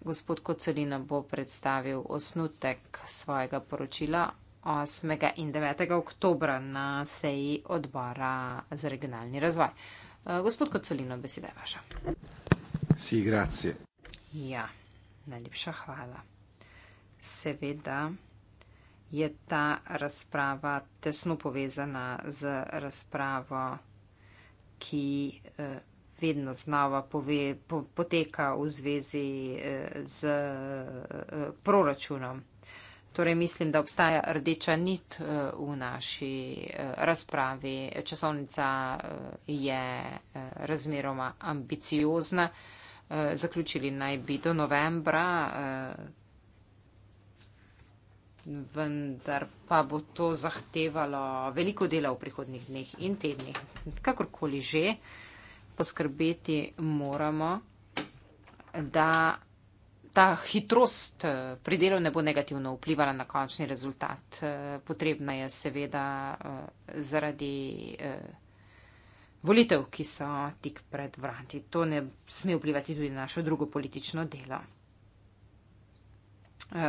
Gospod Kocolino bo predstavil osnutek svojega poročila 8. in 9. oktobra na seji odbora za regionalni razvoj. Eh, gospod Kocolino, beseda je vaša. Si, grazie. Ja, najlepša hvala. Seveda je ta razprava tesno povezana z razpravo, ki eh, vedno znova pove, po, poteka v zvezi eh, z proračunom. Torej, mislim, da obstaja rdeča nit eh, v naši eh, razpravi. Časovnica eh, je razmeroma ambiciozna. Zaključili naj bi do novembra, vendar pa bo to zahtevalo veliko dela v prihodnih dneh in tednih. Kakorkoli že, poskrbeti moramo, da ta hitrost eh, pri delu ne bo negativno vplivala na končni rezultat. Eh, potrebna je seveda eh, zaradi volitev, ki so tik pred vrati. To ne sme vplivati tudi na našo drugo politično delo.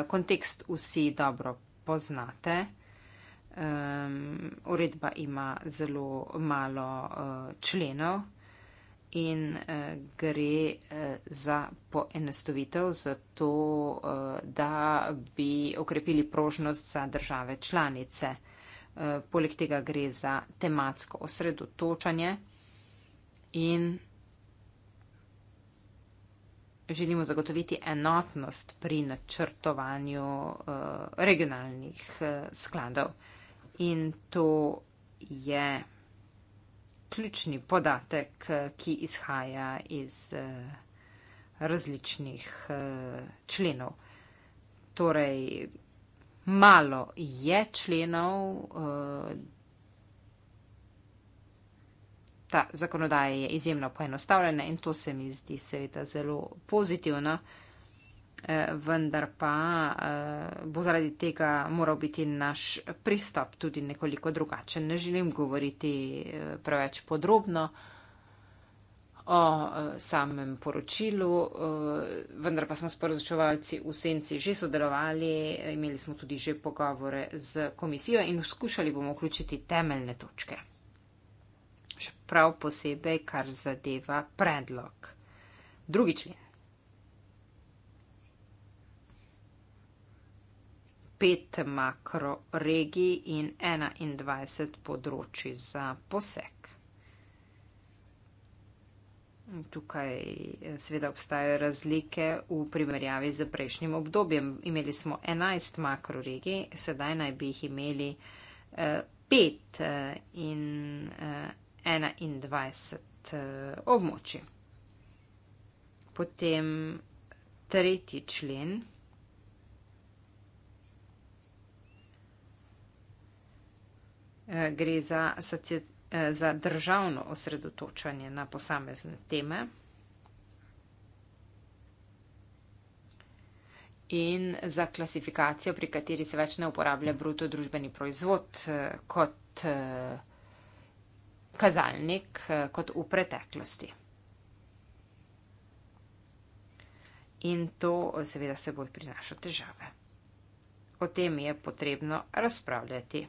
Kontekst vsi dobro poznate. Ehm, uredba ima zelo malo členov in uh, gre uh, za poenostavitev, zato uh, da bi okrepili prožnost za države članice. Uh, poleg tega gre za tematsko osredotočanje in želimo zagotoviti enotnost pri načrtovanju uh, regionalnih uh, skladov. In to je ključni podatek, eh, ki izhaja iz eh, različnih eh, členov. Torej, malo je členov, ta zakonodaja je izjemno poenostavljena in to se mi zdi seveda zelo pozitivno. Eh, vendar pa eh, bo zaradi tega moral biti naš pristop tudi nekoliko drugačen. Ne želim govoriti eh, preveč podrobno o samem poročilu, vendar pa smo s poročevalci v senci že sodelovali, imeli smo tudi že pogovore z komisijo in skušali bomo vključiti temeljne točke. Še prav posebej, kar zadeva predlog. Drugi člen. pet makroregij in 21 področji za poseg. Tukaj seveda obstajajo razlike v primerjavi z prejšnjim obdobjem. Imeli smo 11 makroregij, sedaj naj bi jih imeli 5 eh, eh, in 21 eh, območij. Potem tretji člen. Eh, gre za, eh, za državno osredotočanje na posamezne teme. In za klasifikacijo, pri kateri se več ne uporablja bruto družbeni proizvod eh, kot kazalnik, kot v preteklosti. In to seveda seboj prinaša težave. O tem je potrebno razpravljati.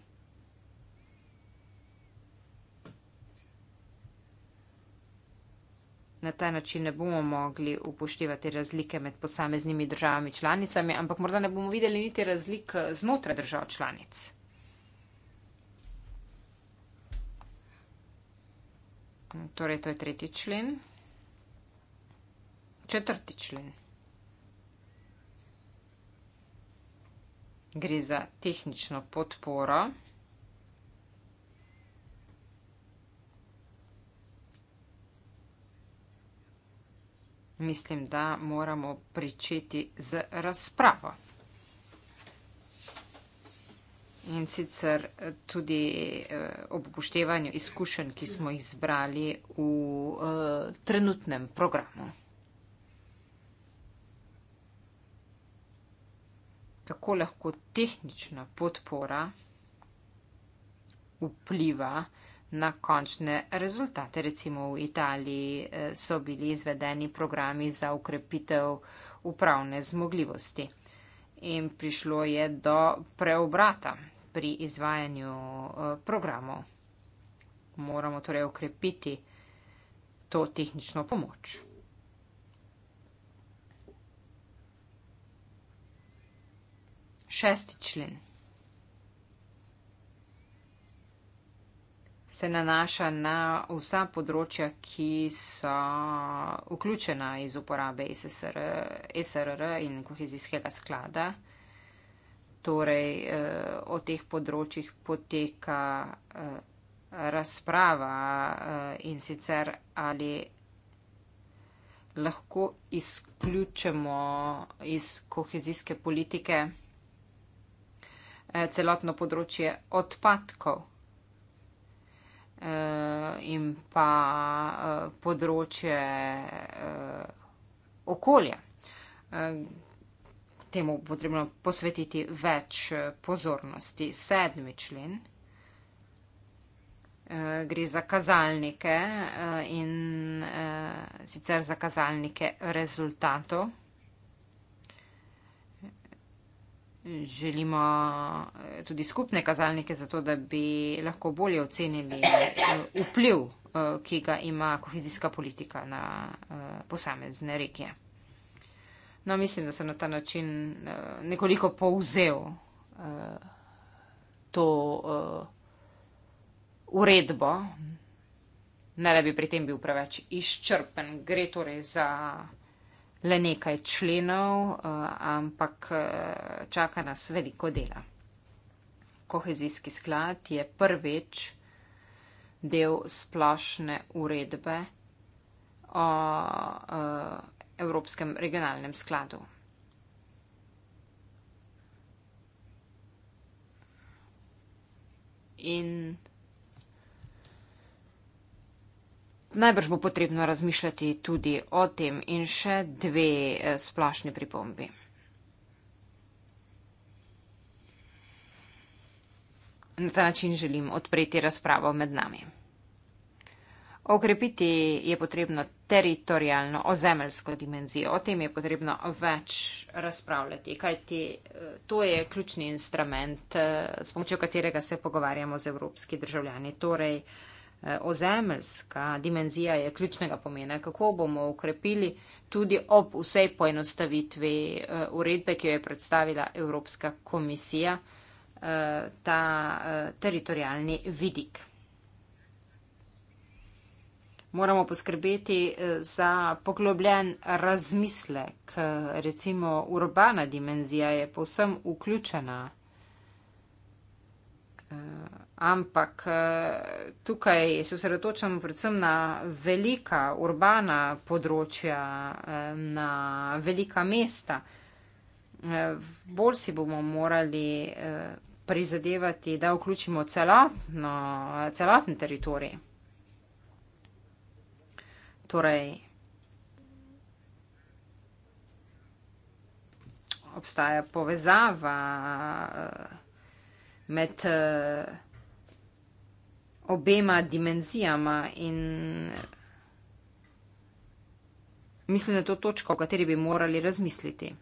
na ta način ne bomo mogli upoštevati razlike med posameznimi državami članicami, ampak morda ne bomo videli niti razlik eh, znotraj držav članic. Torej, to je tretji člen. Četrti člen. Gre za tehnično podporo. mislim, da moramo pričeti z razpravo. In sicer tudi eh, ob upoštevanju izkušenj, ki smo jih zbrali v eh, trenutnem programu. Kako lahko tehnična podpora vpliva na na končne rezultate. Recimo v Italiji eh, so bili izvedeni programi za ukrepitev upravne zmogljivosti in prišlo je do preobrata pri izvajanju eh, programov. Moramo torej ukrepiti to tehnično pomoč. Šesti člen. se nanaša na vsa področja, ki so vključena iz uporabe SSR, SRR in kohezijskega sklada. Torej, eh, o teh področjih poteka eh, razprava eh, in sicer ali lahko izključimo iz kohezijske politike celotno področje odpadkov. Eh, in pa eh, področje eh, okolja. Temu potrebno posvetiti več pozornosti. Sedmi člen. Gre za kazalnike in sicer za kazalnike rezultatov. želimo eh, tudi skupne kazalnike za to, da bi lahko bolje ocenili eh, vpliv, eh, ki ga ima kohezijska politika na posamezne regije. No, mislim, da sem na ta način nekoliko povzel to uredbo. Ne da bi pri tem bil preveč izčrpen, gre torej za le nekaj členov, eh, ampak eh, čaka nas veliko dela. Kohezijski sklad je prvič del splošne uredbe o eh, Evropskem regionalnem skladu. In Najbrž bo potrebno razmišljati tudi o tem in še dve eh, splašni pripombi. Na ta način želim odpreti razpravo med nami. Okrepiti je potrebno teritorijalno, ozemelsko dimenzijo. O tem je potrebno več razpravljati, kajti eh, to je ključni instrument, eh, s pomočjo katerega se pogovarjamo z evropski državljani. Torej, uh, Eh, ozemeljska dimenzija je ključnega pomena, kako bomo ukrepili tudi ob vsej poenostavitvi eh, uredbe, ki jo je predstavila Evropska komisija, eh, ta teritorijalni vidik. Moramo poskrbeti za poglobljen razmislek, recimo urbana dimenzija je povsem vključena ampak eh, tukaj se osredotočamo predvsem na velika urbana področja, eh, na velika mesta. Eh, bolj si bomo morali prizadevati, da vključimo celotno, celoten teritorij. Torej, obstaja povezava med obema dimenzijama in mislim, da je to točka, o kateri bi morali razmisliti.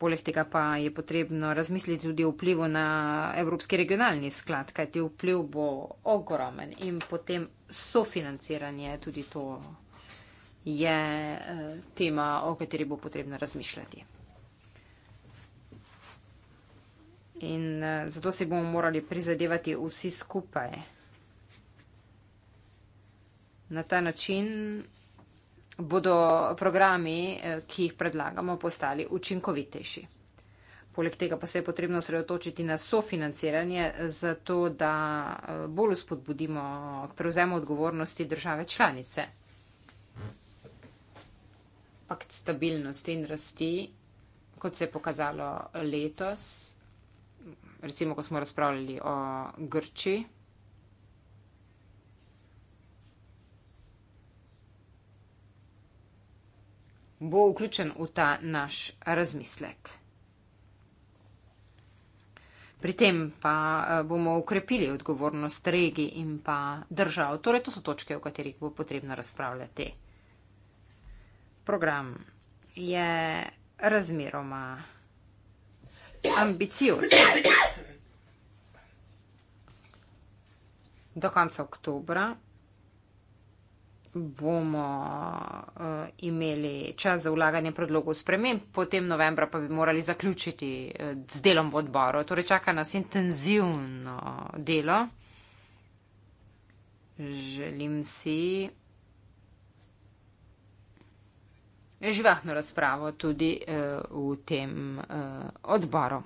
Poleg tega pa je potrebno razmisliti tudi o vplivu na Evropski regionalni sklad, kajti vpliv bo ogromen in potem sofinanciranje tudi to je eh, tema, o kateri bo potrebno razmišljati. In eh, zato si bomo morali prizadevati vsi skupaj. Na ta način bodo programi, eh, ki jih predlagamo, postali učinkovitejši. Poleg tega pa se je potrebno sredotočiti na sofinanciranje, zato da bolj spodbudimo k prevzemu odgovornosti države članice pakt stabilnosti in rasti, kot se je pokazalo letos, recimo, ko smo razpravljali o Grči. bo vključen v ta naš razmislek. Pri tem pa eh, bomo ukrepili odgovornost regij in pa držav. Torej, to so točke, o katerih bo potrebno razpravljati program je razmeroma ambiciozen. Do konca oktobra bomo uh, imeli čas za vlaganje predlogov sprememb, potem novembra pa bi morali zaključiti uh, z delom v odboru. Torej čaka nas intenzivno delo. Želim si. živahno razpravo tudi uh, v tem uh, odboru.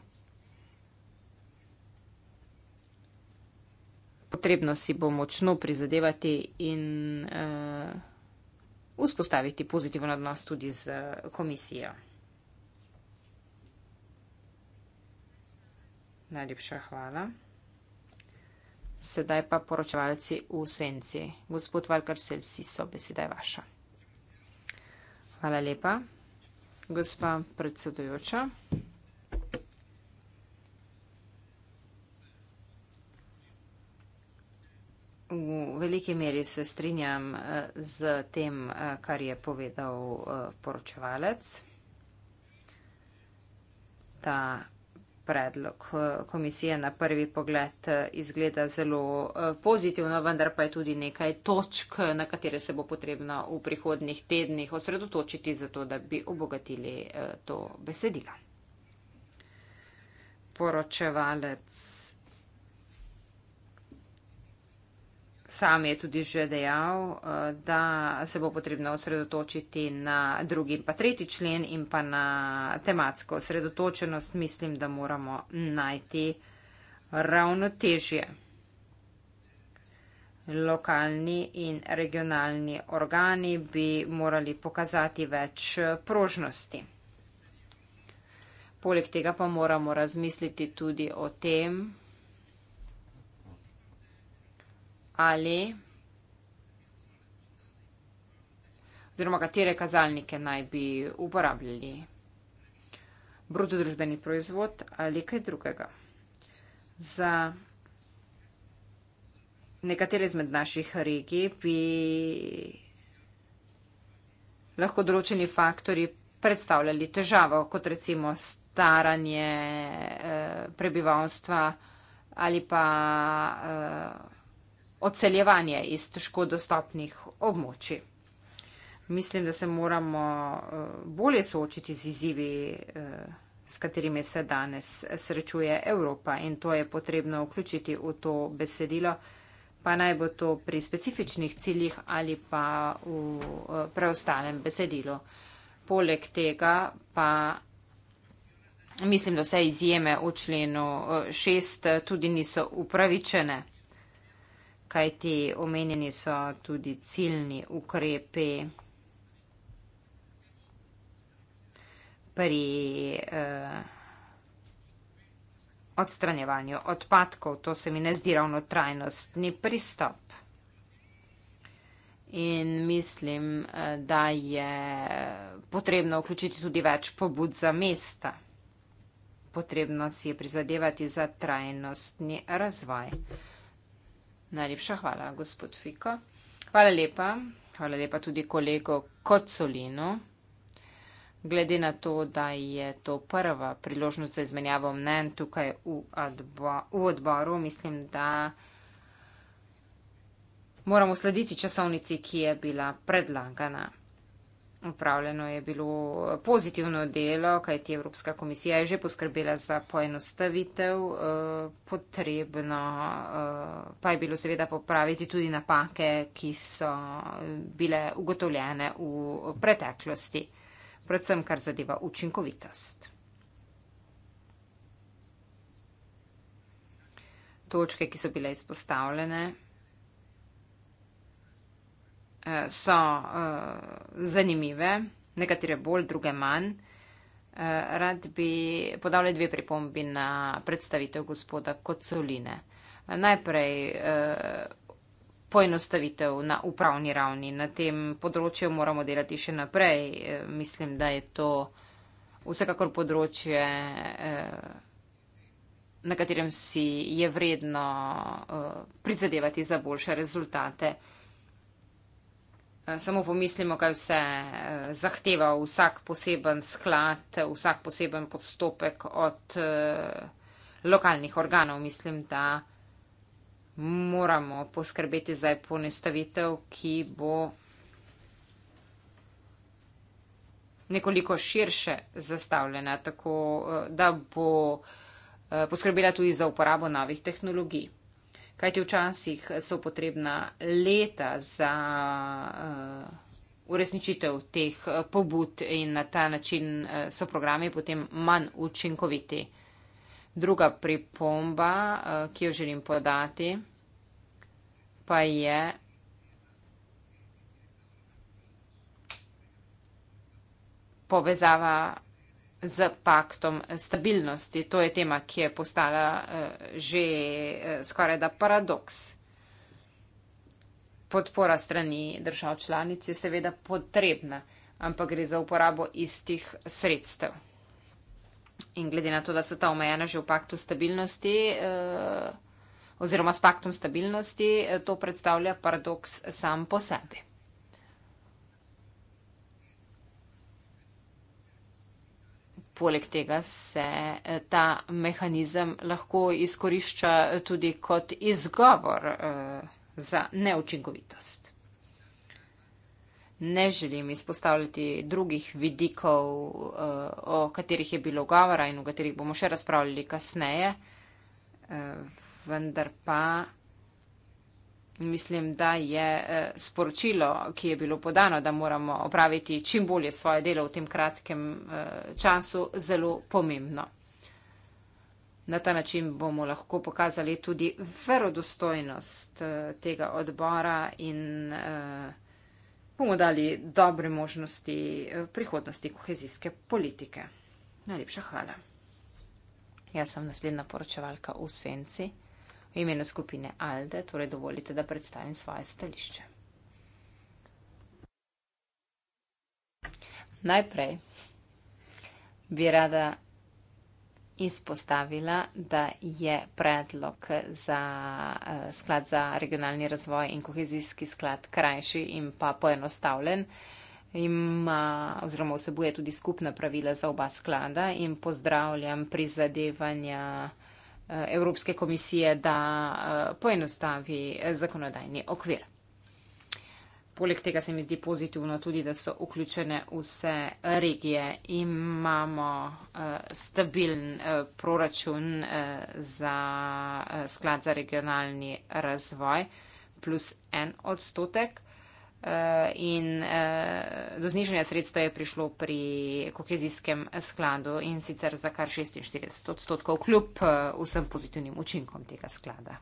Potrebno si bo močno prizadevati in uh, vzpostaviti pozitiven odnos tudi z komisijo. Najlepša hvala. Sedaj pa poročevalci v senci. Gospod Valkar Selsi, sobe, sedaj vaša. Hvala lepa. Gospa predsedujoča. V veliki meri se strinjam eh, z tem, eh, kar je povedal eh, poročevalec. Ta predlog eh, komisije na prvi pogled eh, izgleda zelo eh, pozitivno, vendar pa je tudi nekaj točk, na katere se bo potrebno v prihodnih tednih osredotočiti, zato da bi obogatili to besedilo. Poročevalec Sam je tudi že dejal, eh, da se bo potrebno osredotočiti na drugi in pa tretji člen in pa na tematsko osredotočenost. Mislim, da moramo najti ravnotežje. Lokalni in regionalni organi bi morali pokazati več prožnosti. Poleg tega pa moramo razmisliti tudi o tem, ali oziroma katere kazalnike naj bi uporabljali. Bruto družbeni proizvod ali kaj drugega. Za nekatere izmed naših regij bi lahko določeni faktori predstavljali težavo, kot recimo staranje eh, prebivalstva ali pa eh, odseljevanje iz težko dostopnih območij. Mislim, da se moramo eh, bolje soočiti z izzivi, eh, s katerimi se danes srečuje Evropa in to je potrebno vključiti v to besedilo, pa naj bo to pri specifičnih ciljih ali pa v eh, preostalem besedilu. Poleg tega pa mislim, da vse izjeme v členu 6 tudi niso upravičene kaj ti omenjeni so tudi ciljni ukrepi pri eh, odstranjevanju odpadkov. To se mi ne zdi ravno trajnostni pristop. In mislim, eh, da je potrebno vključiti tudi več pobud za mesta. Potrebno si je prizadevati za trajnostni razvoj. Najlepša hvala, gospod Fiko. Hvala lepa. Hvala lepa tudi kolego Kocolinu. Glede na to, da je to prva priložnost za izmenjavo mnen tukaj v, odbo v odboru, mislim, da moramo slediti časovnici, ki je bila predlagana upravljeno je bilo pozitivno delo, kajti Evropska komisija je že poskrbela za poenostavitev, eh, potrebno eh, pa je bilo seveda popraviti tudi napake, ki so bile ugotovljene v preteklosti, predvsem kar zadeva učinkovitost. Točke, ki so bile izpostavljene so uh, zanimive, nekatere bolj, druge manj. Uh, rad bi podal dve pripombi na predstavitev gospoda Kocoline. Najprej uh, poenostavitev na upravni ravni. Na tem področju moramo delati še naprej. Uh, mislim, da je to vsekakor področje, uh, na katerem si je vredno uh, prizadevati za boljše rezultate. Uh, Eh, samo pomislimo, kaj vse eh, zahteva vsak poseben sklad, vsak poseben postopek od eh, lokalnih organov. Mislim, da moramo poskrbeti za ponestavitev, ki bo nekoliko širše zastavljena, tako da bo poskrbela tudi za uporabo novih tehnologij. Kajti včasih so potrebna leta za uh, uresničitev teh eh, pobud in na ta način uh, so programi potem manj učinkoviti. Druga pripomba, uh, ki jo želim podati, pa je. Povezava z paktom stabilnosti. To je tema, ki je postala eh, že eh, skoraj da paradoks. Podpora strani držav članic je seveda potrebna, ampak gre za uporabo istih sredstev. In glede na to, da so ta omejena že v paktu stabilnosti eh, oziroma s paktom stabilnosti, to predstavlja paradoks sam po sebi. poleg tega se eh, ta mehanizem lahko izkorišča tudi kot izgovor eh, za neučinkovitost. Ne želim izpostavljati drugih vidikov, eh, o katerih je bilo govora in o katerih bomo še razpravljali kasneje, vendar pa mislim, da je eh, sporočilo, ki je bilo podano, da moramo opraviti čim bolje svoje delo v tem kratkem eh, času, zelo pomembno. Na ta način bomo lahko pokazali tudi verodostojnost eh, tega odbora in bomo dali dobre možnosti prihodnosti kohezijske politike. Najlepša hvala. Jaz sem naslednja poročevalka v Senci. V imenu skupine ALDE torej dovolite, da predstavim svoje stališče. Najprej bi rada izpostavila, da je predlog za eh, sklad za regionalni razvoj in kohezijski sklad krajši in pa poenostavljen. Ima oziroma vsebuje tudi skupna pravila za oba sklada in pozdravljam prizadevanja. Eh, Evropske komisije, da eh, poenostavi eh, zakonodajni okvir. Poleg tega se mi zdi pozitivno tudi, da so vključene vse regije. Imamo uh, stabilen uh, proračun uh, za uh, sklad za regionalni razvoj plus en odstotek. Eh, in eh, do znižanja sredstva je prišlo pri kohezijskem skladu in sicer za kar 46 odstotkov, kljub eh, vsem pozitivnim učinkom tega sklada.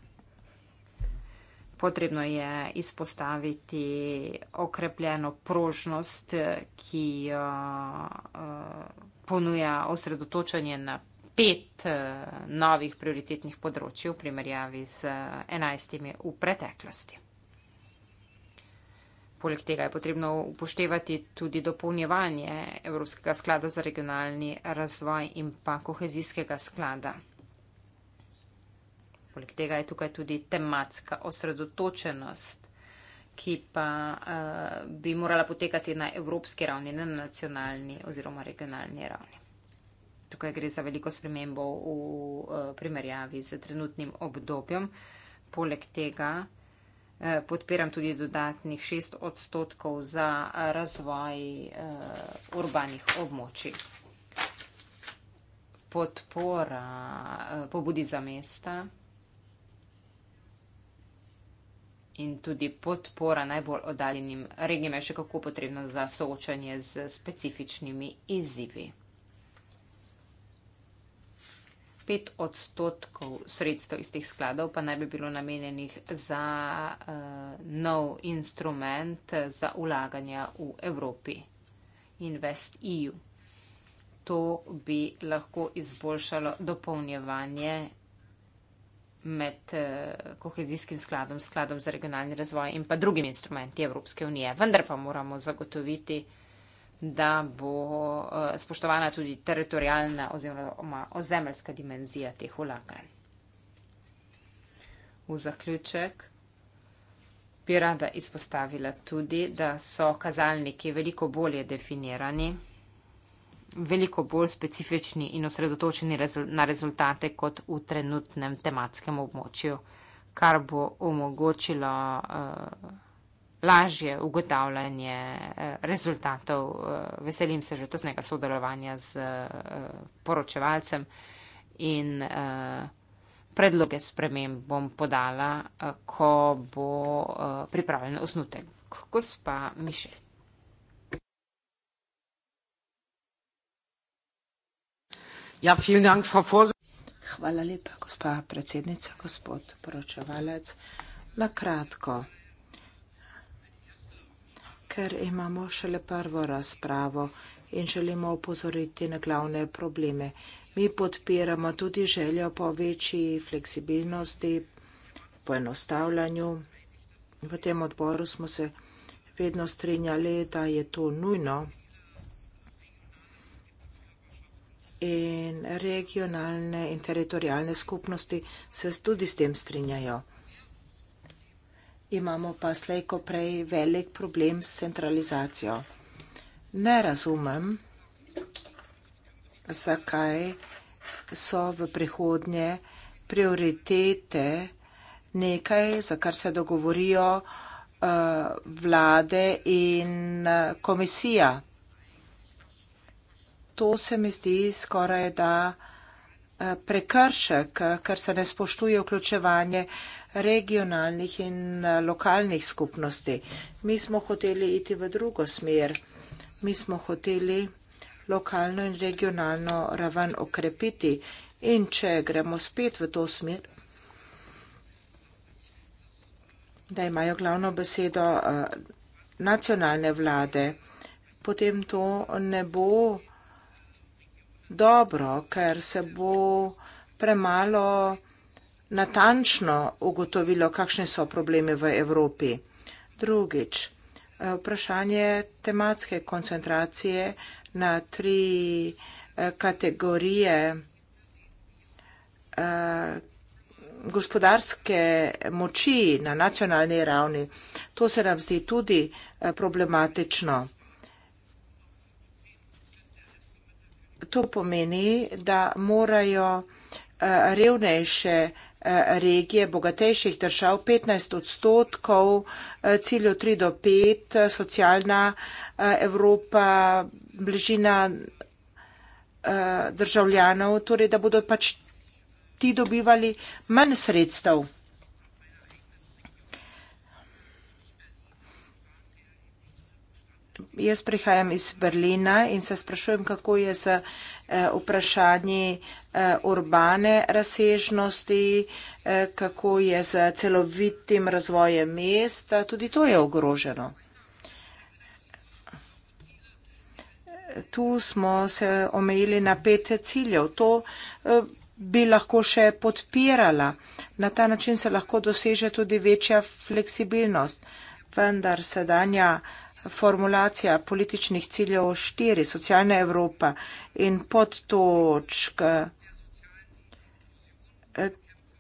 Potrebno je izpostaviti okrepljeno prožnost, ki jo ponuja osredotočanje na pet novih prioritetnih področjev v primerjavi z enajstimi v preteklosti. Poleg tega je potrebno upoštevati tudi dopolnjevanje Evropskega sklada za regionalni razvoj in pa kohezijskega sklada. Poleg tega je tukaj tudi tematska osredotočenost, ki pa uh, bi morala potekati na evropski ravni, ne na nacionalni oziroma regionalni ravni. Tukaj gre za veliko spremembo v uh, primerjavi z trenutnim obdobjem. Poleg tega. Eh, podpiram tudi dodatnih šest odstotkov za razvoj eh, urbanih območij. Podpora eh, pobudi za mesta in tudi podpora najbolj oddaljenim regijam je še kako potrebna za soočanje z specifičnimi izzivi. 5 odstotkov sredstev iz teh skladov pa naj bi bilo namenjenih za uh, nov instrument eh, za ulaganja v Evropi, Invest EU. To bi lahko izboljšalo dopolnjevanje med uh, kohezijskim skladom, skladom za regionalni razvoj in pa drugimi instrumenti Evropske unije. Vendar pa moramo zagotoviti, da bo eh, spoštovana tudi teritorijalna oziroma ozemeljska dimenzija teh vlaganj. V zaključek bi rada izpostavila tudi, da so kazalniki veliko bolje definirani, veliko bolj specifični in osredotočeni na rezultate kot v trenutnem tematskem območju, kar bo omogočilo uh, lažje ugotavljanje eh, rezultatov. Eh, veselim se že tesnega sodelovanja z eh, poročevalcem in predloge sprememb bom podala, ko bo pripravljen osnutek. Gospa Mišel. Ja, dank, Hvala lepa, gospa predsednica, gospod poročevalec. Na kratko. Ker imamo šele prvo razpravo in želimo upozoriti na glavne probleme, mi podpiramo tudi željo po večji fleksibilnosti, poenostavljanju. V tem odboru smo se vedno strinjali, da je to nujno. In regionalne in teritorijalne skupnosti se tudi s tem strinjajo imamo pa slejko prej velik problem s centralizacijo. Ne razumem, zakaj so v prihodnje prioritete nekaj, za kar se dogovorijo uh, vlade in uh, komisija. To se mi zdi skoraj da uh, eh, prekršek, uh, ker se ne spoštuje vključevanje uh, regionalnih in eh, lokalnih skupnosti. Mi smo hoteli iti v drugo smer. Mi smo hoteli lokalno in regionalno raven okrepiti. In če gremo spet v to smer, da imajo glavno besedo eh, nacionalne vlade, potem to ne bo dobro, ker se bo premalo vsega, natančno ugotovilo, kakšne so probleme v Evropi. Drugič, eh, vprašanje tematske koncentracije na tri eh, kategorije eh, gospodarske moči na nacionalni ravni. To se nam zdi tudi problematično. To pomeni, da morajo revnejše države, regije bogatejših držav 15 odstotkov, eh, cilju 3 do 5, eh, socialna eh, Evropa, bližina državljanov, torej da bodo pač ti dobivali manj sredstev. Jaz prihajam iz Berlina in se sprašujem, kako je z Eh, vprašanji eh, urbane razsežnosti, eh, kako je z celovitim razvojem mesta, tudi to je ogroženo. Tu smo se omejili na pet ciljev. To bi lahko še podpirala. Na ta način se lahko doseže tudi večja fleksibilnost. Vendar sedanja razsežnost formulacija političnih ciljev štiri, socialna Evropa in podtočka,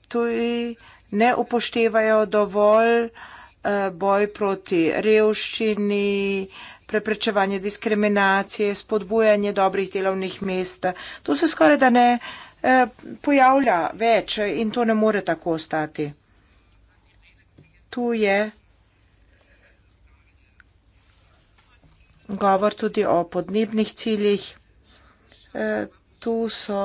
tudi ne upoštevajo dovolj eh, boj proti revščini, preprečevanje diskriminacije, spodbujanje dobrih delovnih mest. To se skoraj da ne eh, pojavlja več in to ne more tako ostati. Tu je govor tudi o podnebnih ciljih. E, tu so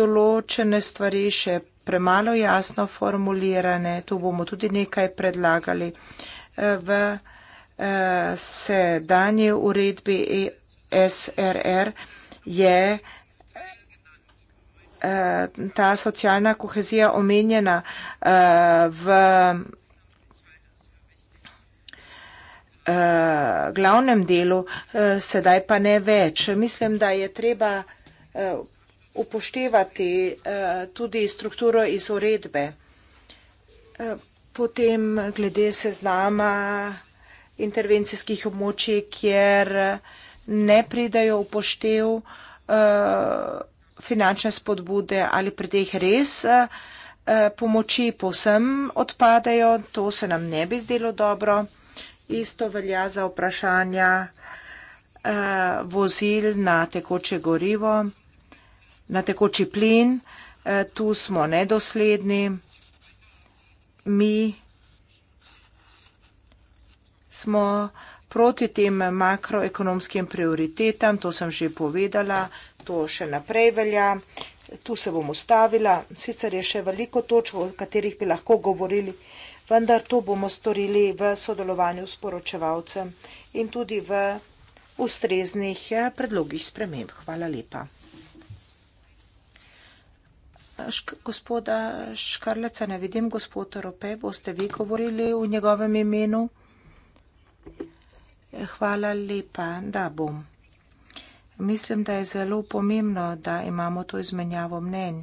določene stvari še premalo jasno formulirane, tu bomo tudi nekaj predlagali. E, v e, sedanji uredbi ESRR je ta socialna kohezija omenjena v glavnem delu, eh, sedaj pa ne več. Mislim, da je treba eh, upoštevati eh, tudi strukturo iz uredbe. Potem glede seznama intervencijskih območij, kjer ne pridajo upoštev finančne spodbude ali pri teh res pomoči povsem odpadajo, to se nam ne bi zdelo dobro. Isto velja za vprašanja eh, vozil na tekoče gorivo, na tekoči plin. Eh, tu smo nedosledni. Mi smo proti tem makroekonomskim prioritetam, to sem že povedala, to še naprej velja. Tu se bom ustavila. Sicer je še veliko točk, o katerih bi lahko govorili vendar to bomo storili v sodelovanju s poročevalcem in tudi v ustreznih eh, predlogih sprememb. Hvala lepa. Gospoda Škarleca ne vidim, gospod Rope, boste vi govorili v njegovem imenu? Hvala lepa, da bom. Mislim, da je zelo pomembno, da imamo to izmenjavo mnenj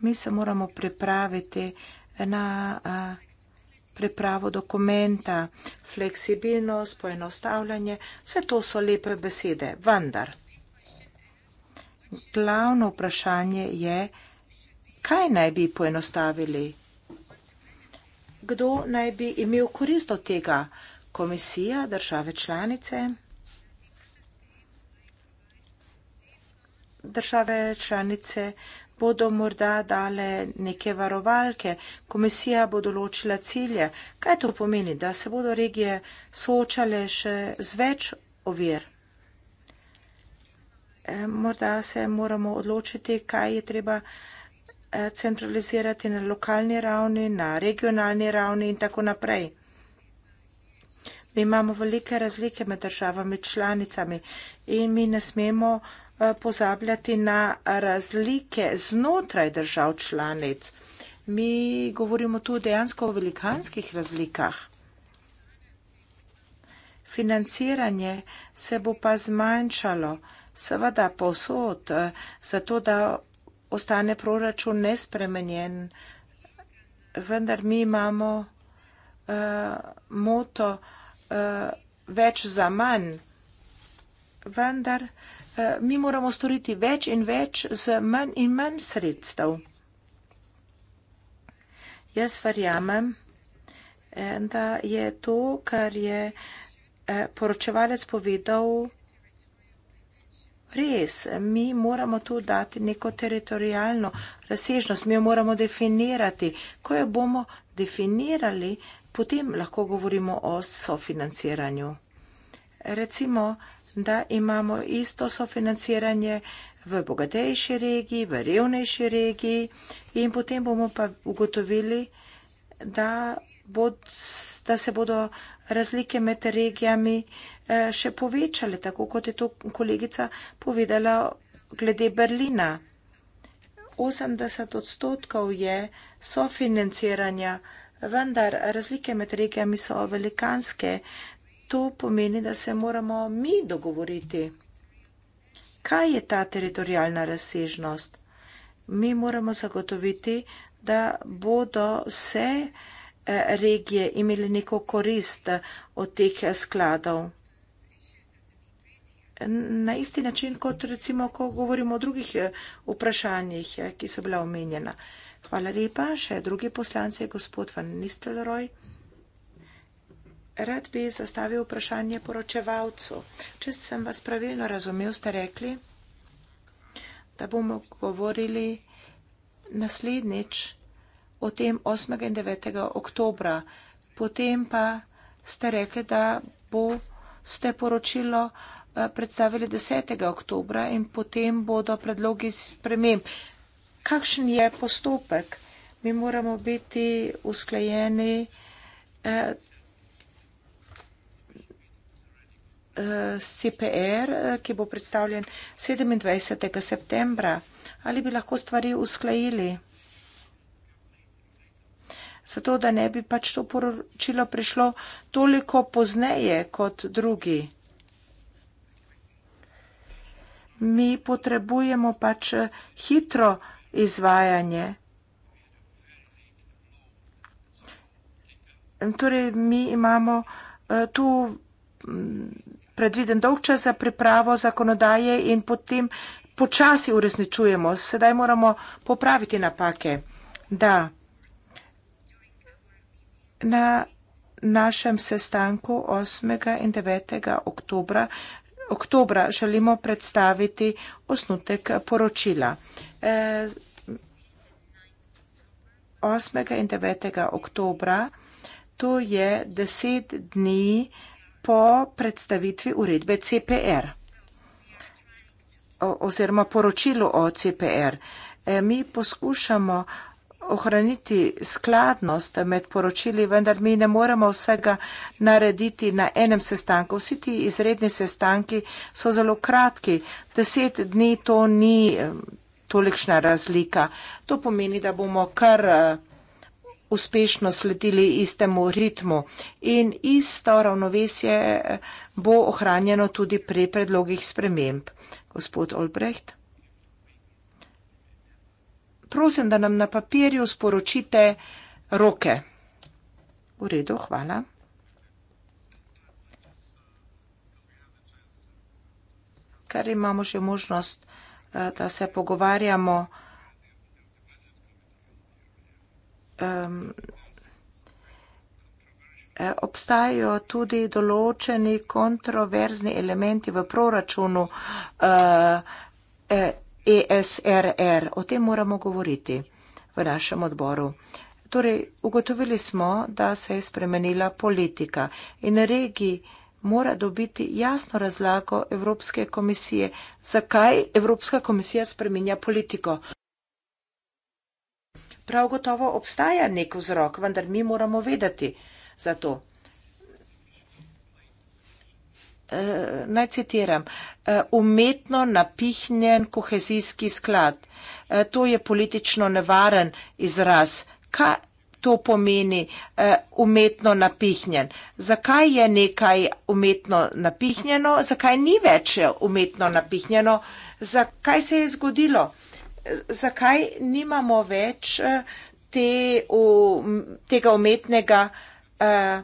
mi se moramo pripraviti na pripravo dokumenta, fleksibilnost, poenostavljanje, vse to so lepe besede, vendar. Glavno vprašanje je, kaj naj bi poenostavili? Kdo naj bi imel korist od tega? Komisija, države članice? Države članice bodo morda dale neke varovalke, komisija bo določila cilje. Kaj to pomeni, da se bodo regije soočale še z več ovir? E, morda se moramo odločiti, kaj je treba e, centralizirati na lokalni ravni, na regionalni ravni in tako naprej. Mi imamo velike razlike med državami, članicami in mi ne smemo Eh, pozabljati na razlike znotraj držav članic. Mi govorimo tu dejansko o velikanskih razlikah. Financiranje se bo pa zmanjšalo, seveda posod, eh, zato da ostane proračun nespremenjen. Vendar mi imamo uh, moto uh, več za manj. Vendar uh, Eh, mi moramo storiti več in več z manj in manj sredstev. Jaz verjamem, eh, da je to, kar je eh, poročevalec povedal, res. Mi moramo tu dati neko teritorijalno razsežnost, mi jo moramo definirati. Ko jo bomo definirali, potem lahko govorimo o sofinanciranju. Recimo, da imamo isto sofinanciranje v bogatejši regiji, v revnejši regiji in potem bomo pa ugotovili, da, bo, da se bodo razlike med regijami eh, še povečale, tako kot je to kolegica povedala glede Berlina. 80 odstotkov je sofinanciranja, vendar razlike med regijami so velikanske to pomeni, da se moramo mi dogovoriti, kaj je ta teritorijalna razsežnost. Mi moramo zagotoviti, da bodo vse eh, regije imeli neko korist eh, od teh eh, skladov. Na isti način, kot recimo, ko govorimo o drugih vprašanjih, ki so bila omenjena. Hvala lepa. Še drugi poslanci, gospod Van Nistelrooy rad bi zastavil vprašanje poročevalcu. Če sem vas pravilno razumel, ste rekli, da bomo govorili naslednjič o tem 8. in 9. oktobra. Potem pa ste rekli, da boste poročilo eh, predstavili 10. oktobra in potem bodo predlogi sprememb. Kakšen je postopek? Mi moramo biti usklajeni. Eh, CPR, eh, ki bo predstavljen 27. septembra. Ali bi lahko stvari usklajili? Zato, da ne bi pač to poročilo prišlo toliko pozneje kot drugi. Mi potrebujemo pač eh, hitro izvajanje. Torej, mi imamo eh, tu mm, predviden dolg čas za pripravo zakonodaje in potem počasi uresničujemo. Sedaj moramo popraviti napake, da na našem sestanku 8. in 9. oktobra Oktobra želimo predstaviti osnutek poročila. 8. E, in 9. oktobra, to je deset dni po predstavitvi uredbe CPR oziroma poročilu o CPR. E, mi poskušamo ohraniti skladnost med poročili, vendar mi ne moremo vsega narediti na enem sestanku. Vsi ti izredni sestanki so zelo kratki. Deset dni to ni tolikšna razlika. To pomeni, da bomo kar uspešno sledili istemu ritmu in isto ravnovesje bo ohranjeno tudi pri predlogih sprememb. Gospod Olbrecht, prosim, da nam na papirju sporočite roke. V redu, hvala. Ker imamo že možnost, eh, da se pogovarjamo. um, obstajajo tudi določeni kontroverzni elementi v proračunu uh, e, ESRR. E o tem moramo govoriti v našem odboru. Torej, ugotovili smo, da se je spremenila politika in regiji mora dobiti jasno razlago Evropske komisije, zakaj Evropska komisija spreminja politiko. Prav gotovo obstaja nek vzrok, vendar mi moramo vedeti za to. E, naj citiram. E, umetno napihnjen kohezijski sklad. E, to je politično nevaren izraz. Kaj to pomeni e, umetno napihnjen? Zakaj je nekaj umetno napihnjeno? Zakaj ni več umetno napihnjeno? Zakaj se je zgodilo? zakaj nimamo več eh, te, o, tega umetnega a, eh,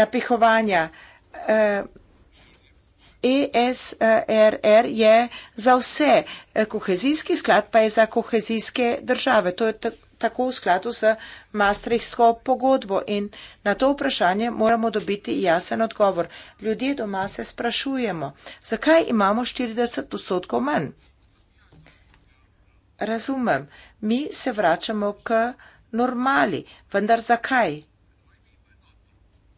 napihovanja? A, eh, ESRR je za vse, kohezijski sklad pa je za kohezijske države. To je tako v skladu z Maastrichtsko pogodbo in na to vprašanje moramo dobiti jasen odgovor. Ljudje doma se sprašujemo, zakaj imamo 40 odstotkov manj? razumem, mi se vračamo k normali, vendar zakaj?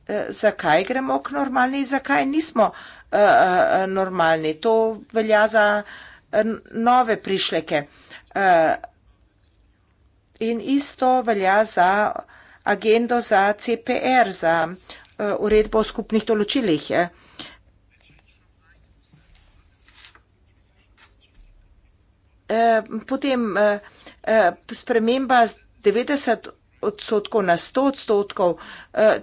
E, zakaj gremo k normalni, zakaj nismo e, e, normalni? To velja za e, nove prišleke. E, in isto velja za agendo za CPR, za e, uredbo o skupnih določilih. E. Eh, potem eh, eh, sprememba z 90 odstotkov na 100 odstotkov,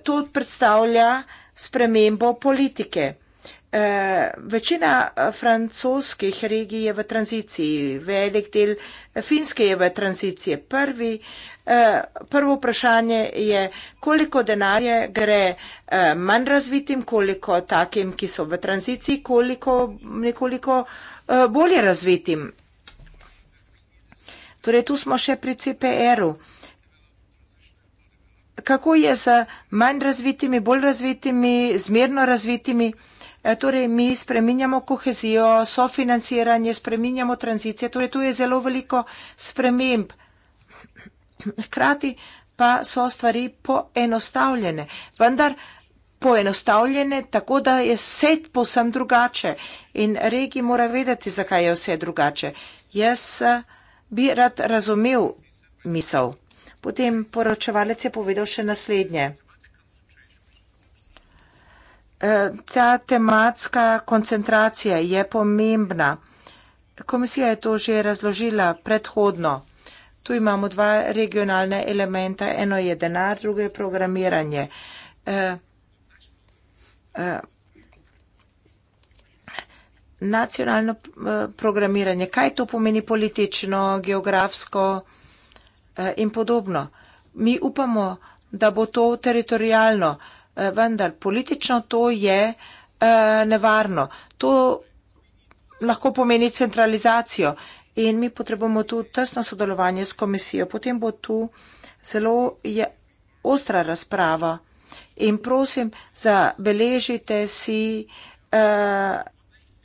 to predstavlja spremembo politike. Večina francoskih regij je v tranziciji, velik del finske je v tranziciji. Prvi, prvo vprašanje je, koliko denarja gre manj razvitim, koliko takim, ki so v tranziciji, koliko nekoliko bolje razvitim. Torej, tu smo še pri CPR-u. Kako je z manj razvitimi, bolj razvitimi, zmerno razvitimi? E, torej, mi spreminjamo kohezijo, sofinanciranje, spreminjamo tranzicije, torej tu je zelo veliko sprememb. Hkrati pa so stvari poenostavljene, vendar poenostavljene tako, da je vse povsem drugače in regi mora vedeti, zakaj je vse drugače. Jaz, bi rad razumel misel. Potem poročevalec je povedal še naslednje. E, ta tematska koncentracija je pomembna. Komisija je to že razložila predhodno. Tu imamo dva regionalna elementa. Eno je denar, drugo je programiranje. E, e, nacionalno eh, programiranje, kaj to pomeni politično, geografsko eh, in podobno. Mi upamo, da bo to teritorijalno, eh, vendar politično to je nevarno. To lahko pomeni centralizacijo in mi potrebujemo tu tesno sodelovanje s komisijo. Potem bo tu zelo ostra razprava. In prosim, zabeležite si. Uh,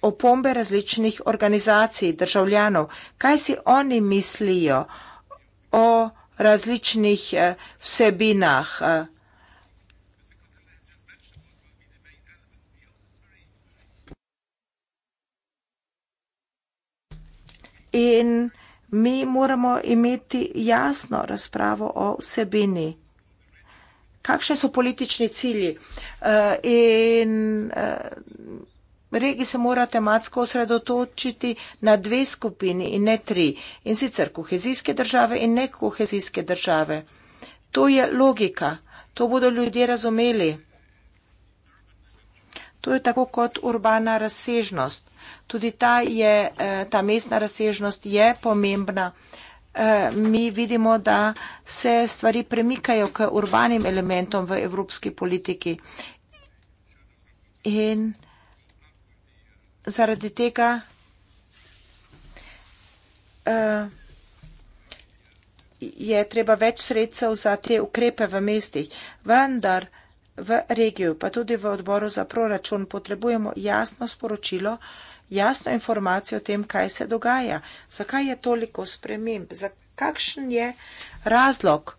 opombe različnih organizacij državljanov, kaj si oni mislijo o različnih eh, vsebinah. Eh? In mi moramo imeti jasno razpravo o vsebini. Kakšne so politični cilji? Eh, in, uh, V regiji se mora tematsko osredotočiti na dve skupini in ne tri, in sicer kohezijske države in ne kohezijske države. To je logika, to bodo ljudje razumeli. To je tako kot urbana razsežnost. Tudi ta, je, eh, ta mestna razsežnost je pomembna. Eh, mi vidimo, da se stvari premikajo k urbanim elementom v evropski politiki. In zaradi tega uh, je treba več sredstev za te ukrepe v mestih. Vendar v regiju, pa tudi v odboru za proračun, potrebujemo jasno sporočilo, jasno informacijo o tem, kaj se dogaja, zakaj je toliko sprememb, za kakšen je razlog.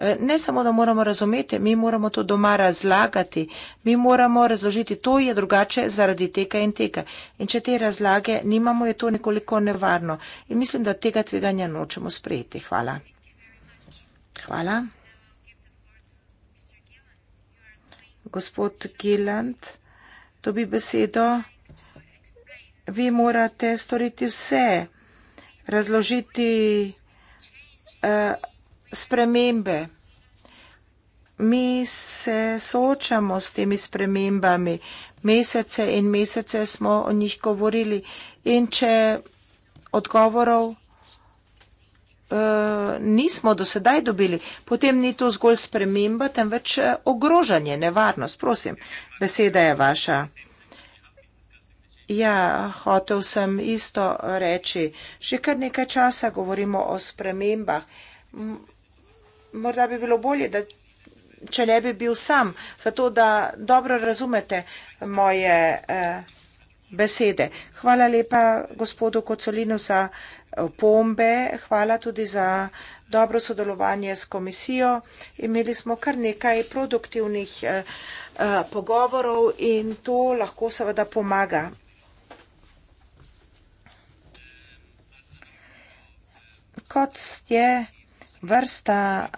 Eh, ne samo, da moramo razumeti, mi moramo to doma razlagati, mi moramo razložiti, to je drugače zaradi tega in tega. In če te razlage nimamo, je to nekoliko nevarno. In mislim, da tega tveganja nočemo sprejeti. Hvala. Hvala. Gospod Gilland, dobi besedo. Vi morate storiti vse, razložiti. Uh, spremembe. Mi se soočamo s temi spremembami. Mesece in mesece smo o njih govorili. In če odgovorov uh, nismo dosedaj dobili, potem ni to zgolj sprememba, temveč eh, ogrožanje, nevarnost. Prosim, beseda je vaša. Ja, hotel sem isto reči. Že kar nekaj časa govorimo o spremembah morda bi bilo bolje, da, če ne bi bil sam, zato da dobro razumete moje eh, besede. Hvala lepa gospodu Kocolinu za eh, pombe, hvala tudi za dobro sodelovanje s komisijo. Imeli smo kar nekaj produktivnih eh, eh, pogovorov in to lahko seveda pomaga. Kot je vrsta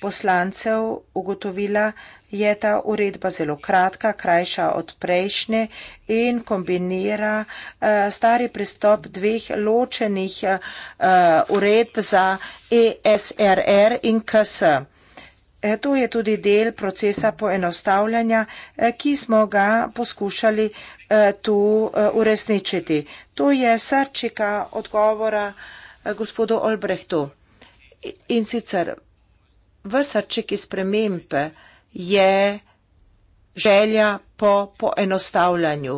poslancev ugotovila, je ta uredba zelo kratka, krajša od prejšnje in kombinira stari pristop dveh ločenih uredb za ESRR in KS. E, to je tudi del procesa poenostavljanja, e, ki smo ga poskušali e, tu uresničiti. To je srčika odgovora gospodu Olbrehtu. In sicer v srčiki sprememb je želja po poenostavljanju,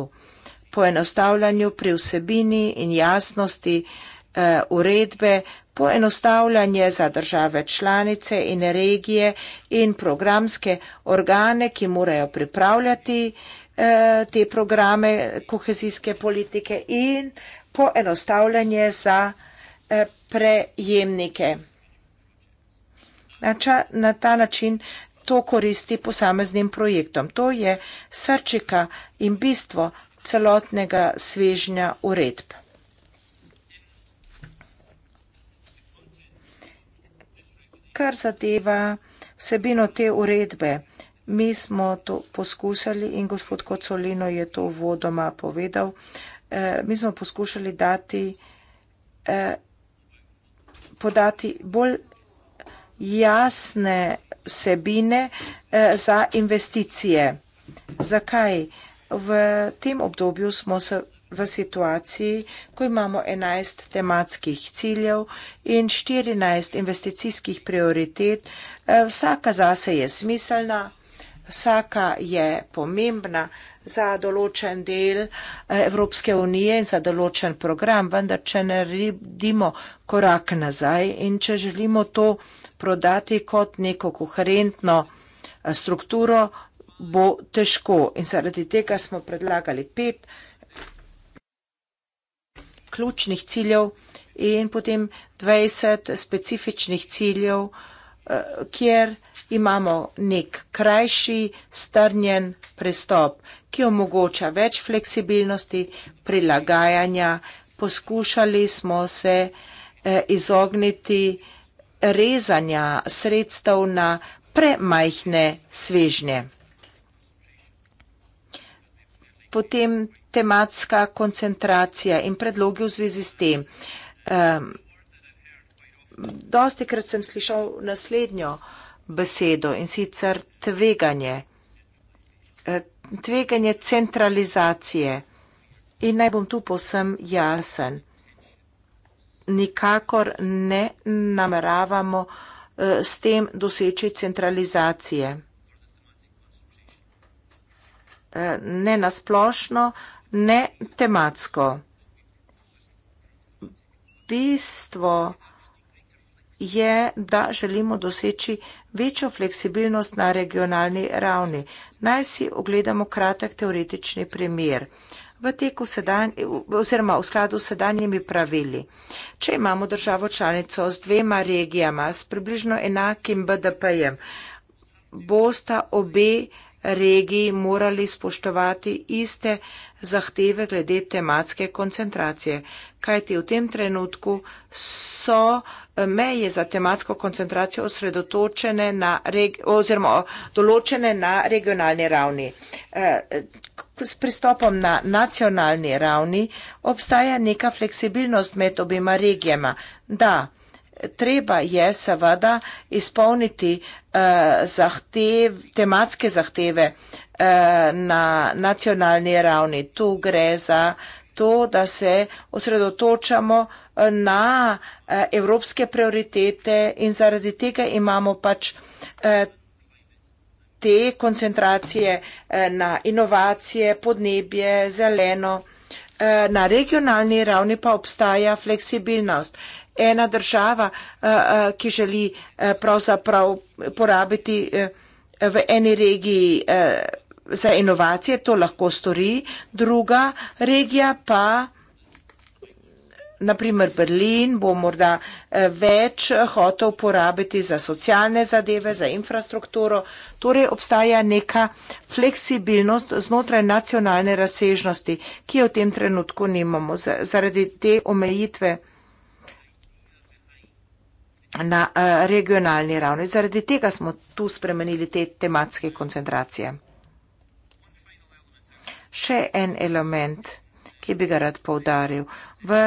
poenostavljanju pri vsebini in jasnosti eh, uredbe, poenostavljanje za države članice in regije in programske organe, ki morajo pripravljati eh, te programe kohezijske politike in poenostavljanje za eh, prejemnike. Nača, na ta način to koristi posameznim projektom. To je srčika in bistvo celotnega svežnja uredb. Kar zadeva vsebino te uredbe, mi smo to poskusili in gospod Kocolino je to vodoma povedal, eh, mi smo poskušali dati, eh, podati bolj jasne vsebine eh, za investicije. Zakaj? V tem obdobju smo se v situaciji, ko imamo 11 tematskih ciljev in 14 investicijskih prioritet. Eh, vsaka zase je smiselna, vsaka je pomembna za določen del eh, Evropske unije in za določen program, vendar če naredimo korak nazaj in če želimo to prodati kot neko koherentno eh, strukturo, bo težko. In zaradi tega smo predlagali pet ključnih ciljev in potem 20 specifičnih ciljev, eh, kjer imamo nek krajši, strnjen prestop, ki omogoča več fleksibilnosti, prilagajanja. Poskušali smo se eh, izogniti rezanja sredstev na premajhne svežnje. Potem tematska koncentracija in predlogi v zvezi s tem. Dosti krat sem slišal naslednjo besedo in sicer tveganje. E, tveganje centralizacije. In naj bom tu posem jasen nikakor ne nameravamo eh, s tem doseči centralizacije. Eh, ne nasplošno, ne tematsko. Bistvo je, da želimo doseči večjo fleksibilnost na regionalni ravni. Naj si ogledamo kratek teoretični primer v teku sedanj, oziroma v skladu s sedanjimi pravili. Če imamo državo članico z dvema regijama, s približno enakim BDP-jem, bosta obe regiji morali spoštovati iste zahteve glede tematske koncentracije, kajti v tem trenutku so eh, meje za tematsko koncentracijo osredotočene na, oziroma določene na regionalni ravni. Eh, s pristopom na nacionalni ravni obstaja neka fleksibilnost med obima regijama. Da, treba je seveda izpolniti uh, zahtev, tematske zahteve uh, na nacionalni ravni. Tu gre za to, da se osredotočamo eh, na uh, evropske prioritete in zaradi tega imamo pač uh, te koncentracije eh, na inovacije, podnebje, zeleno. Eh, na regionalni ravni pa obstaja fleksibilnost. Ena država, eh, ki želi pravzaprav porabiti v eni regiji za inovacije, to lahko stori, druga regija pa naprimer Berlin bo morda eh, več eh, hotel porabiti za socialne zadeve, za infrastrukturo, torej obstaja neka fleksibilnost znotraj nacionalne razsežnosti, ki jo v tem trenutku nimamo zaradi te omejitve na eh, regionalni ravni. Zaradi tega smo tu spremenili te tematske koncentracije. Še en element, ki bi ga rad povdaril. V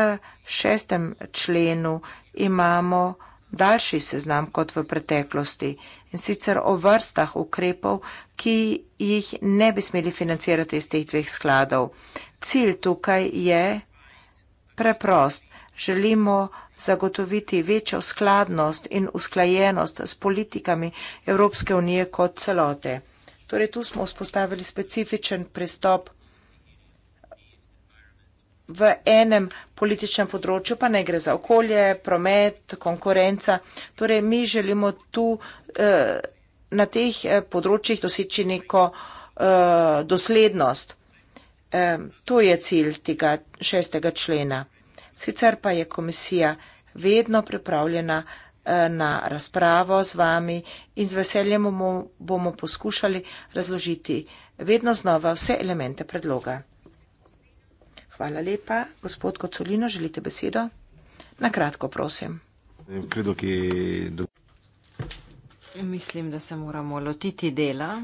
šestem členu imamo daljši seznam kot v preteklosti in sicer o vrstah ukrepov, ki jih ne bi smeli financirati iz teh dveh skladov. Cilj tukaj je preprost. Želimo zagotoviti večjo skladnost in usklajenost s politikami Evropske unije kot celote. Torej tu smo vzpostavili specifičen pristop v enem političnem področju, pa ne gre za okolje, promet, konkurenca. Torej, mi želimo tu eh, na teh eh, področjih doseči neko eh, doslednost. To je cilj tega šestega člena. Sicer pa je komisija vedno pripravljena na razpravo z vami in z veseljem bomo poskušali razložiti vedno znova vse elemente predloga. Hvala lepa. Gospod Kocolino, želite besedo? Na kratko, prosim. Kredoki, do... Mislim, da se moramo lotiti dela,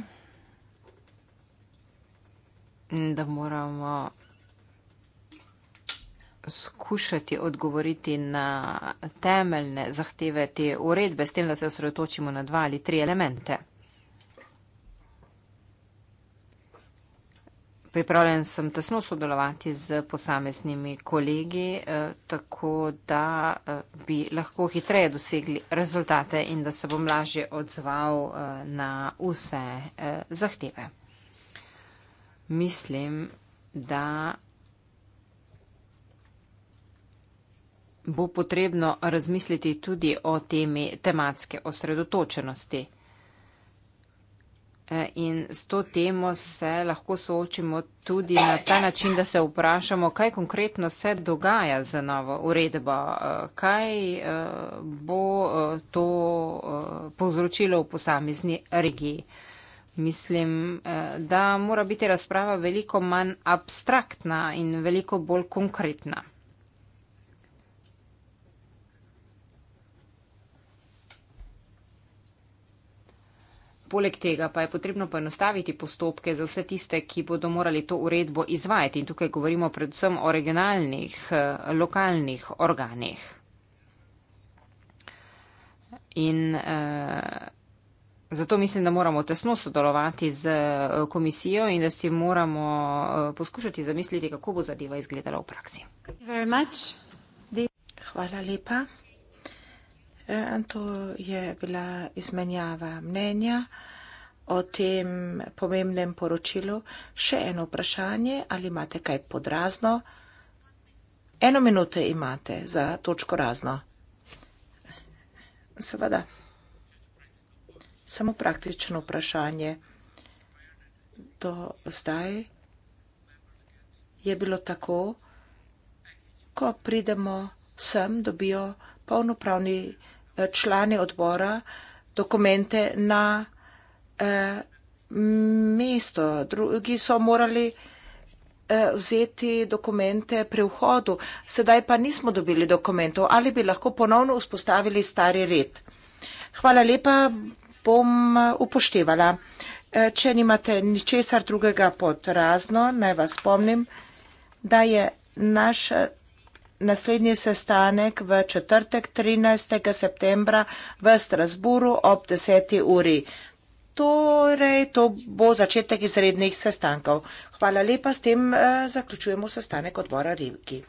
da moramo skušati odgovoriti na temeljne zahteve te uredbe, s tem, da se osredotočimo na dva ali tri elemente. Pripravljen sem tesno sodelovati z posameznimi kolegi, eh, tako da eh, bi lahko hitreje dosegli rezultate in da se bom lažje odzval eh, na vse zahteve. Mislim, da bo potrebno razmisliti tudi o temi tematske osredotočenosti. In s to temo se lahko soočimo tudi na ta način, da se vprašamo, kaj konkretno se dogaja z novo uredbo, eh, kaj eh, bo eh, to povzročilo v posamezni regiji. Mislim, da mora biti razprava veliko manj abstraktna in veliko bolj konkretna. Poleg tega pa je potrebno poenostaviti postopke za vse tiste, ki bodo morali to uredbo izvajati. In tukaj govorimo predvsem o regionalnih, eh, lokalnih organih. In eh, zato mislim, da moramo tesno sodelovati z eh, komisijo in da si moramo eh, poskušati zamisliti, kako bo zadeva izgledala v praksi. Hvala lepa in eh, to je bila izmenjava mnenja o tem pomembnem poročilu. Še eno vprašanje, ali imate kaj podrazno? Eno minuto imate za točko razno. Seveda. Samo praktično vprašanje. Do zdaj je bilo tako, ko pridemo sem, dobijo polnopravni Eh, člane odbora dokumente na eh, mesto. Drugi so morali eh, vzeti dokumente pri vhodu, sedaj pa nismo dobili dokumentov ali bi lahko ponovno vzpostavili stari red. Hvala lepa, bom upoštevala. Če nimate ničesar drugega pod razno, naj vas spomnim, da je naša naslednji sestanek v četrtek 13. septembra v Strasburu ob 10. uri. Torej, to bo začetek izrednih sestankov. Hvala lepa, s tem eh, zaključujemo sestanek odbora Rivki.